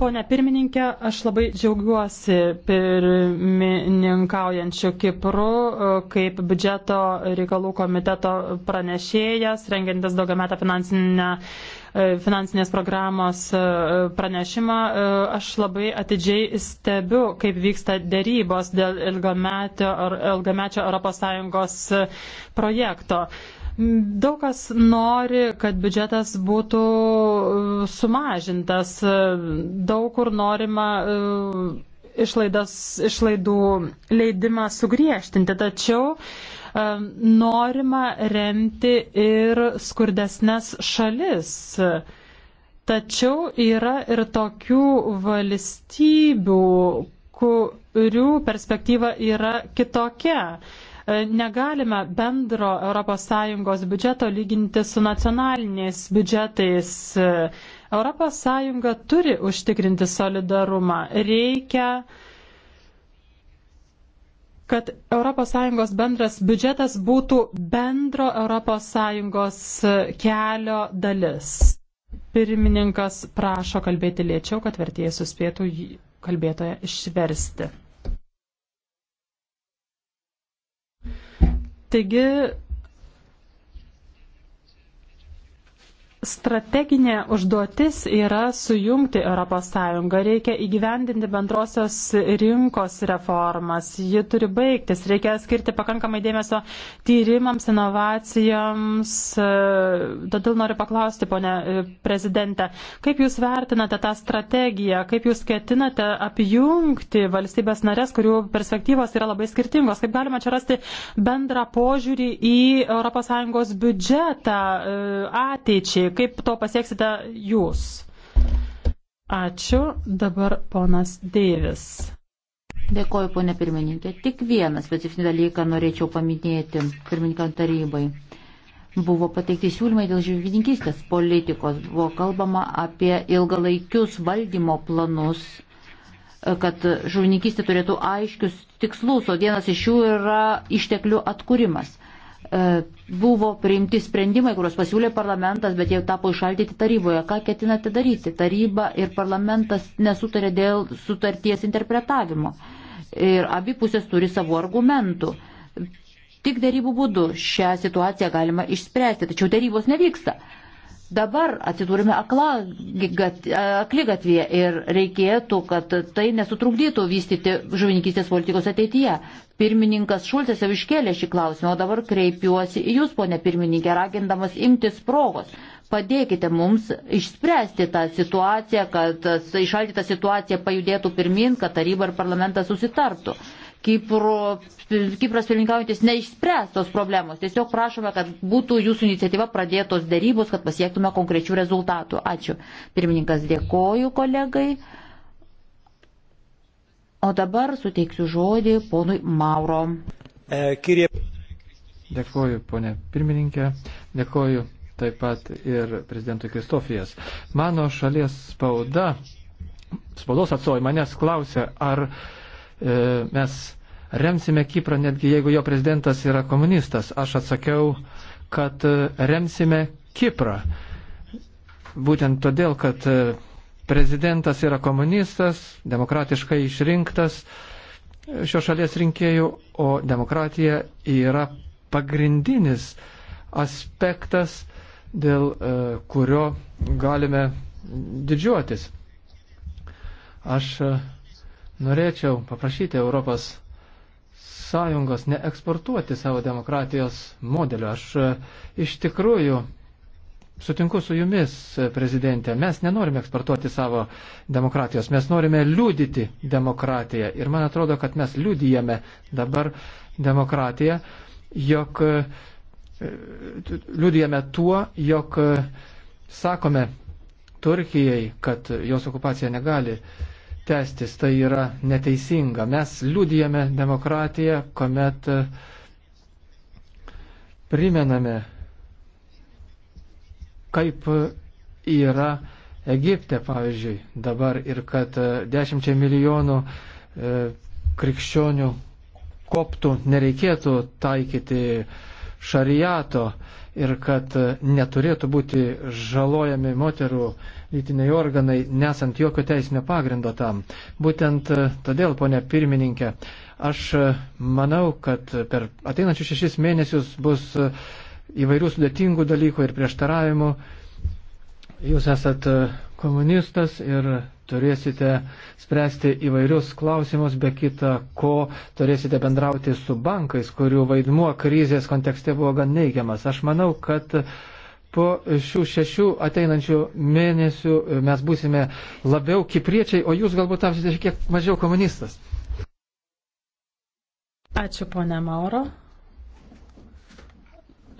Pone pirmininkė, aš labai džiaugiuosi pirmininkaujančiu Kipru e, kaip biudžeto reikalų komiteto pranešėjas, rengiantis daugiametę finansinę e, finansinės programos e, pranešimą, aš labai atidžiai stebiu, kaip vyksta dėrybos dėl ilgamečio, ilgamečio ES projekto. Daug kas nori, kad biudžetas būtų e, sumažintas, daug kur norima e, išlaidas, išlaidų leidimą sugriežtinti, tačiau e, norima remti ir skurdesnės šalis. Tačiau yra ir tokių valstybių, kurių perspektyva yra kitokia. E, negalime bendro ES biudžeto lyginti su nacionaliniais biudžetais. ES turi užtikrinti solidarumą. Reikia kad ES bendras biudžetas būtų bendro ES kelio dalis. Pirmininkas prašo kalbėti lėčiau, kad vertėjai suspėtų kalbėtoją išversti. Taigi strateginė užduotis yra sujungti ES. Reikia įgyvendinti bendrosios rinkos reformas. Ji turi baigtis. Reikia skirti pakankamai dėmesio tyrimams, inovacijoms. Todėl noriu paklausti, ponė e, prezidente, kaip Jūs vertinate tą strategiją? Kaip Jūs ketinate apjungti valstybės narės, kurių perspektyvos yra labai skirtingos? Kaip galima čia rasti bendrą požiūrį į ES biudžetą e, ateičiai? Kaip to pasieksite jūs? Ačiū. Dabar ponas Deivis. Dėkoju, ponė pirmininkė. Tik vieną specifinį dalyką norėčiau paminėti pirmininkam tarybai. Buvo pateikti siūlymai dėl žuvininkystės politikos. Buvo kalbama apie ilgalaikius valdymo planus kad žuvininkystė turėtų aiškius tikslus, o vienas iš jų yra išteklių atkūrimas. E, buvo priimti sprendimai, kuriuos pasiūlė parlamentas, bet jau tapo išaldyti taryboje. Ką ketinate daryti? Taryba ir parlamentas nesutarė dėl sutarties interpretavimo. Ir abi pusės turi savo argumentų. Tik darybų būdu šią situaciją galima išspręsti, tačiau darybos nevyksta. Dabar atsidūrime aklygatvėje ir reikėtų, kad tai nesutrukdytų vystyti žuvininkystės politikos ateityje. Pirmininkas Šulcas jau iškėlė šį klausimą, o dabar kreipiuosi į Jūs, ponė pirmininkė, ragindamas imtis progos. Padėkite mums išspręsti tą situaciją, kad išaldyta situacija pajudėtų pirmin, kad taryba ir parlamentas susitartų. Kipro, Kipras pirmininkaujantis neišspręs tos problemos. Tiesiog prašome, kad būtų jūsų iniciatyva pradėtos darybos, kad pasiektume konkrečių rezultatų. Ačiū. Pirmininkas dėkoju kolegai. O dabar suteiksiu žodį ponui Mauro. E, kirie. Dėkoju, ponė pirmininkė. Dėkoju taip pat ir prezidentui Kristofijas. Mano šalies spauda, spaudos atstovai manęs klausė, ar E, mes remsime Kiprą, netgi jeigu jo prezidentas yra komunistas. Aš atsakiau, kad e, remsime Kiprą. Būtent todėl, kad e, prezidentas yra komunistas, demokratiškai išrinktas šios šalies rinkėjų, o demokratija yra pagrindinis aspektas, dėl kurio galime didžiuotis. Aš Norėčiau paprašyti Europos Sąjungos neeksportuoti savo demokratijos modelio. Aš e, iš tikrųjų Sutinku su jumis, e, prezidentė, mes nenorime eksportuoti savo demokratijos, mes norime liūdyti demokratiją. Ir man atrodo, kad mes liūdijame dabar demokratiją, jog e, liūdijame tuo, jog sakome Turkijai, kad jos okupacija negali tęstis, tai yra neteisinga. Mes liūdėjame demokratiją, kuomet e, primename, kaip yra Egipte, pavyzdžiui, dabar ir kad e, dešimčiai milijonų e, krikščionių koptų nereikėtų taikyti šariato ir kad neturėtų būti žalojami moterų lytiniai organai, nesant jokio teisinio pagrindo tam. Būtent e, todėl, ponė pirmininkė, aš e, manau, kad per ateinančius šešis mėnesius bus e, įvairių sudėtingų dalykų ir prieštaravimų. Jūs esat komunistas ir turėsite spręsti įvairius klausimus, be kita ko turėsite bendrauti su bankais, kurių vaidmuo krizės kontekste buvo gan neigiamas. Aš manau, kad uh, po šių šešių ateinančių mėnesių mes būsime labiau kipriečiai, o jūs galbūt tapsite šiek tiek mažiau komunistas. Ačiū, ponė Mauro.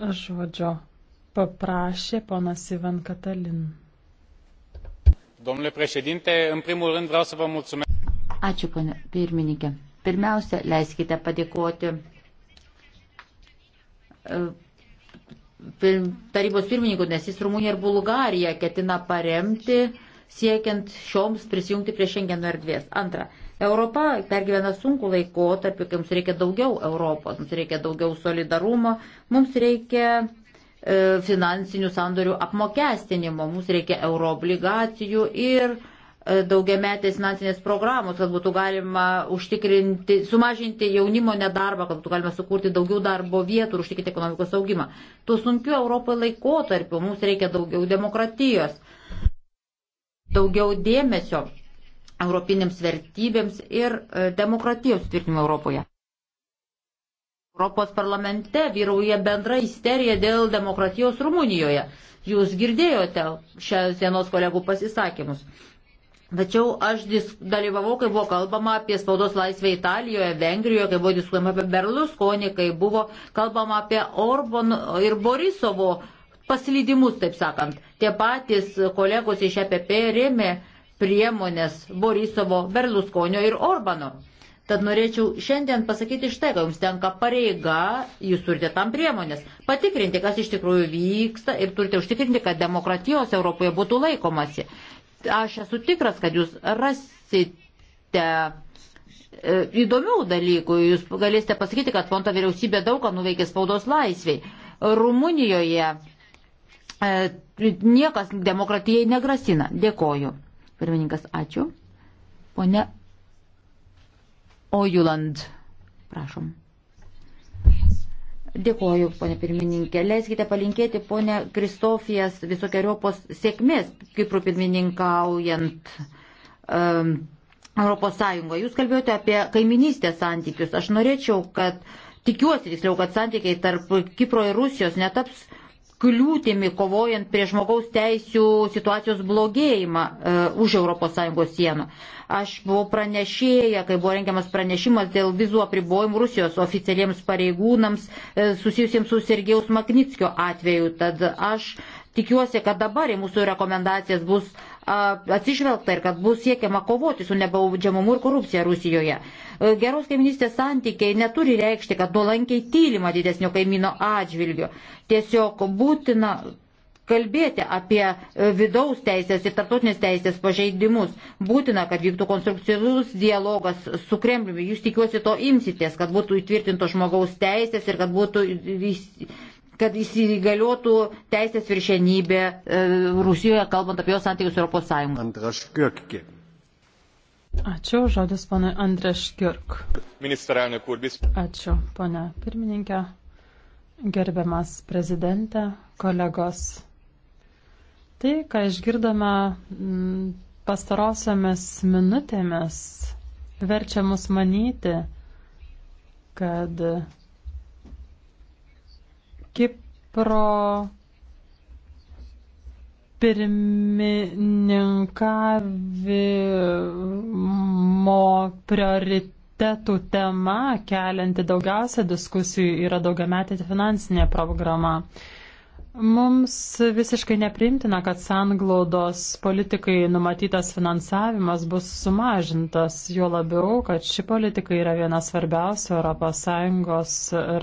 Žodžio paprašė ponas Ivan Katalin. Domnule președinte, în primul rând vreau să vă mulțumesc. Ačiū, ponė pirmininkė. Pirmiausia, leiskite padėkoti tarybos pirmininku, nes jis Rumuniją ir Bulgariją ketina paremti, siekiant šioms prisijungti prie Schengeno erdvės. Antra, Europa pergyvena sunku laikotarpį, kai mums reikia daugiau Europos, mums reikia daugiau solidarumo, mums reikia e, finansinių sandorių apmokestinimo, mums reikia euroobligacijų ir E, daugiametės finansinės programos, kad būtų galima užtikrinti, sumažinti jaunimo nedarbą, kad būtų galima sukurti daugiau darbo vietų ir užtikrinti ekonomikos augimą. Tuo sunkiu Europai laikotarpiu mums reikia daugiau demokratijos, daugiau dėmesio europinėms vertybėms ir e, demokratijos tvirtinimo Europoje. Europos parlamente vyrauja bendra isterija dėl demokratijos Rumunijoje. Jūs girdėjote šios dienos kolegų pasisakymus. Tačiau aš dalyvavau, kai buvo kalbama apie spaudos laisvę Italijoje, Vengrijoje, kai buvo diskutuojama apie Berlusconį, kai buvo kalbama apie Orbano ir Borisovo paslydimus, taip sakant. Tie patys kolegos iš EPP rėmė priemonės Borisovo, Berlusconio ir Orbano. Tad norėčiau šiandien pasakyti štai, kad jums tenka pareiga, jūs turite tam priemonės, patikrinti, kas iš tikrųjų vyksta ir turite užtikrinti, kad demokratijos Europoje būtų laikomasi aš esu tikras, kad jūs rasite e, įdomių dalykų. Jūs galėsite pasakyti, kad Ponto vyriausybė daug ką nuveikė spaudos laisviai. Rumunijoje e, niekas demokratijai negrasina. Dėkoju. Pirmininkas, ačiū. Pone Ojuland, prašom. Dėkoju, ponė pirmininkė. Leiskite palinkėti ponė Kristofijas visokiojopos sėkmės, kaip pirmininkaujant um, Europos Sąjungoje. Jūs kalbėjote apie kaiminystės santykius. Aš norėčiau, kad tikiuosi tiksliau, kad santykiai tarp Kipro ir Rusijos netaps kliūtimi kovojant prie žmogaus teisų situacijos blogėjimą e, už ES sienų. Aš buvau pranešėja, kai buvo rengiamas pranešimas dėl vizų apribojimų Rusijos oficialiems pareigūnams e, susijusiems su Sergejaus Maknitskio atveju. Tad aš tikiuosi, kad dabar į mūsų rekomendacijas bus atsižvelgta ir kad bus siekiama kovoti su nebaudžiamumu ir korupcija Rusijoje. E, geros kaiminystės santykiai neturi reikšti, kad nuolankiai tylima didesnio kaimino atžvilgiu. Tiesiog būtina kalbėti apie e, vidaus teisės ir tarptautinės teisės pažeidimus. Būtina, kad vyktų konstruktyvus dialogas su Kremliumi. Jūs tikiuosi to imsitės, kad būtų įtvirtintos žmogaus teisės ir kad būtų kad įsigaliotų teisės viršenybė e, Rusijoje, kalbant apie jos santykius Europos Sąjungą. Andras Kiorkė. Ačiū, žodis ponui Andrės Kiork. Ministeralne Kurbis. Ačiū, ponia pirmininkė, gerbiamas prezidentė, kolegos. Tai, ką išgirdome pastarosiamis minutėmis, verčia mus manyti, kad Kipro pirmininkavimo prioritetų tema, kelianti daugiausia diskusijų, yra daugiametė finansinė programa. Mums visiškai neprimtina, kad sanglaudos politikai numatytas finansavimas bus sumažintas, jo labiau, kad ši politika yra viena svarbiausių ES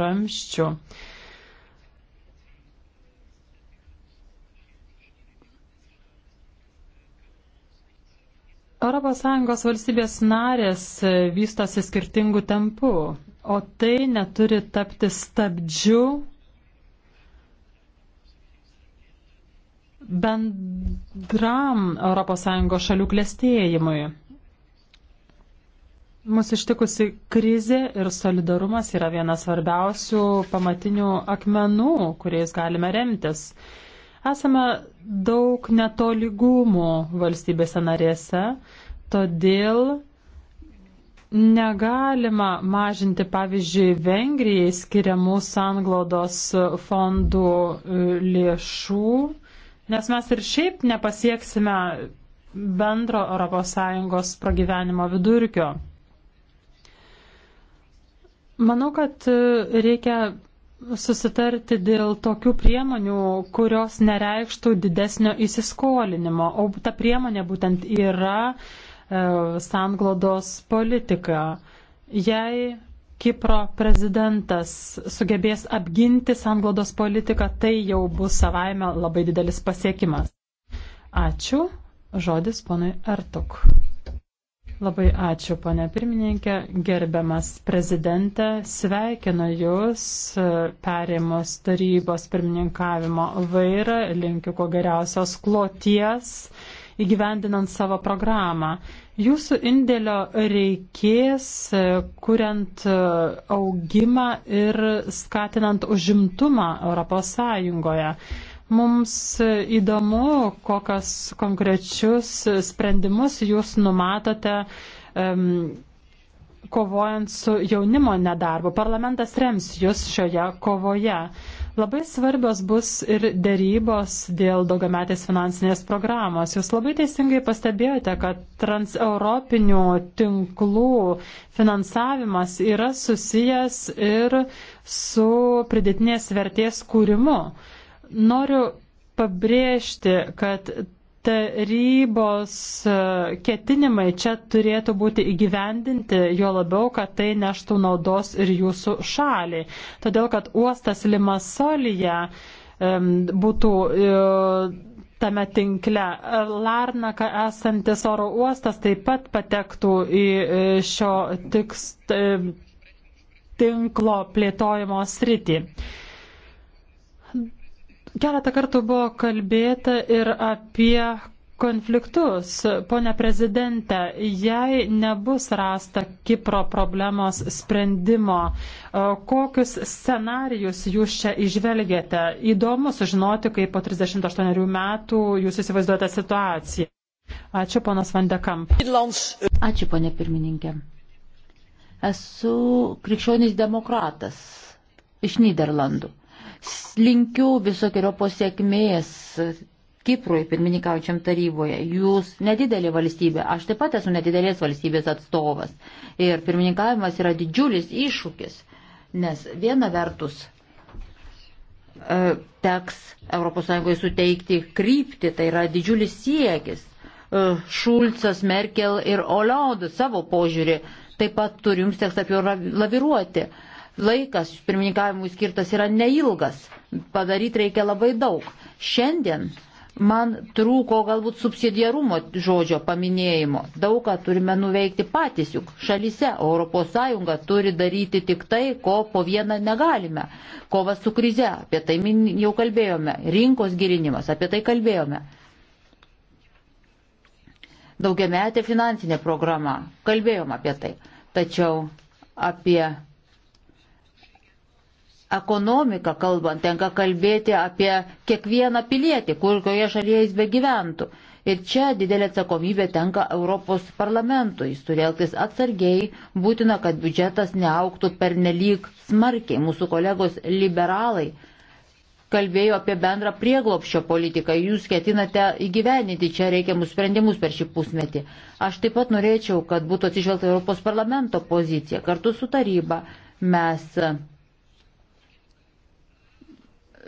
ramščių. ES valstybės narės e, vystosi skirtingų tempų, o tai neturi tapti stabdžių bendram ES šalių klėstėjimui. Mūsų ištikusi krizė ir solidarumas yra vienas svarbiausių pamatinių akmenų, kuriais galime remtis. Esame daug netolygumų valstybėse narėse, todėl negalima mažinti, pavyzdžiui, Vengrijai skiriamų sanglaudos fondų e, lėšų, nes mes ir šiaip nepasieksime bendro ES pragyvenimo vidurkio. Manau, kad e, reikia susitarti dėl tokių priemonių, kurios nereikštų didesnio įsiskolinimo, o ta priemonė būtent yra e, sanglodos politika. Jei Kipro prezidentas sugebės apginti sanglodos politiką, tai jau bus savaime labai didelis pasiekimas. Ačiū. Žodis ponui Artuk. Labai ačiū, ponė pirmininkė, gerbiamas prezidentė, sveikinu Jūs e, perėmus tarybos pirmininkavimo vairą, linkiu kuo geriausios kloties įgyvendinant savo programą. Jūsų indėlio reikės, e, kuriant e, augimą ir skatinant užimtumą ES. Mums įdomu, kokias konkrečius sprendimus jūs numatote um, kovojant su jaunimo nedarbu. Parlamentas rems jūs šioje kovoje. Labai svarbios bus ir dėrybos dėl daugiametės finansinės programos. Jūs labai teisingai pastebėjote, kad transeuropinių tinklų finansavimas yra susijęs ir su pridėtinės vertės kūrimu. Noriu pabrėžti, kad tarybos e, ketinimai čia turėtų būti įgyvendinti, jo labiau, kad tai neštų naudos ir jūsų šaliai. Todėl, kad uostas Limasolija būtų e, tame tinkle. Larnaka esantis oro uostas taip pat patektų į e, šio tiks, tinklo plėtojimo sritį. Keletą kartų buvo kalbėta ir apie konfliktus. Pone prezidente, jei nebus rasta Kipro problemos sprendimo, e, kokius scenarius jūs čia išvelgiate? Įdomu sužinoti, kaip po 38 metų jūs įsivaizduojate situaciją. Ačiū, ponas Vandekamp. Ačiū, ponė pirmininkė. Esu krikščionis demokratas iš Niderlandų. Linkiu visokiojo pasiekmės Kiprui pirmininkaujančiam taryboje. Jūs nedidelė valstybė, aš taip pat esu nedidelės valstybės atstovas. Ir pirmininkavimas yra didžiulis iššūkis, nes viena vertus e, teks ES suteikti kryptį, tai yra didžiulis siekis. E, Šulcas, Merkel ir Oliodų savo požiūrį taip pat turi jums teks apie laviruoti laikas pirmininkavimui skirtas yra neilgas, padaryti reikia labai daug. Šiandien man trūko galbūt subsidiarumo žodžio paminėjimo. Daug ką turime nuveikti patys juk šalyse. ES turi daryti tik tai, ko po vieną negalime. Kova su krize, apie tai jau kalbėjome. Rinkos girinimas, apie tai kalbėjome. Daugiametė finansinė programa, kalbėjom apie tai. Tačiau apie ekonomiką kalbant, tenka kalbėti apie kiekvieną pilietį, kurioje šalyje jis begyventų. Ir čia didelė atsakomybė tenka Europos parlamentui. Jis turi elgtis atsargiai, būtina, kad biudžetas neauktų per nelik smarkiai. Mūsų kolegos liberalai kalbėjo apie bendrą prieglopščio politiką. Jūs ketinate įgyveninti čia reikiamus sprendimus per šį pusmetį. Aš taip pat norėčiau, kad būtų atsižvelgta Europos parlamento pozicija. Kartu su taryba mes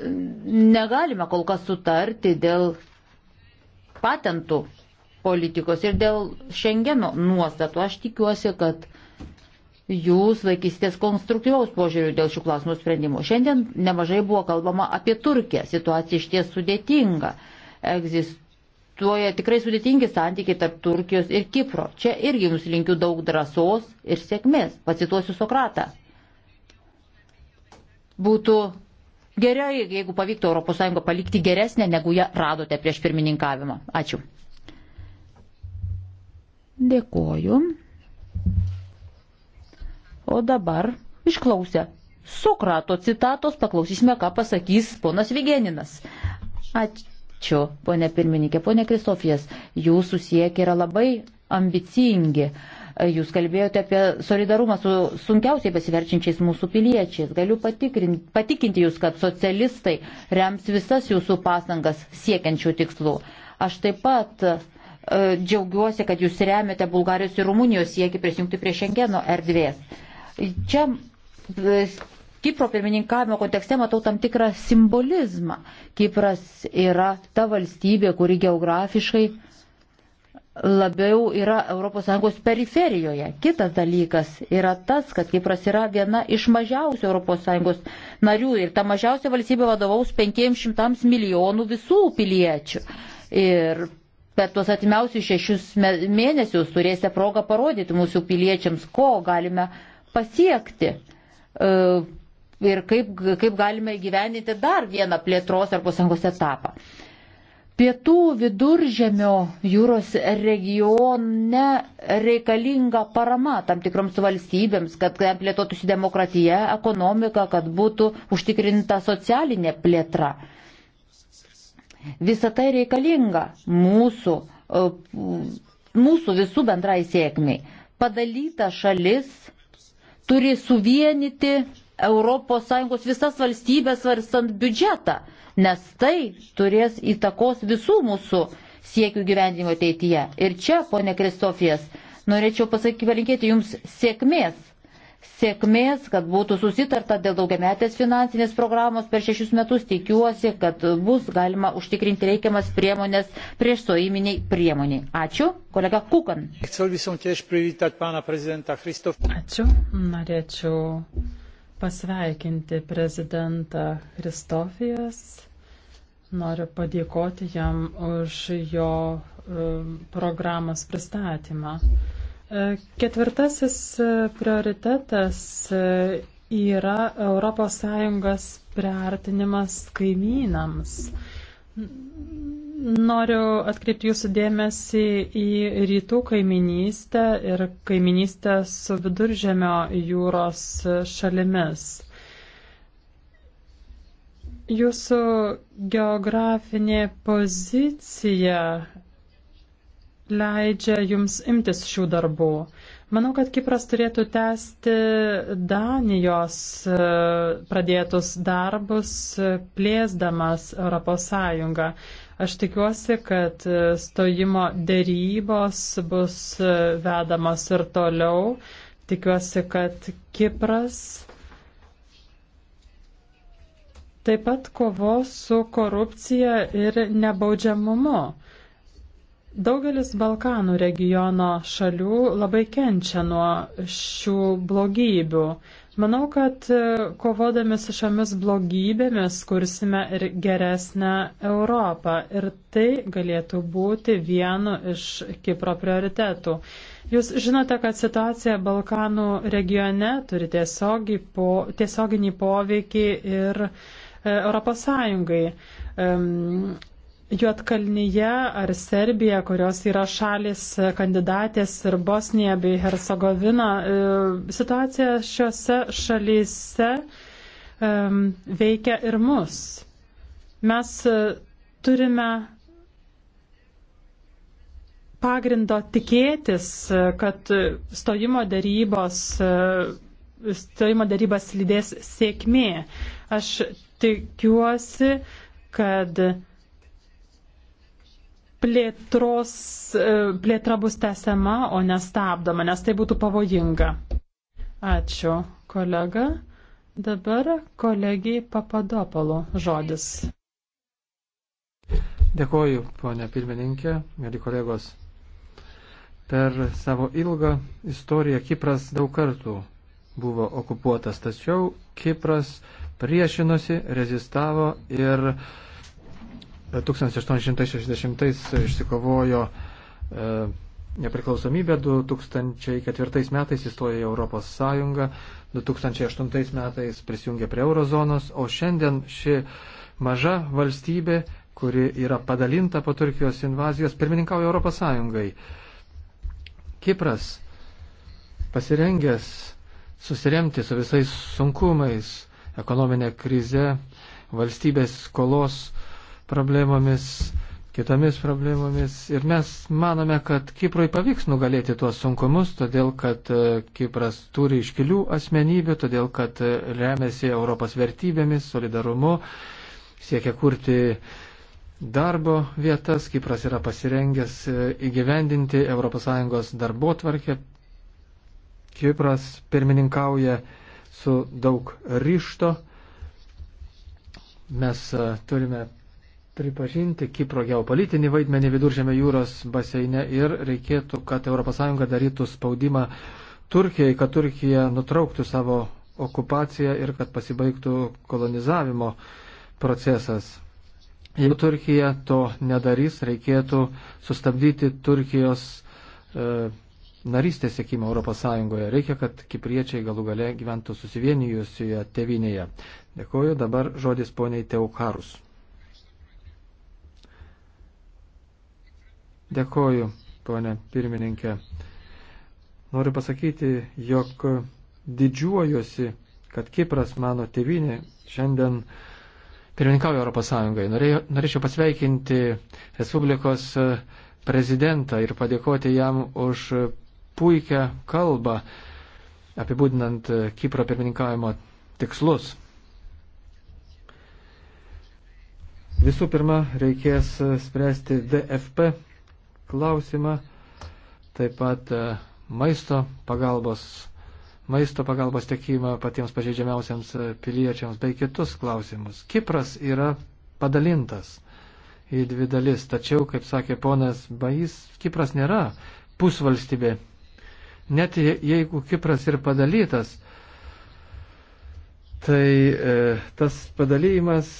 negalime kol kas sutarti dėl patentų politikos ir dėl Šengeno nuostatų. Aš tikiuosi, kad jūs laikysitės konstruktyvaus požiūrių dėl šių klausimų sprendimų. Šiandien nemažai buvo kalbama apie Turkiją. Situacija iš ties sudėtinga. Egzistuoja tikrai sudėtingi santykiai tarp Turkijos ir Kipro. Čia irgi jums linkiu daug drąsos ir sėkmės. Pacituosiu Sokratą. Būtų Gerai, jeigu pavyktų ES palikti geresnę, negu ją radote prieš pirmininkavimą. Ačiū. Dėkoju. O dabar išklausę Sokrato citatos paklausysime, ką pasakys ponas Vigeninas. Ačiū, ponė pirmininkė. Ponė Kristofijas, jūsų siekiai yra labai ambicingi. E, jūs kalbėjote apie solidarumą su sunkiausiai pasiverčiančiais mūsų piliečiais. Galiu patikinti Jūs, kad socialistai rems visas Jūsų pastangas siekiančių tikslų. Aš taip pat e, džiaugiuosi, kad Jūs remiate Bulgarijos ir Rumunijos siekį prisijungti prie Šengeno erdvės. Čia e, Kipro pirmininkavimo kontekste matau tam tikrą simbolizmą. Kipras yra ta valstybė, kuri geografiškai labiau yra ES periferijoje. Kitas dalykas yra tas, kad Kipras yra viena iš mažiausių ES narių ir ta mažiausia valstybė vadovaus 500 milijonų visų piliečių. Ir per tuos atimiausius šešius mėnesius turėsite progą parodyti mūsų piliečiams, ko galime pasiekti. E, ir kaip, kaip galime gyveninti dar vieną plėtros ar pusangos etapą. Pietų viduržemio jūros regione reikalinga parama tam tikroms valstybėms, kad plėtotųsi demokratija, ekonomika, kad būtų užtikrinta socialinė plėtra. Visą tai reikalinga mūsų, e, mūsų visų bendrai sėkmiai. Padalyta šalis turi suvienyti ES visas valstybės svarstant biudžetą, nes tai turės įtakos visų mūsų siekių gyvendimo ateityje. Ir čia, ponė Kristofijas, norėčiau pasakyti, palinkėti Jums sėkmės. Sėkmės, kad būtų susitarta dėl daugiametės finansinės programos per šešius metus, tikiuosi, kad bus galima užtikrinti reikiamas priemonės prieš stojiminiai priemoniai. Ačiū, kolega Kukan. Ačiū, norėčiau pasveikinti prezidentą Kristofijas. Noriu padėkoti jam už jo e, programos pristatymą. E, ketvirtasis prioritetas e, yra ES priartinimas kaimynams. Noriu atkreipti jūsų dėmesį į rytų kaiminystę ir kaiminystę su viduržemio jūros šalimis. Jūsų geografinė pozicija leidžia jums imtis šių darbų. Manau, kad Kipras turėtų tęsti Danijos e, pradėtus darbus, plėsdamas ES. Aš tikiuosi, kad e, stojimo dėrybos bus e, vedamas ir toliau. Tikiuosi, kad Kipras taip pat kovos su korupcija ir nebaudžiamumu. Daugelis Balkanų regiono šalių labai kenčia nuo šių blogybių. Manau, kad e, kovodami su šiomis blogybėmis kursime ir geresnę Europą. Ir tai galėtų būti vienu iš Kipro prioritetų. Jūs žinote, kad situacija Balkanų regione turi tiesiogį po, tiesioginį poveikį ir e, Europos Sąjungai. Juotkalnyje ar Serbija, kurios yra šalis kandidatės ir Bosnija bei Hercegovina, e, situacija šiuose šalyse veikia ir mus. Mes e, turime pagrindo tikėtis, e, kad stojimo darybos, stojimo darybas lydės sėkmė. Aš tikiuosi, kad plėtros, e, plėtra bus tęsiama, o nestabdoma, nes tai būtų pavojinga. Ačiū, kolega. Dabar kolegijai Papadopolo žodis. Dėkoju, ponia pirmininkė, mėly kolegos. Per savo ilgą istoriją Kipras daug kartų buvo okupuotas, tačiau Kipras priešinosi, rezistavo ir uh, 1860 išsikovojo e, nepriklausomybę, 2004 metais įstojo į Europos Sąjungą, 2008 metais prisijungė prie eurozonos, o šiandien ši maža valstybė, kuri yra padalinta po Turkijos invazijos, pirmininkauja Europos Sąjungai. Kipras pasirengęs susiremti su visais sunkumais, ekonominė krize, valstybės skolos, problemomis, kitomis problemomis. Ir mes manome, kad Kiprui pavyks nugalėti tuos sunkumus, todėl kad e, Kipras turi iškilių asmenybių, todėl kad e, remiasi Europos vertybėmis, solidarumu, siekia kurti darbo vietas. Kipras yra pasirengęs e, įgyvendinti ES darbo tvarkę. Kipras pirmininkauja su daug ryšto mes turime pripažinti Kipro geopolitinį vaidmenį viduržėme jūros baseine ir reikėtų, kad ES darytų spaudimą Turkijai, kad Turkija nutrauktų savo okupaciją ir kad pasibaigtų kolonizavimo procesas. Jeigu Turkija to nedarys, reikėtų sustabdyti Turkijos e, narystės siekimą Europos Sąjungoje. Reikia, kad kipriečiai galų gale gyventų susivienijusioje tevinėje. Dėkuoju, dabar žodis poniai Teukarus. Dėkoju, ponė pirmininkė. Noriu pasakyti, jog didžiuojuosi, kad Kipras, mano tėvinė, šiandien pirmininkauja Europos Sąjungai. Norėjau, norėčiau pasveikinti Respublikos prezidentą ir padėkoti jam už puikią kalbą apibūdinant Kipro pirmininkavimo tikslus. Visų pirma, reikės spręsti DFP klausimą, taip pat e, maisto pagalbos, maisto pagalbos tiekimą patiems pažeidžiamiausiams e, piliečiams bei kitus klausimus. Kipras yra padalintas į dvi dalis, tačiau, kaip sakė ponas Bais, Kipras nėra pusvalstybė. Net jeigu Kipras ir padalytas, tai e, tas padalymas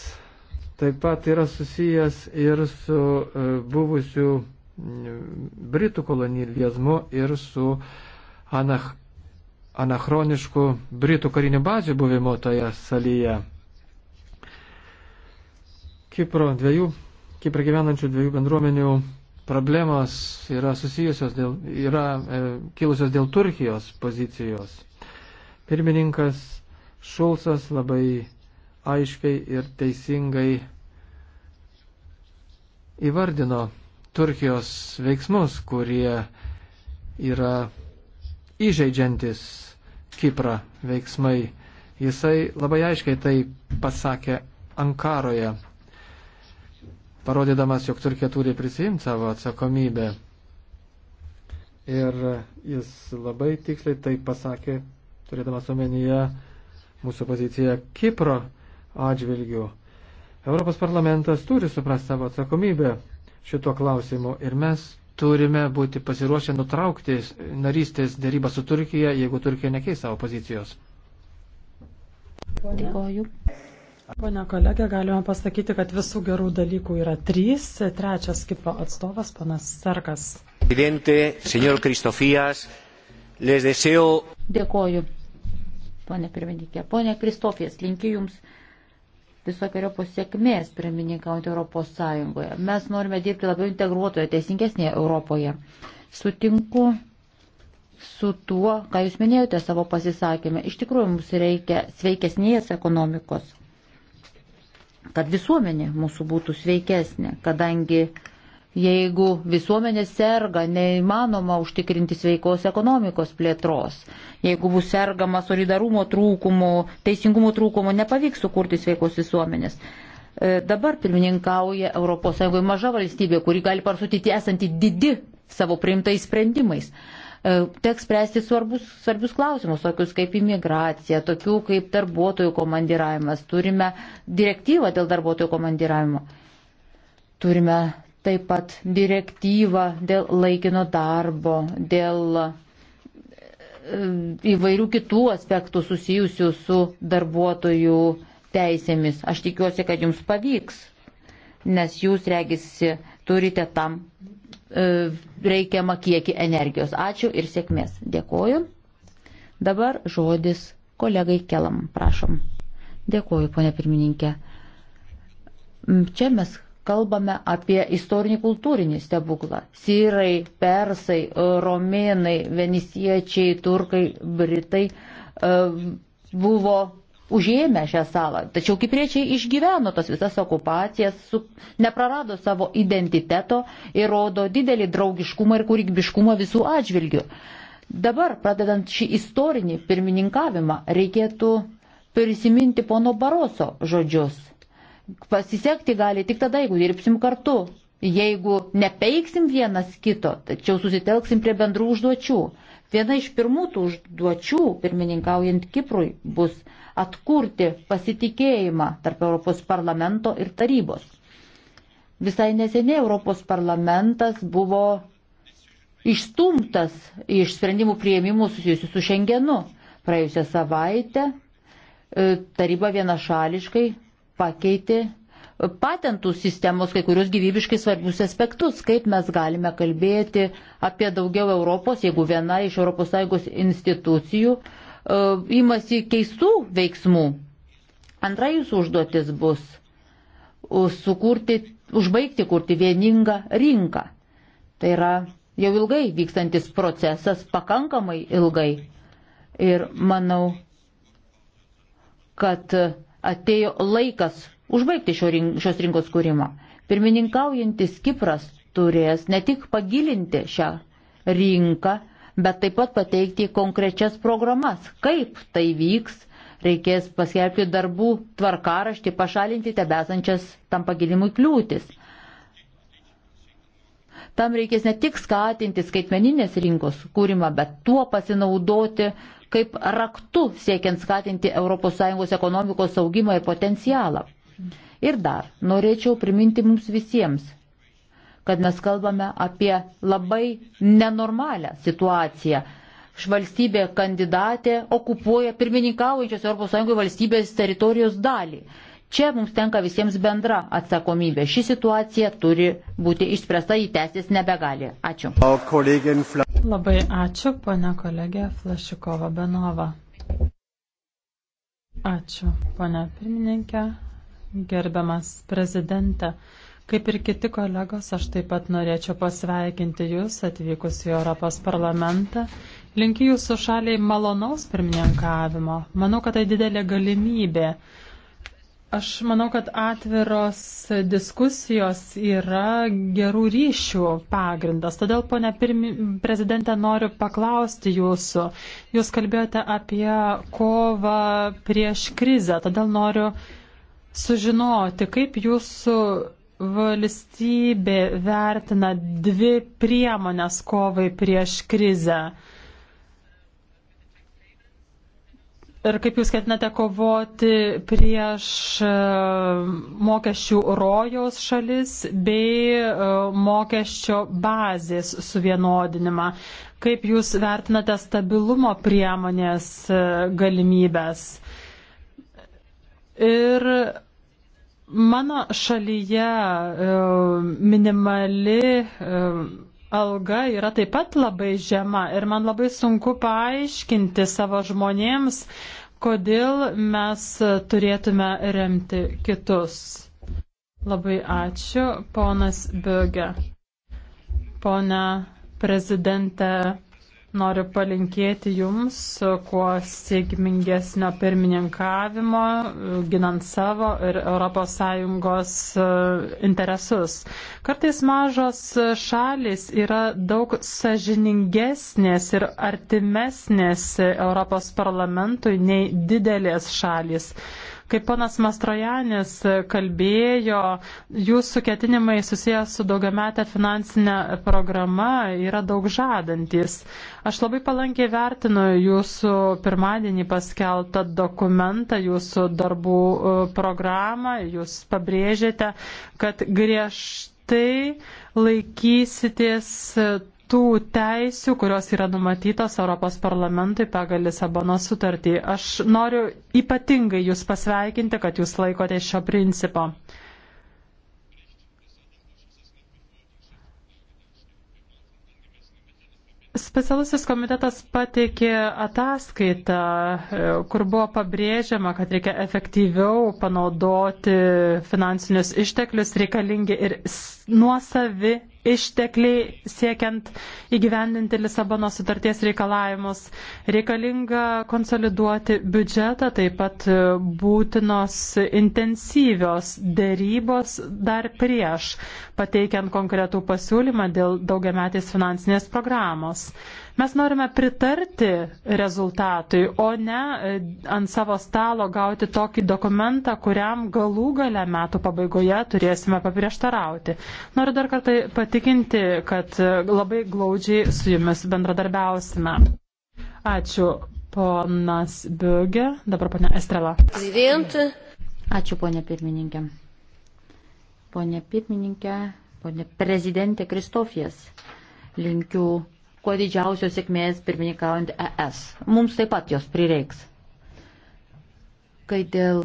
taip pat yra susijęs ir su e, buvusiu Britų kolonializmu ir su anach, anachronišku Britų karinių bazių buvimu toje salyje. Kipro dviejų, Kipro gyvenančių dviejų bendruomenių problemos yra susijusios dėl, yra e, kilusios dėl Turkijos pozicijos. Pirmininkas Šulcas labai aiškiai ir teisingai įvardino Turkijos veiksmus, kurie yra įžeidžiantis Kiprą veiksmai. Jisai labai aiškiai tai pasakė Ankaroje, parodydamas, jog Turkija turi prisimti savo atsakomybę. Ir jis labai tiksliai tai pasakė, turėdamas omenyje mūsų poziciją Kipro atžvilgių. Europos parlamentas turi suprasti savo atsakomybę šito klausimu ir mes turime būti pasiruošę nutraukti narystės dėrybą su Turkija, jeigu Turkija nekeis savo pozicijos. Dėkoju. Pone kolegė, galima pasakyti, kad visų gerų dalykų yra trys. Trečias Kipro atstovas, panas Sarkas. Dėkoju, ponė pirmininkė. Pone Kristofijas, linkiu Jums visokiojo pasiekmės pirmininkaujant Europos Sąjungoje. Mes norime dirbti labiau integruotoje, teisingesnėje Europoje. Sutinku su tuo, ką jūs minėjote savo pasisakymę. Iš tikrųjų, mums reikia sveikesnės ekonomikos, kad visuomenė mūsų būtų sveikesnė, kadangi jeigu visuomenė serga, neįmanoma užtikrinti sveikos ekonomikos plėtros, jeigu bus sergama solidarumo trūkumu, teisingumo trūkumu, nepavyks sukurti sveikos visuomenės. E, dabar pirmininkauja ES maža valstybė, kuri gali parsutyti esanti didi savo priimtais sprendimais e, teks spręsti svarbus, svarbius klausimus, tokius kaip imigracija, tokių kaip darbuotojų komandiravimas. Turime direktyvą dėl darbuotojų komandiravimo. Turime taip pat direktyvą dėl laikino darbo, dėl e, įvairių kitų aspektų susijusių su darbuotojų teisėmis. Aš tikiuosi, kad jums pavyks, nes jūs regisi turite tam e, reikiamą kiekį energijos. Ačiū ir sėkmės. Dėkoju. Dabar žodis kolegai Kelam, prašom. Dėkoju, ponė pirmininkė. Čia mes kalbame apie istorinį kultūrinį stebuklą. Syrai, persai, romėnai, venisiečiai, turkai, britai e, buvo užėmę šią salą. Tačiau kipriečiai išgyveno tas visas okupacijas, su, neprarado savo identiteto ir rodo didelį draugiškumą ir kūrybiškumą visų atžvilgių. Dabar, pradedant šį istorinį pirmininkavimą, reikėtų prisiminti pono Baroso žodžius pasisekti gali tik tada, jeigu dirbsim kartu, jeigu nepeiksim vienas kito, tačiau susitelksim prie bendrų užduočių. Viena iš pirmų tų užduočių, pirmininkaujant Kiprui, bus atkurti pasitikėjimą tarp Europos parlamento ir tarybos. Visai neseniai Europos parlamentas buvo išstumtas iš sprendimų prieimimų susijusių su Šengenu. Praėjusią savaitę e, taryba vienašališkai pakeitė patentų sistemos kai kurios gyvybiškai svarbius aspektus, kaip mes galime kalbėti apie daugiau Europos, jeigu viena iš ES institucijų e, imasi keistų veiksmų. Antra jūsų užduotis bus sukurti, užbaigti kurti vieningą rinką. Tai yra jau ilgai vykstantis procesas, pakankamai ilgai. Ir manau, kad uh, atėjo laikas užbaigti šio rink, šios rinkos kūrimą. Pirmininkaujantis Kipras turės ne tik pagilinti šią rinką, bet taip pat pateikti konkrečias programas. Kaip tai vyks, reikės paskelbti darbų tvarkaraštį, pašalinti tebesančias tam pagilimui kliūtis. Tam reikės ne tik skatinti skaitmeninės rinkos kūrimą, bet tuo pasinaudoti kaip raktu siekiant skatinti ES ekonomikos augimą ir potencialą. Ir dar norėčiau priminti mums visiems, kad mes kalbame apie labai nenormalią situaciją. Valstybė kandidatė okupuoja pirmininkaujančios ES valstybės teritorijos dalį. Čia mums tenka visiems bendra atsakomybė. Ši situacija turi būti išspręsta, jį tęsis nebegali. Ačiū. Labai ačiū, ponia kolegė Flašikova Benova. Ačiū, ponia pirmininkė, gerbiamas prezidente. Kaip ir kiti kolegos, aš taip pat norėčiau pasveikinti Jūs atvykus į Europos parlamentą. Linkiu Jūsų šaliai malonaus pirmininkavimo. Manau, kad tai didelė galimybė. Aš manau, kad atviros diskusijos yra gerų ryšių pagrindas. Todėl, ponia pirmi, prezidentė, noriu paklausti jūsų. Jūs kalbėjote apie kovą prieš krizę. Todėl noriu sužinoti, kaip jūsų valstybė vertina dvi priemonės kovai prieš krizę. Ir kaip jūs ketinate kovoti prieš e, mokesčių rojos šalis bei e, mokesčio bazės suvienodinimą? Kaip jūs vertinate stabilumo priemonės e, galimybės? Ir mano šalyje minimali alga yra taip pat labai žema ir man labai sunku paaiškinti savo žmonėms, kodėl mes turėtume remti kitus. Labai ačiū, ponas Böge. Pone prezidente Noriu palinkėti Jums e, kuo sėkmingesnio pirmininkavimo, e, ginant savo ir ES e, interesus. Kartais mažos šalis yra daug sažiningesnės ir artimesnės ES parlamentui nei didelės šalis. Kaip ponas Mastrojanis kalbėjo, jūsų ketinimai susijęs su daugiametė finansinė programa yra daug žadantis. Aš labai palankiai vertinu jūsų pirmadienį paskeltą dokumentą, jūsų darbų e, programą. Jūs pabrėžėte, kad griežtai laikysitės tų teisių, kurios yra numatytos Europos parlamentui pagal Lisabono sutartį. Aš noriu ypatingai Jūs pasveikinti, kad Jūs laikote šio principo. Specialusis komitetas pateikė ataskaitą, kur buvo pabrėžiama, kad reikia efektyviau panaudoti finansinius išteklius, reikalingi ir nuosavi ištekliai siekiant įgyvendinti Lisabono sutarties reikalavimus. Reikalinga konsoliduoti biudžetą, taip pat būtinos intensyvios dėrybos dar prieš pateikiant konkretų pasiūlymą dėl daugiametės finansinės programos. Mes norime pritarti rezultatui, o ne e, ant savo stalo gauti tokį dokumentą, kuriam galų gale metų pabaigoje turėsime paprieštarauti. Noriu dar kartą patikinti, kad e, labai glaudžiai su jumis bendradarbiausime. Ačiū, ponas Biugė. Dabar ponia Estrela. Prezidentė. Ačiū, ponė pirmininkė. Ponė pirmininkė, ponė prezidentė Kristofijas linkiu kuo didžiausios sėkmės pirmininkaujant ES. Mums taip pat jos prireiks. Kai dėl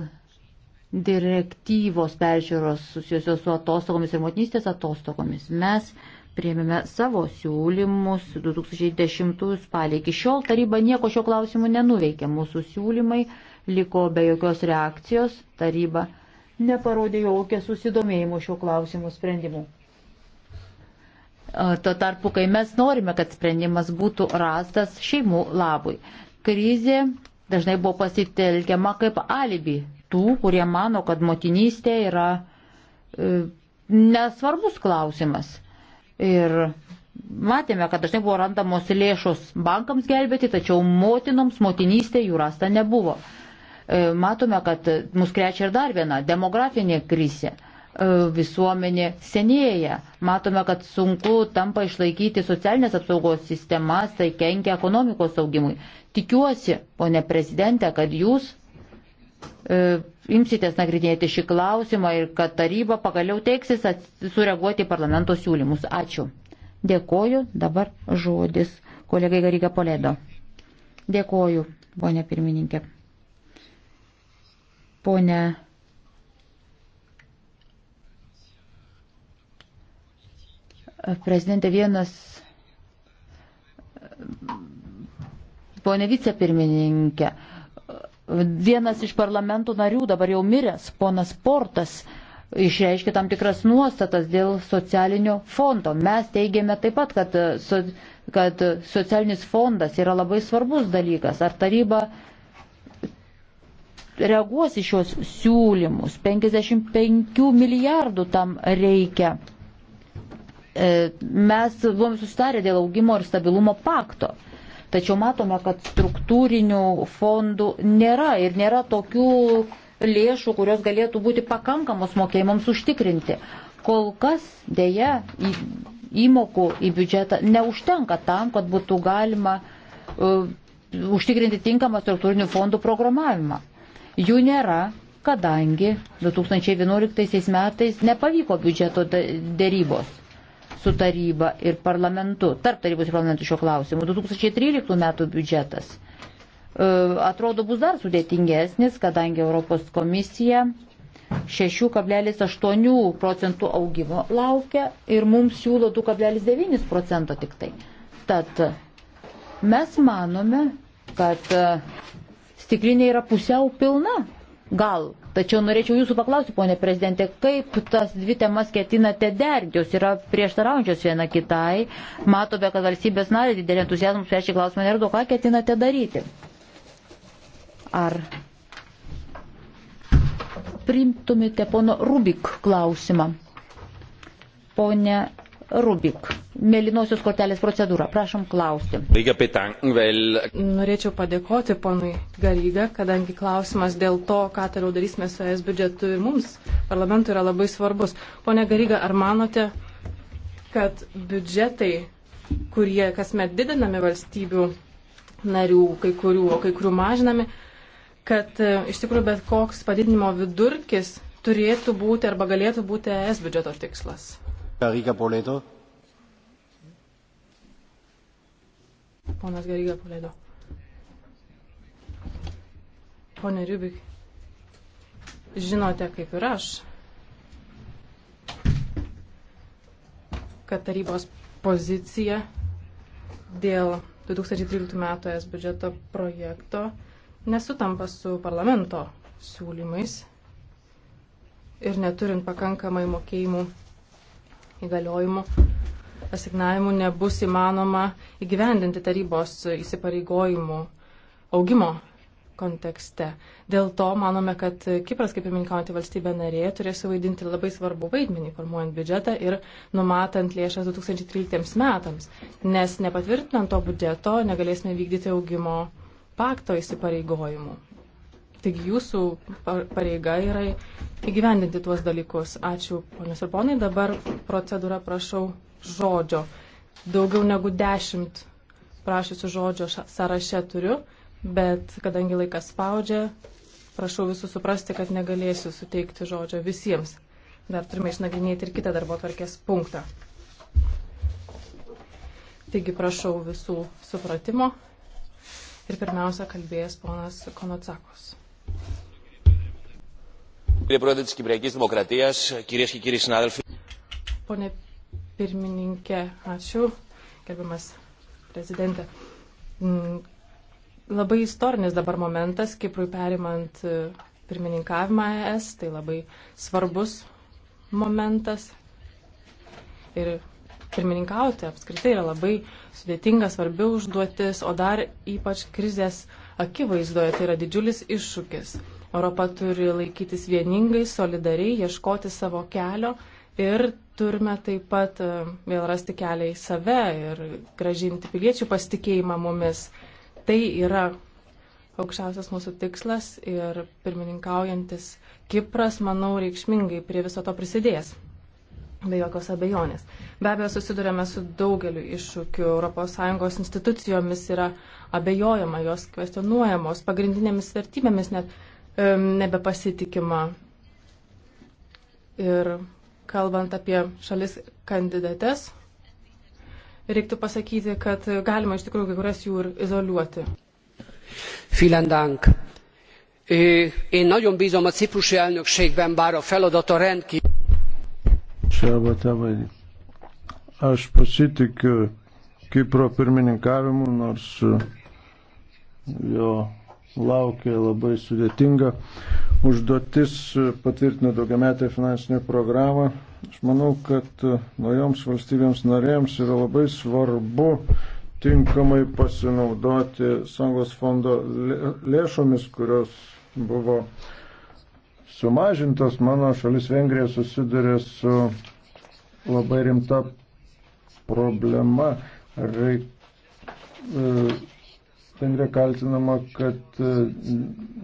direktyvos peržiūros susijusios su atostogomis ir motinystės atostogomis mes priėmėme savo siūlymus 2010 spalį. Iki šiol taryba nieko šio klausimu nenuveikė. Mūsų siūlymai liko be jokios reakcijos. Taryba neparodė jokio susidomėjimo šio klausimų sprendimu. Tuo tarpu, kai mes norime, kad sprendimas būtų rastas šeimų labui. Krizė dažnai buvo pasitelkiama kaip alibi tų, kurie mano, kad motinystė yra e, nesvarbus klausimas. Ir matėme, kad dažnai buvo randamos lėšos bankams gelbėti, tačiau motinoms motinystė jų rasta nebuvo. E, matome, kad mus krečia ir dar viena demografinė krizė. E, visuomenė senėja. Matome, kad sunku tampa išlaikyti socialinės apsaugos sistemas, tai kenkia ekonomikos augimui. Tikiuosi, ponė prezidentė, kad jūs e, imsitės nagrinėti šį klausimą ir kad taryba pagaliau teiksis sureaguoti į parlamento siūlymus. Ačiū. Dėkoju. Dabar žodis kolegai Gariga Poledo. Dėkoju, ponė pirmininkė. Ponė Prezidentė vienas, ponė vicepirmininkė, vienas iš parlamento narių dabar jau miręs, ponas Portas, išreiškė tam tikras nuostatas dėl socialinio fondo. Mes teigiame taip pat, kad, so, kad socialinis fondas yra labai svarbus dalykas. Ar taryba reaguos į šios siūlymus? 55 milijardų tam reikia. E, mes buvom sustarę dėl augimo ir stabilumo pakto. Tačiau matome, kad struktūrinių fondų nėra ir nėra tokių lėšų, kurios galėtų būti pakankamos mokėjimams užtikrinti. Kol kas dėja įmokų į biudžetą neužtenka tam, kad būtų galima uh, užtikrinti tinkamą struktūrinių fondų programavimą. Jų nėra, kadangi 2011 metais nepavyko biudžeto dėrybos su taryba ir parlamentu, tarp tarybos ir parlamentų šio klausimu. 2013 metų biudžetas e, atrodo bus dar sudėtingesnis, kadangi Europos komisija 6,8 procentų augimo laukia ir mums siūlo 2,9 procento tik tai. Tad mes manome, kad e, stiklinė yra pusiau pilna Gal. Tačiau norėčiau jūsų paklausti, ponė prezidentė, kaip tas dvi temas ketinate derinti, jos yra prieštaraujančios viena kitai. Matome, kad valstybės narė didelį entuzijazmą prieš šį klausimą nerdo, ką ketinate daryti. Ar primtumėte pono Rubik klausimą? Pone Rubik, mėlynosios kortelės procedūra. Prašom klausti. Norėčiau padėkoti ponui Garyga, kadangi klausimas dėl to, ką toliau darysime su ES biudžetu ir mums, parlamentui, yra labai svarbus. Pone Garyga, ar manote, kad biudžetai, kurie kasmet didinami valstybių narių, kai kurių, o kai kurių mažinami, kad e, iš tikrųjų bet koks padidinimo vidurkis turėtų būti arba galėtų būti ES biudžeto tikslas? Gariga Polėdo. Ponas Gariga Polėdo. Pone Rybik, žinote kaip ir aš, kad tarybos pozicija dėl 2013 metų es biudžeto projekto nesutampa su parlamento siūlymais ir neturint pakankamai mokėjimų įgaliojimų asignavimų nebus įmanoma įgyvendinti tarybos įsipareigojimų augimo kontekste. Dėl to manome, kad Kipras, kaip pirmininkaujanti valstybė narė, turės suvaidinti labai svarbu vaidmenį formuojant biudžetą ir numatant lėšas 2013 metams, nes nepatvirtinant to biudžeto negalėsime vykdyti augimo pakto įsipareigojimų. Taigi jūsų pareiga yra įgyvendinti tuos dalykus. Ačiū, ponios ir ponai. Dabar procedūra prašau žodžio. Daugiau negu dešimt prašysiu žodžio sąraše turiu, bet kadangi laikas spaudžia, prašau visų suprasti, kad negalėsiu suteikti žodžio visiems. Dar turime išnagrinėti ir kitą darbo tvarkės punktą. Taigi prašau visų supratimo. Ir pirmiausia kalbėjęs ponas Konocakos. Pone pirmininkė, ačiū, gerbiamas prezidentė. Mm, labai istorinis dabar momentas, Kiprui perimant e, pirmininkavimą ES, tai labai svarbus momentas. Ir pirmininkauti apskritai yra labai sudėtinga, svarbi užduotis, o dar ypač krizės akivaizdoje tai yra didžiulis iššūkis. Europa turi laikytis vieningai, solidariai, ieškoti savo kelio ir turime taip pat e, vėl rasti kelią į save ir gražinti piliečių pasitikėjimą mumis. Tai yra aukščiausias mūsų tikslas ir pirmininkaujantis Kipras, manau, reikšmingai prie viso to prisidės. Be jokios abejonės. Be abejo, susidurėme su daugeliu iššūkių. ES institucijomis yra abejojama, jos kvestionuojamos, pagrindinėmis vertybėmis net nebepasitikima. Ir kalbant apie šalis kandidates, reiktų pasakyti, kad galima iš tikrųjų kai kurias jų ir izoliuoti. Vielen Dank. Én nagyon bízom a ciprusi elnökségben, bár a feladata rendkívül. Aš pasitikiu Kipro pirmininkavimu, nors jo laukia labai sudėtinga užduotis patvirtina daugiametę finansinę programą. Aš manau, kad naujoms valstybėms narėms yra labai svarbu tinkamai pasinaudoti Sangos fondo lėšomis, kurios buvo sumažintos. Mano šalis Vengrija susiduria su labai rimta problema. Reik, e, Vengrija kaltinama, kad e,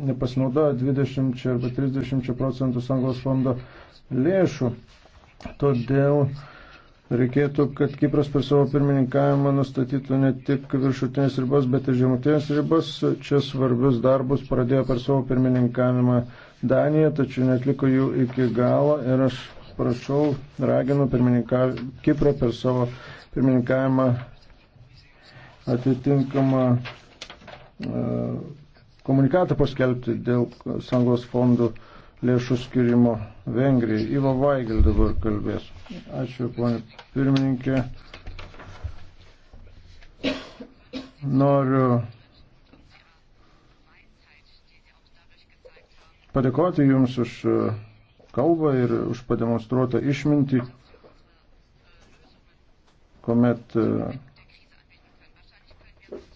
nepasinaudoja 20 arba 30 procentų sanglos fondo lėšų. Todėl reikėtų, kad Kipras per savo pirmininkavimą nustatytų ne tik viršutinės ribas, bet ir žemutinės ribas. Čia svarbius darbus pradėjo per savo pirmininkavimą Danija, tačiau netliko jų iki galo ir aš prašau, raginu Kiprą per savo pirmininkavimą atitinkamą E, komunikatą paskelbti dėl sanglos fondų lėšų skirimo Vengrijai. Ivo Vaigel dabar kalbės. Ačiū, ponė pirmininkė. Noriu padėkoti Jums už kalbą ir už pademonstruotą išmintį, kuomet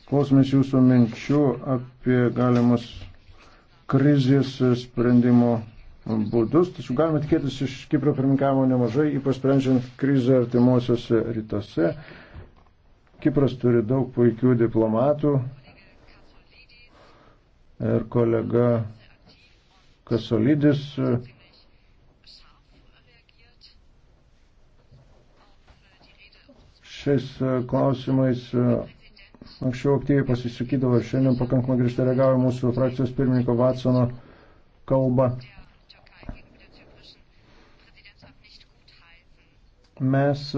Klausomės jūsų minčių apie galimus krizės sprendimo būdus, tačiau galime tikėtis iš Kipro pirmininkavimo nemažai, ypač sprendžiant krizę artimuosiuose rytuose. Kipras turi daug puikių diplomatų ir kolega Kasolidis šiais klausimais anksčiau aktyviai pasisakydavo ir šiandien pakankamai grįžtai reagavo mūsų frakcijos pirmininko Vatsono kalbą. Mes e,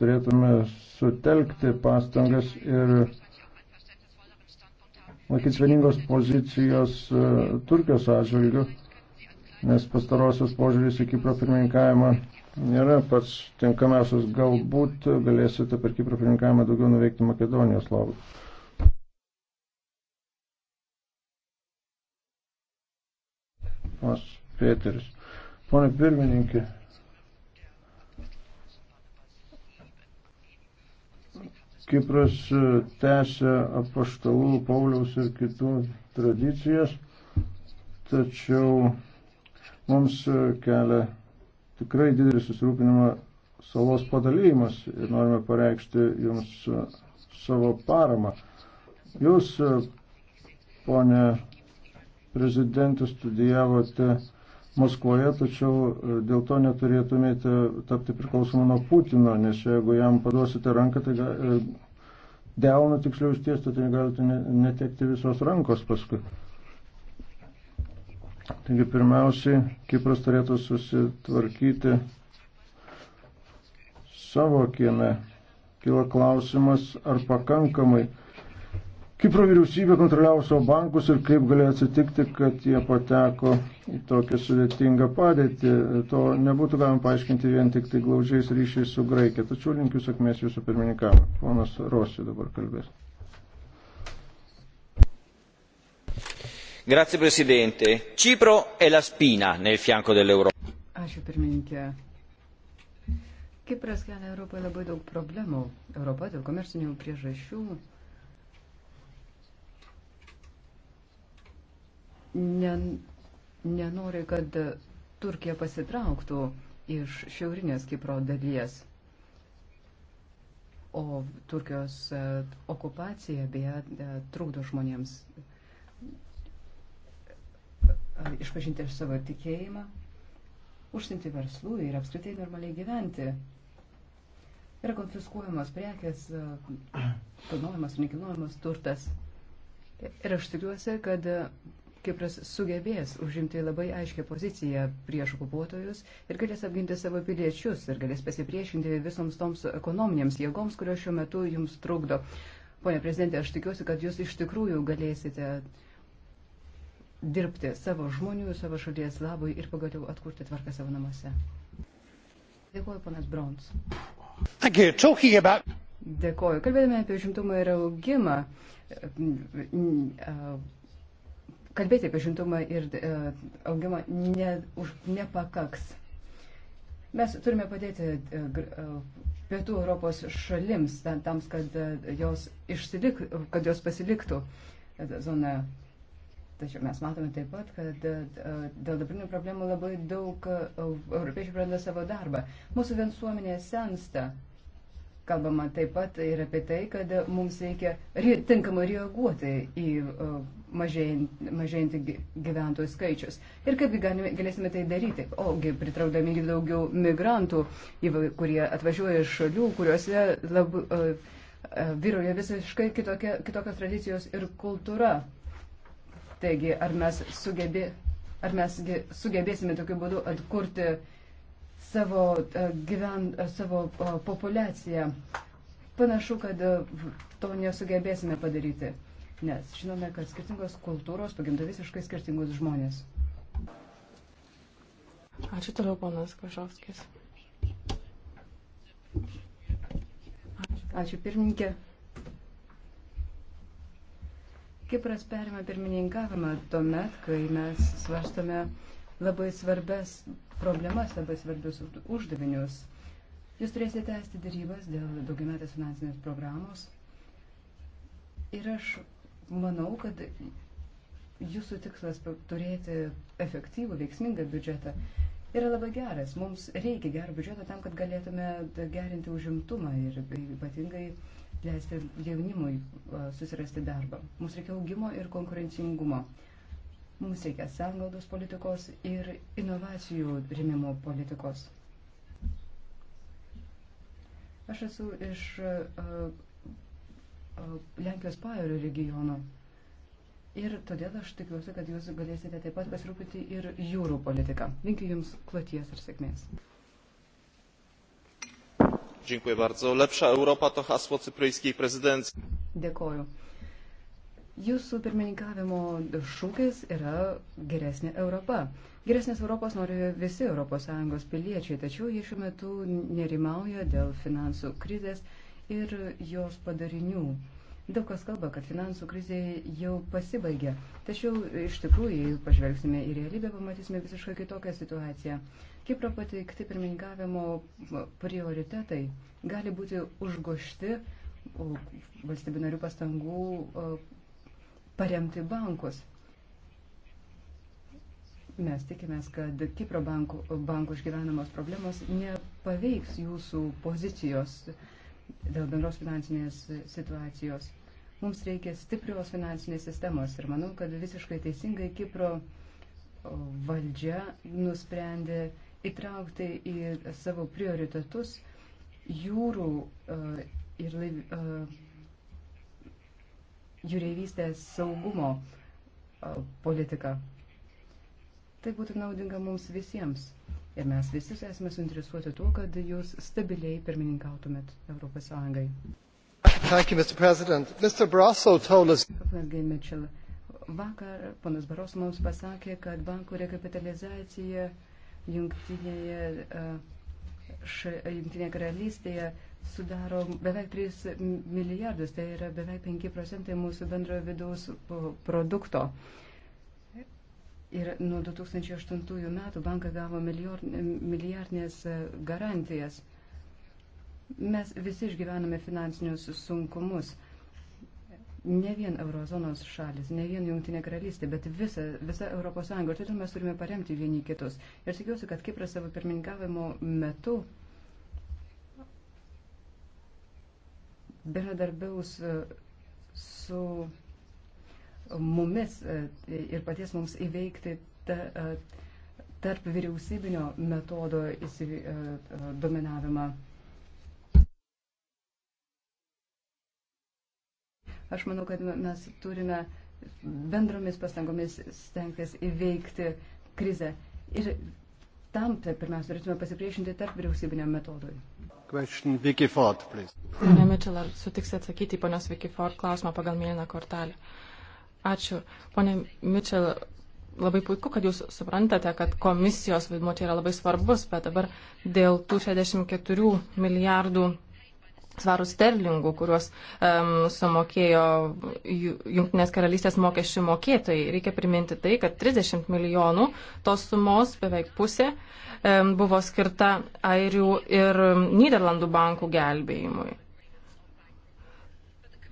turėtume sutelkti pastangas ir laikytis vieningos pozicijos e, Turkijos atžvilgių, nes pastarosios požiūris į Kipro pirmininkavimą nėra pats tinkamiausias. Galbūt galėsite per Kipro pirmininkavimą daugiau nuveikti Makedonijos labui. Mas Pėteris. Pone pirmininkė, Kipras tęsia apaštalų Pauliaus ir kitų tradicijas, tačiau mums kelia tikrai didelį susirūpinimą salos padalymas ir norime pareikšti jums e, savo paramą. Jūs, e, ponė prezidentė, studijavote Maskvoje, tačiau e, dėl to neturėtumėte tapti priklausomą nuo Putino, nes jeigu jam paduosite ranką, tai delną tiksliau ištiesti, tai galite netekti visos rankos paskui. Taigi pirmiausiai Kipras turėtų susitvarkyti savo kieme. Kila klausimas, ar pakankamai Kipro vyriausybė kontroliavo savo bankus ir kaip galėjo atsitikti, kad jie pateko į tokią sudėtingą padėtį. To nebūtų galima paaiškinti vien tik tai glaudžiais ryšiais su Graikija. Tačiau linkiu sėkmės jūsų pirmininkavimą. Ponas Rosi dabar kalbės. signor presidente onorevoli colleghi cipro è la spina nel fianco dell'europa. ačiū pirmininke. kipras kelia europai labai daug problemų. europa dėl komercinių priežasčių nenori, kad Turkija pasitrauktų iš šiaurinės Kipro dalies. O Turkijos e, okupacija beje e, trukdo žmonėms išpažinti iš savo tikėjimą, užsimti verslų ir apskritai normaliai gyventi. Yra konfiskuojamos prekes, planuojamas ir nekilnojamas turtas. Ir aš tikiuosi, kad Kipras sugebės užimti labai aiškę poziciją prieš okupuotojus ir galės apginti savo piliečius ir galės pasipriešinti visoms toms ekonominėms jėgoms, kurios šiuo metu jums trukdo. Pone prezidentė, aš tikiuosi, kad jūs iš tikrųjų galėsite uh, dirbti savo žmonių, savo šalies labui ir pagaliau atkurti tvarką savo namuose. Dėkuoju, panas Brons. About... Dėkuoju. Kalbėdami apie žimtumą ir augimą. Kalbėti apie žimtumą ir e, augimą ne, už, nepakaks. Mes turime padėti e, e, pietų Europos šalims tam, kad jos, išsilik, kad jos pasiliktų zonoje Tačiau mes matome taip pat, kad e, e, dėl dabartinių problemų labai daug e, europiečių pradeda savo darbą. Mūsų visuomenė sensta. Kalbama taip pat ir apie tai, kad mums reikia tinkamai reaguoti į mažėjantį gyventojų skaičius. Ir kaip galėsime tai daryti? Ogi pritraukdami daugiau migrantų, kurie atvažiuoja iš šalių, kuriuose labai, vyroja visiškai kitokia, kitokios tradicijos ir kultūra. Taigi, ar mes, sugebė, ar mes sugebėsime tokiu būdu atkurti savo, e, gyven, e, savo populaciją? Panašu, kad e, to nesugebėsime padaryti, nes žinome, kad skirtingos kultūros pagimdo visiškai skirtingus žmonės. Ačiū toliau, ponas Košovskis. Ačiū, Ačiū pirmininkė. Kipras perima pirmininkavimą tuomet, kai mes svarstome labai svarbes problemas, labai svarbius uždavinius. Jūs turėsite tęsti darybas dėl daugiametės finansinės programos. Ir aš manau, kad jūsų tikslas turėti efektyvų, veiksmingą biudžetą yra labai geras. Mums reikia gero biudžeto tam, kad galėtume gerinti užimtumą ir ypatingai uh, leisti jaunimui susirasti darbą. Mums reikia augimo ir konkurencingumo. Mums reikia sąnaudos politikos ir inovacijų rimimo politikos. Aš esu iš Lenkijos pajūrio regiono. Ir todėl aš tikiuosi, kad jūs galėsite taip pat pasirūpinti ir jūrų politiką. Linkiu Jums kloties ir sėkmės lepsza europa to hasło cypryjskiej prezydencji. Dėkoju. Jūsų pirmininkavimo šūkis yra geresnė Europa. Geresnės Europos nori visi ES piliečiai, tačiau jie šiuo metu nerimauja dėl finansų krizės ir jos padarinių. Daug kas kalba, kad finansų krizė jau pasibaigė. Tačiau iš tikrųjų, jei pažvelgsime į realybę, pamatysime visiškai kitokią situaciją. Kipro pateikti pirmininkavimo prioritetai gali būti užgošti valstybių narių pastangų paremti bankus. Mes tikimės, kad Kipro bankų, bankų išgyvenamos problemos nepaveiks jūsų pozicijos uh, dėl bendros finansinės situacijos. Mums reikia stiprios finansinės sistemos ir manau, kad visiškai teisingai Kipro valdžia nusprendė įtraukti į savo prioritetus jūrų uh, ir laiv, uh, jūreivystės saugumo uh, politiką. Tai būtų naudinga mums visiems. Ir mes visi esame suinteresuoti tuo, kad jūs stabiliai pirmininkautumėt Europos Sąjungai. Thank you, Mr. President. Mr. Barroso told us. Mitchell, vakar ponas Baros mums pasakė, kad bankų rekapitalizacija jungtinėje, e, š, jungtinėje karalystėje sudaro beveik 3 milijardus, tai yra beveik 5 procentai mūsų bendrojo vidaus produkto. Uh, Ir nuo 2008 metų bankai gavo milijardinės e, garantijas. Mes visi išgyvename finansinius sunkumus. Ne vien Eurozonos šalis, ne vien Junktinė karalystė, bet visa, visa ES. Ir todėl mes turime paremti vieni kitus. Ir tikiuosi, kad Kipras savo pirmininkavimo metu bendradarbiaus e, su. su mumis e, ir paties mums įveikti ta, e, tarp vyriausybinio metodo e, dominavimą. Aš manau, kad mes turime bendromis pastangomis stengtis įveikti krizę. Ir tam tai pirmiausia turėtume pasipriešinti tarp vyriausybiniam metodui. Question Vicky Ford, please. Pane Mitchell, ar sutiksite atsakyti į ponios Vicky Ford klausimą pagal mėlyną kortelę? Uh, Ačiū. Pone Mitchell, labai puiku, kad jūs suprantate, kad komisijos vaidmuo čia yra labai svarbus, bet dabar dėl tų 64 milijardų svarų sterlingų, kuriuos um, sumokėjo Junktinės karalystės mokesčių mokėtojai. Reikia priminti tai, kad 30 milijonų tos sumos, beveik pusė, um, buvo skirta airių ir Niderlandų bankų gelbėjimui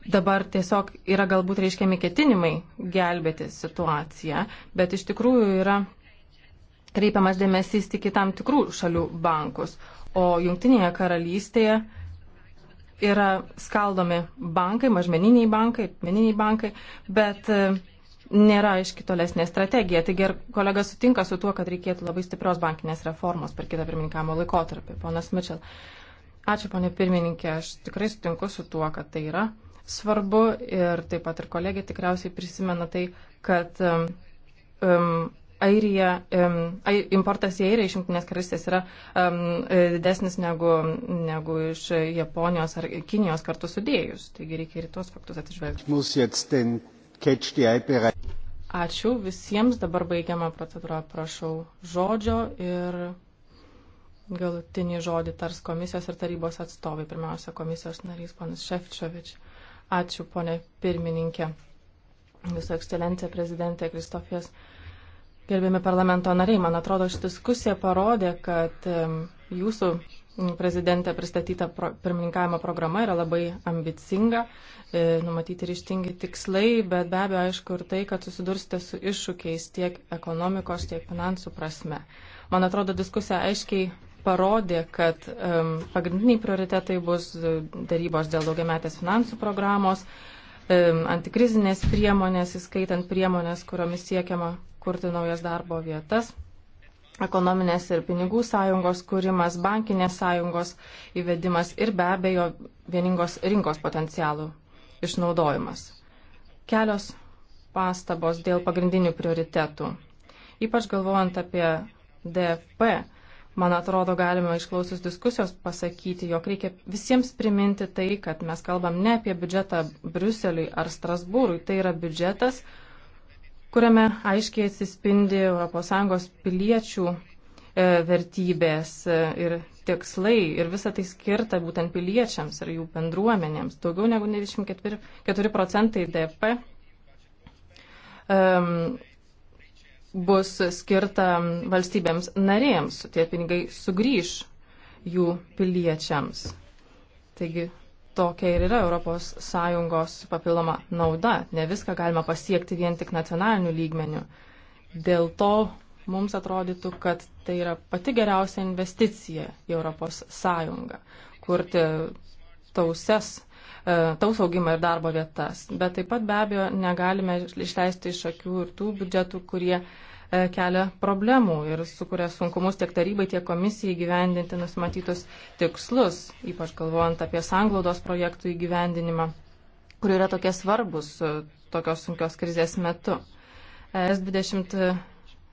dabar tiesiog yra galbūt reiškiami ketinimai gelbėti situaciją, bet iš tikrųjų yra kreipiamas dėmesys tik į tam tikrų šalių bankus. O Junktinėje karalystėje yra skaldomi bankai, mažmeniniai bankai, meniniai bankai, bet e, nėra aiški tolesnė strategija. Taigi ir kolega sutinka su tuo, kad reikėtų labai stiprios bankinės reformos per kitą pirmininkamo laikotarpį. Ponas Mitchell. Ačiū, ponė pirmininkė, aš tikrai sutinku su tuo, kad tai yra svarbu ir taip pat ir kolegė tikriausiai prisimena tai, kad um, um Airija, um, importas į Airiją iš Junktinės karalystės yra um, didesnis negu, negu iš Japonijos ar Kinijos kartu sudėjus. Taigi reikia ir tuos faktus atsižvelgti. Ačiū visiems, dabar baigiama procedūra, prašau žodžio ir galutinį žodį tars komisijos ir tarybos atstovai, pirmiausia komisijos narys panas Šefčiovič. Ačiū, ponė pirmininkė. Jūsų ekscelencija, prezidentė Kristofijas. Gerbėmi parlamento nariai, man atrodo, ši diskusija parodė, kad jūsų prezidentė pristatyta pro, pirmininkavimo programa yra labai ambicinga, e, numatyti ryštingi tikslai, bet be abejo aišku ir tai, kad susidursite su iššūkiais tiek ekonomikos, tiek finansų prasme. Man atrodo, diskusija aiškiai parodė, kad um, pagrindiniai prioritetai bus e, darybos dėl daugiametės finansų programos, um, antikrizinės priemonės, įskaitant priemonės, kuriomis siekiama kurti naujas darbo vietas, ekonominės ir pinigų sąjungos kūrimas, bankinės sąjungos įvedimas ir be abejo vieningos rinkos potencialų išnaudojimas. Kelios pastabos dėl pagrindinių prioritetų. Ypač galvojant apie DFP man atrodo, galima išklausus diskusijos pasakyti, jog reikia visiems priminti tai, kad mes kalbam ne apie biudžetą Briuseliui ar Strasbūrui, tai yra biudžetas, kuriame aiškiai atsispindi ES piliečių e, vertybės e, ir tikslai ir visa tai skirta būtent piliečiams ir jų bendruomenėms. Daugiau negu 94 procentai DP um, bus skirta valstybėms narėms, tie pinigai sugrįž jų piliečiams. Taigi tokia ir yra ES papildoma nauda. Ne viską galima pasiekti vien tik nacionaliniu lygmeniu. Dėl to mums atrodytų, kad tai yra pati geriausia investicija į ES. Kurti tauses E, taus augimą ir darbo vietas. Bet taip pat be abejo negalime išleisti iš akių ir tų biudžetų, kurie e, kelia problemų ir sukuria sunkumus tiek tarybai, tiek komisijai gyvendinti nusimatytus tikslus, ypač galvojant apie sanglaudos projektų įgyvendinimą, kur yra tokie svarbus e, tokios sunkios krizės metu. S20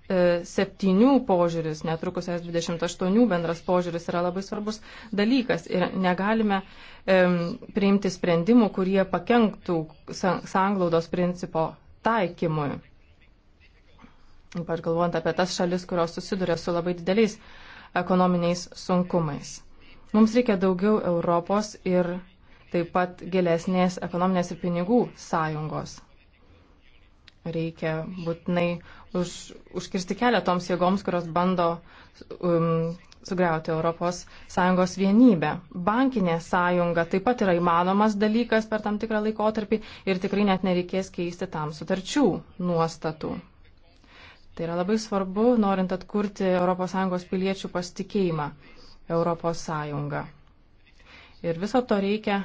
E, septynių požiūris, netrukus S28 bendras požiūris yra labai svarbus dalykas ir negalime um, priimti sprendimų, kurie pakenktų sanglaudos principo taikymui. Ypač galvojant apie tas šalis, kurios susiduria su labai dideliais ekonominiais sunkumais. Mums reikia daugiau Europos ir taip pat gilesnės ekonominės ir pinigų sąjungos reikia būtinai už, užkirsti kelią toms jėgoms, kurios bando um, sugriauti ES vienybę. Bankinė sąjunga taip pat yra įmanomas dalykas per tam tikrą laikotarpį ir tikrai net nereikės keisti tam sutarčių nuostatų. Tai yra labai svarbu, norint atkurti ES piliečių pasitikėjimą ES. Ir viso to reikia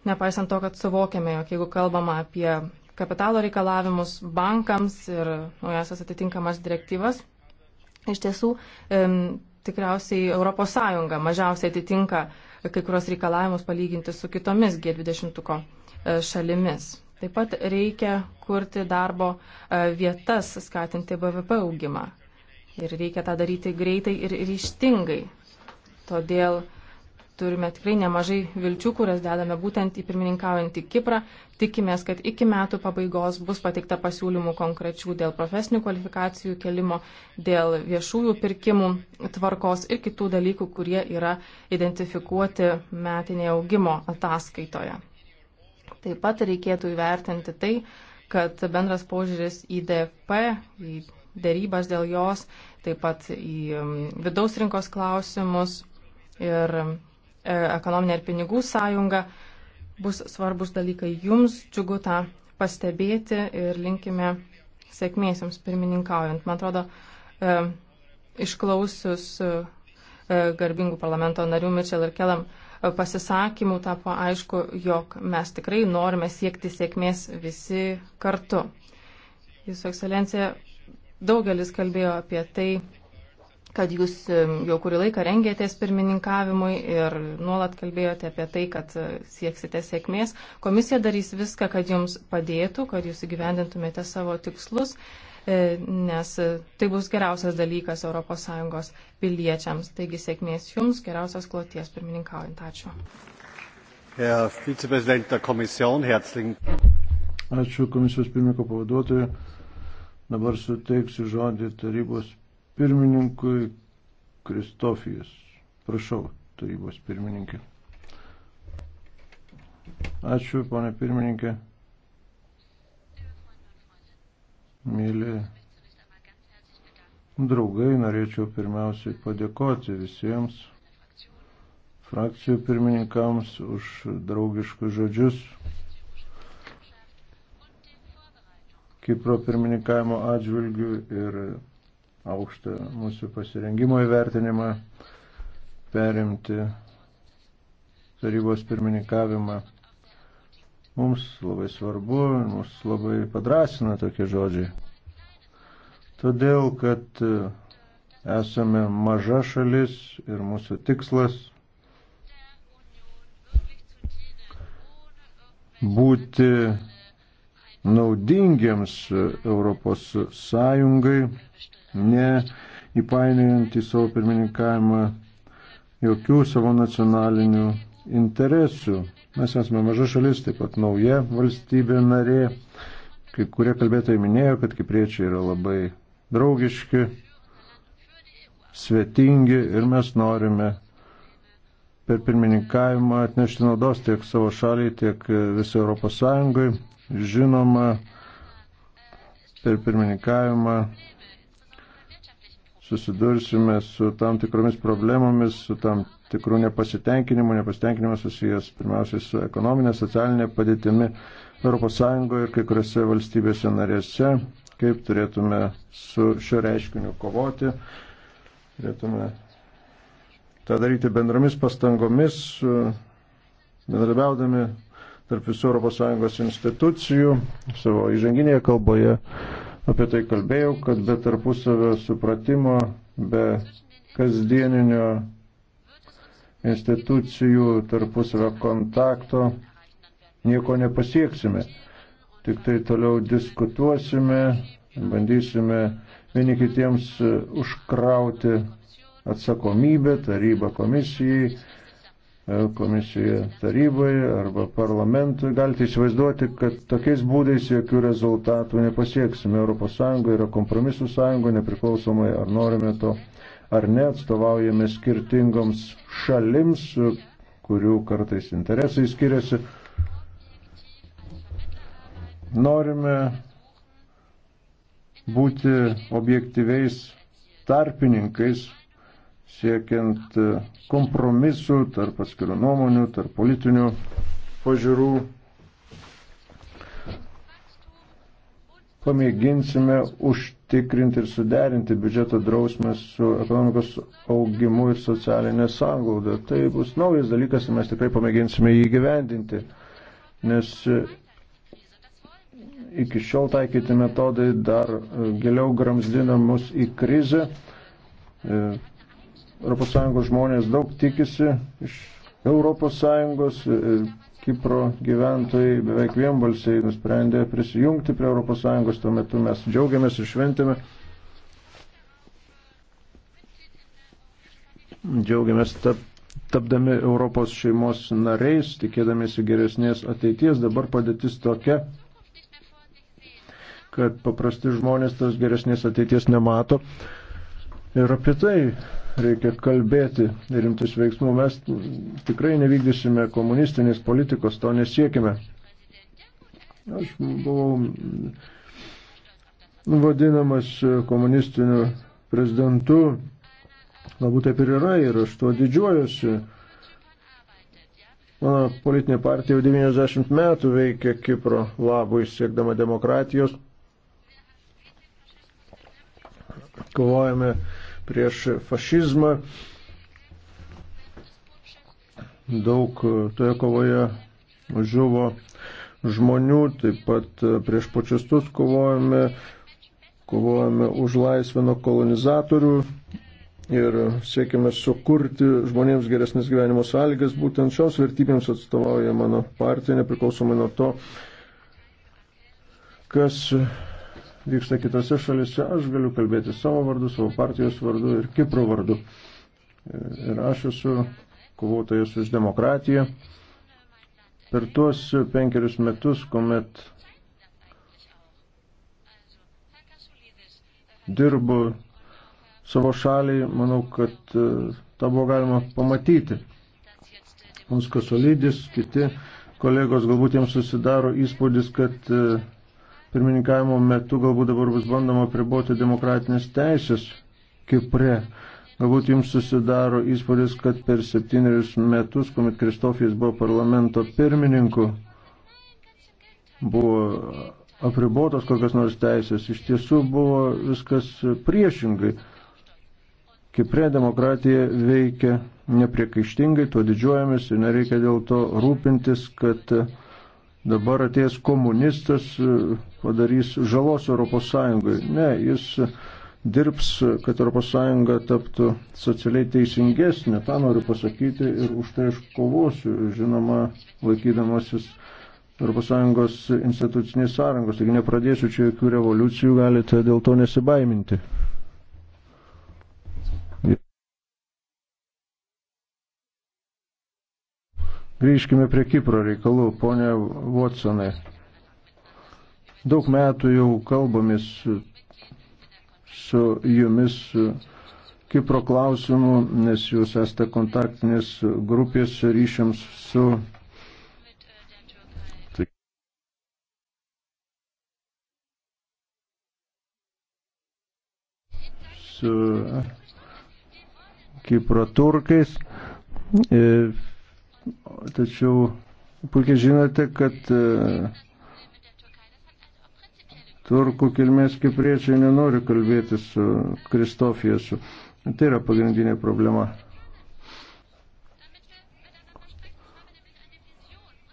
Nepaisant to, kad suvokiame, jog jeigu kalbama apie kapitalo reikalavimus bankams ir naujasias atitinkamas direktyvas. Iš tiesų, tikriausiai ES mažiausiai atitinka kai kurios reikalavimus palyginti su kitomis G20 e, šalimis. Taip pat reikia kurti darbo e, vietas, skatinti BVP augimą. Ir reikia tą daryti greitai ir ryštingai. Todėl uh, turime tikrai nemažai vilčių, kurias dedame būtent į pirmininkaujantį Kiprą. Tikimės, kad iki metų pabaigos bus pateikta pasiūlymų konkrečių dėl profesinių kvalifikacijų kelimo, dėl viešųjų pirkimų tvarkos ir kitų dalykų, kurie yra identifikuoti metinėje augimo ataskaitoje. Taip pat reikėtų įvertinti tai, kad bendras požiūris į DFP, į dėrybas dėl jos, taip pat į um, vidaus rinkos klausimus ir E, ekonominę ir pinigų sąjungą bus svarbus dalykai jums. Džiugu tą pastebėti ir linkime sėkmės jums pirmininkaujant. Man atrodo, e, išklausius e, garbingų parlamento narių Mirčel ir Kelam pasisakymų tapo aišku, jog mes tikrai norime siekti sėkmės visi kartu. Jūsų ekscelencija daugelis kalbėjo apie tai, kad jūs jau kurį laiką rengėtės pirmininkavimui ir nuolat kalbėjote apie tai, kad e, sieksite sėkmės. Komisija darys viską, kad jums padėtų, kad jūs įgyvendintumėte savo tikslus, e, nes e, tai bus geriausias dalykas ES piliečiams. Taigi sėkmės jums, geriausios kloties pirmininkaujant. Ačiū. Ačiū komisijos pirmininko pavaduotojui. Dabar suteiksiu žodį tarybos pirmininkui Kristofijus. Prašau, tarybos pirmininkė. Ačiū, ponė pirmininkė. Mėly draugai, norėčiau pirmiausiai padėkoti visiems frakcijų pirmininkams už draugiškus žodžius. Kipro pirmininkavimo atžvilgių ir aukštą mūsų pasirengimo įvertinimą, perimti tarybos pirmininkavimą. Mums labai svarbu, mums labai padrasina tokie žodžiai. Todėl, kad e, esame maža šalis ir mūsų tikslas būti naudingiems Europos Sąjungai neįpainiojant į savo pirmininkavimą jokių savo nacionalinių interesų. Mes esame maža šalis, taip pat nauja valstybė narė. Kai kurie kalbėtojai minėjo, kad kipriečiai yra labai draugiški, svetingi ir mes norime per pirmininkavimą atnešti naudos tiek savo šaliai, tiek visai Europos Sąjungai. Žinoma, per pirmininkavimą susidursime su tam tikromis problemomis, su tam tikrų nepasitenkinimų, nepasitenkinimas susijęs pirmiausiai su ekonominė, socialinė padėtimi ES ir kai kuriuose valstybėse narėse, kaip turėtume su šio reiškiniu kovoti, turėtume tą daryti bendromis pastangomis, bendradabiaudami tarp visų ES institucijų savo įžanginėje kalboje apie tai kalbėjau, kad be tarpusavio supratimo, be kasdieninio institucijų tarpusavio kontakto nieko nepasieksime. Tik tai toliau diskutuosime, bandysime vieni kitiems užkrauti atsakomybę, tarybą komisijai, komisijoje, taryboje arba parlamentui. Galite įsivaizduoti, kad tokiais būdais jokių rezultatų nepasieksime. ES yra kompromisų sąjunga, nepriklausomai ar norime to ar ne, atstovaujame skirtingoms šalims, kurių kartais interesai skiriasi. Norime būti objektyviais tarpininkais siekiant e, kompromisų tarp atskirų nuomonių, tarp politinių pažiūrų. Pamėginsime užtikrinti ir suderinti biudžeto drausmę su ekonomikos augimu ir socialinė sanglauda. Tai bus naujas dalykas ir mes tikrai pamėginsime jį gyvendinti, nes e, iki šiol taikyti metodai dar e, giliau gramzdina mus į krizę ES žmonės daug tikisi iš ES. E, e, Kipro gyventojai beveik vienbalsiai nusprendė prisijungti prie ES, tuo metu mes džiaugiamės ir šventėme. Džiaugiamės tap, tapdami Europos šeimos nariais, tikėdamėsi geresnės ateities. Dabar padėtis tokia, kad paprasti žmonės tos geresnės ateities nemato. Ir apie tai reikia kalbėti rimtus veiksmų. Mes tikrai nevykdysime komunistinės politikos, to nesiekime. Aš buvau vadinamas komunistiniu prezidentu, galbūt taip ir yra ir aš tuo didžiuojuosi. Mano politinė partija jau 90 metų veikia Kipro labui, siekdama demokratijos. Kovojame prieš fašizmą. Daug toje kovoje žuvo žmonių, taip pat prieš počistus kovojame, kovojame už laisvę nuo kolonizatorių ir siekime sukurti žmonėms geresnės gyvenimo sąlygas. Būtent šios vertybėms atstovauja mano partija, nepriklausomai nuo to, kas vyksta kitose šalise, aš galiu kalbėti savo vardu, savo partijos vardu ir Kipro vardu. Ir aš esu kovotojas už demokratiją. Per tuos penkerius metus, kuomet dirbu savo šaliai, manau, kad e, tą buvo galima pamatyti. Mums Kasolydis, kiti kolegos, galbūt jiems susidaro įspūdis, kad e, pirmininkavimo metu galbūt dabar bus bandoma priboti demokratinės teisės Kipre. Galbūt jums susidaro įspūdis, kad per septynerius metus, kuomet Kristofijas buvo parlamento pirmininku, buvo apribotos kokios nors teisės. Iš tiesų buvo viskas priešingai. Kipre demokratija veikia nepriekaištingai, tuo didžiuojamės ir nereikia dėl to rūpintis, kad uh, dabar atėjęs komunistas e, padarys žalos Europos Sąjungai. Ne, jis dirbs, kad Europos Sąjunga taptų socialiai teisingesnė, tą noriu pasakyti ir už tai aš kovosiu, žinoma, laikydamasis Europos Sąjungos institucinės sąrangos. Taigi nepradėsiu čia jokių revoliucijų, galite dėl to nesibaiminti. Grįžkime prie Kipro reikalų, ponė Watsonai. Daug metų jau kalbomis su jumis Kipro klausimu, nes jūs esate kontaktinės grupės ryšiams su su Kipro turkais. E, Tačiau puikiai žinote, kad e, turkų kilmės kipriečiai nenori kalbėti su Kristofijasu. Tai yra pagrindinė problema.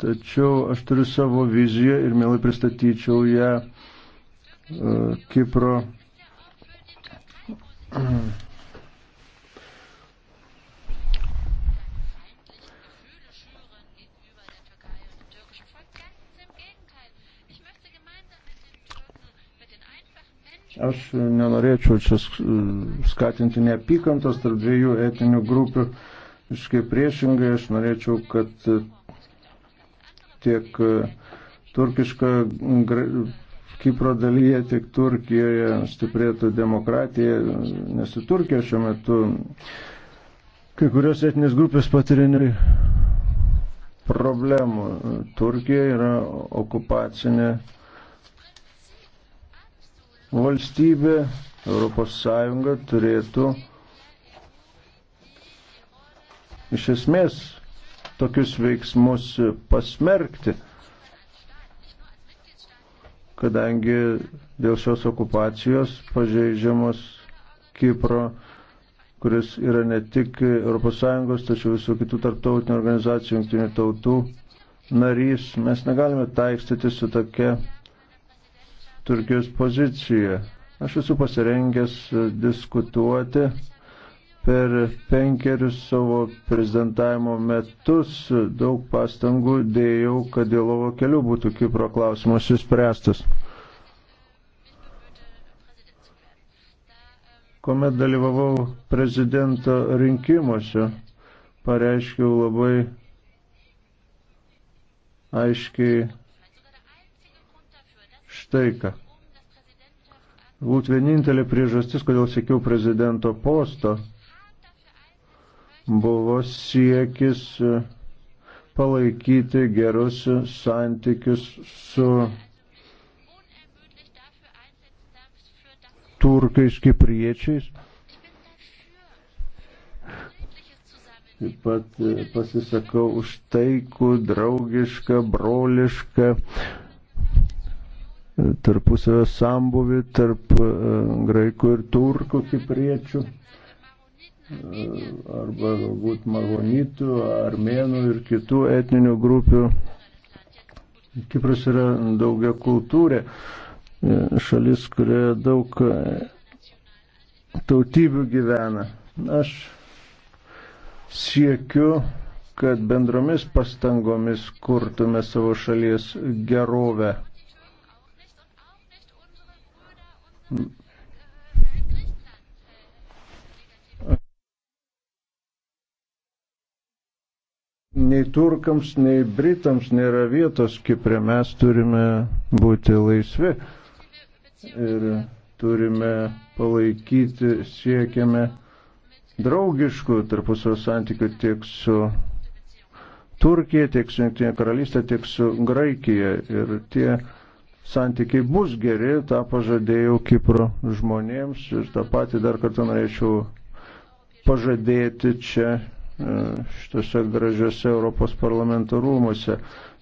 Tačiau aš turiu savo viziją ir mielai pristatyčiau ją uh, Kipro Aš nenorėčiau čia e, skatinti neapykantos tarp dviejų etinių grupių. Iškai priešingai, aš norėčiau, kad e, tiek e, turkiška Kipro dalyje, tiek Turkijoje stiprėtų demokratija, nes Turkija šiuo metu kai kurios etinės grupės patirinė problemų. Turkija yra okupacinė valstybė, Europos Sąjunga turėtų iš esmės tokius veiksmus pasmerkti, kadangi dėl šios okupacijos pažeidžiamos Kipro, kuris yra ne tik ES, tačiau visų kitų tarptautinių organizacijų, jungtinių tautų narys. Mes negalime taikstyti su tokia Turkijos poziciją. Aš esu pasirengęs diskutuoti per penkerius savo prezidentavimo metus. Daug pastangų dėjau, kad dialogo keliu būtų Kipro klausimas įspręstas. Komet dalyvavau prezidento rinkimuose, pareiškiau labai aiškiai štai ką. Būt vienintelė priežastis, kodėl sėkiau prezidento posto, buvo siekis e, palaikyti gerus santykius su turkais, kipriečiais. Taip pat e, pasisakau už taikų, draugišką, brolišką tarpusavio sambuvi tarp e, graikų ir turkų kipriečių e, arba galbūt maronitų, armėnų ir kitų etninių grupių. Kipras yra daugia kultūrė, e, šalis, kurioje daug tautybių gyvena. Aš siekiu, kad bendromis pastangomis kurtume savo šalies gerovę Nei turkams, nei britams nėra vietos Kiprė, mes turime būti laisvi ir turime palaikyti, siekiame draugiškų tarpusavio santykių tiek su Turkija, tiek su Junktinė karalystė, tiek su Graikija. Ir tie santykiai bus geri, tą pažadėjau Kipro žmonėms ir tą patį dar kartą norėčiau pažadėti čia e, šitose gražiose Europos parlamento rūmose.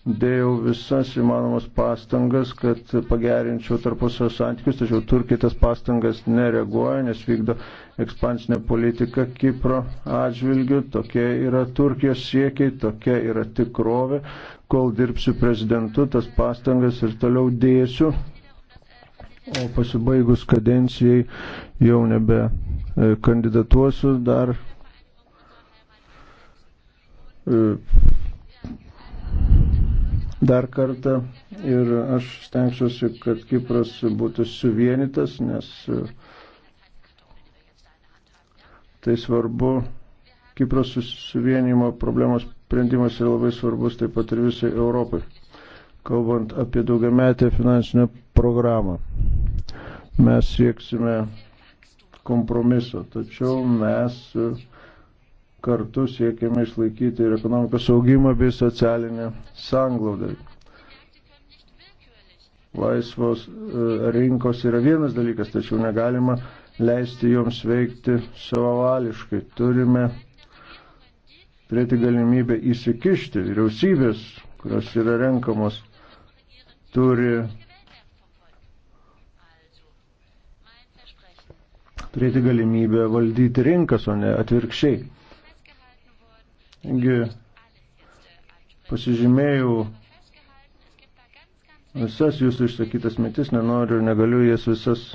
Dėjau visas įmanomas pastangas, kad pagerinčiau tarpusio santykius, tačiau Turkija tas pastangas nereaguoja, nes vykdo ekspansinę politiką Kipro atžvilgių. Tokie yra Turkijos siekiai, tokia yra tikrovė kol dirbsiu prezidentu, tas pastangas ir toliau dėsiu, o pasibaigus kadencijai jau nebe e, kandidatuosiu dar. E, dar kartą ir aš stengsiuosi, kad Kipras būtų suvienytas, nes e, tai svarbu Kipro susivienimo problemos sprendimas yra labai svarbus taip pat ir visai Europai, kalbant apie daugiametę finansinę programą. Mes sieksime kompromiso, tačiau mes kartu siekiame išlaikyti ir ekonomikos augimą bei socialinę sanglaudą. Laisvos e, rinkos yra vienas dalykas, tačiau negalima leisti joms veikti savavališkai. Turime turėti galimybę įsikišti. Vyriausybės, kurios yra renkamos, turi turėti galimybę valdyti rinkas, o ne atvirkščiai. Taigi pasižymėjau visas jūsų išsakytas metis, nenoriu ir negaliu jas visas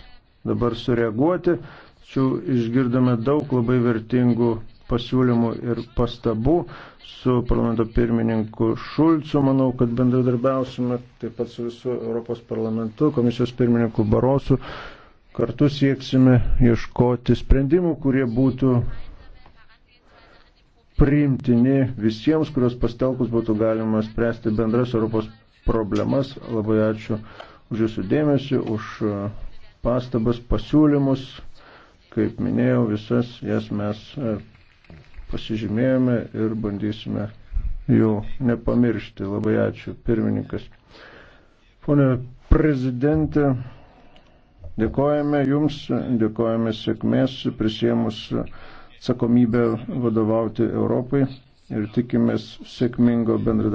dabar sureaguoti, tačiau išgirdome daug labai vertingų pasiūlymų ir pastabų su parlamento pirmininku Šulcu. Manau, kad bendradarbiausime taip pat su visu Europos parlamentu, komisijos pirmininku Barosu. Kartu sieksime ieškoti sprendimų, kurie būtų priimtini visiems, kurios pastelkus būtų galima spręsti bendras Europos problemas. Labai ačiū už jūsų dėmesį, už uh, pastabas, pasiūlymus. Kaip minėjau, visas jas mes uh, pasižymėjome ir bandysime jų nepamiršti. Labai ačiū, pirmininkas. Pone prezidentė, dėkojame Jums, dėkojame sėkmės prisėmus atsakomybę vadovauti Europai ir tikimės sėkmingo bendradarbiavimo.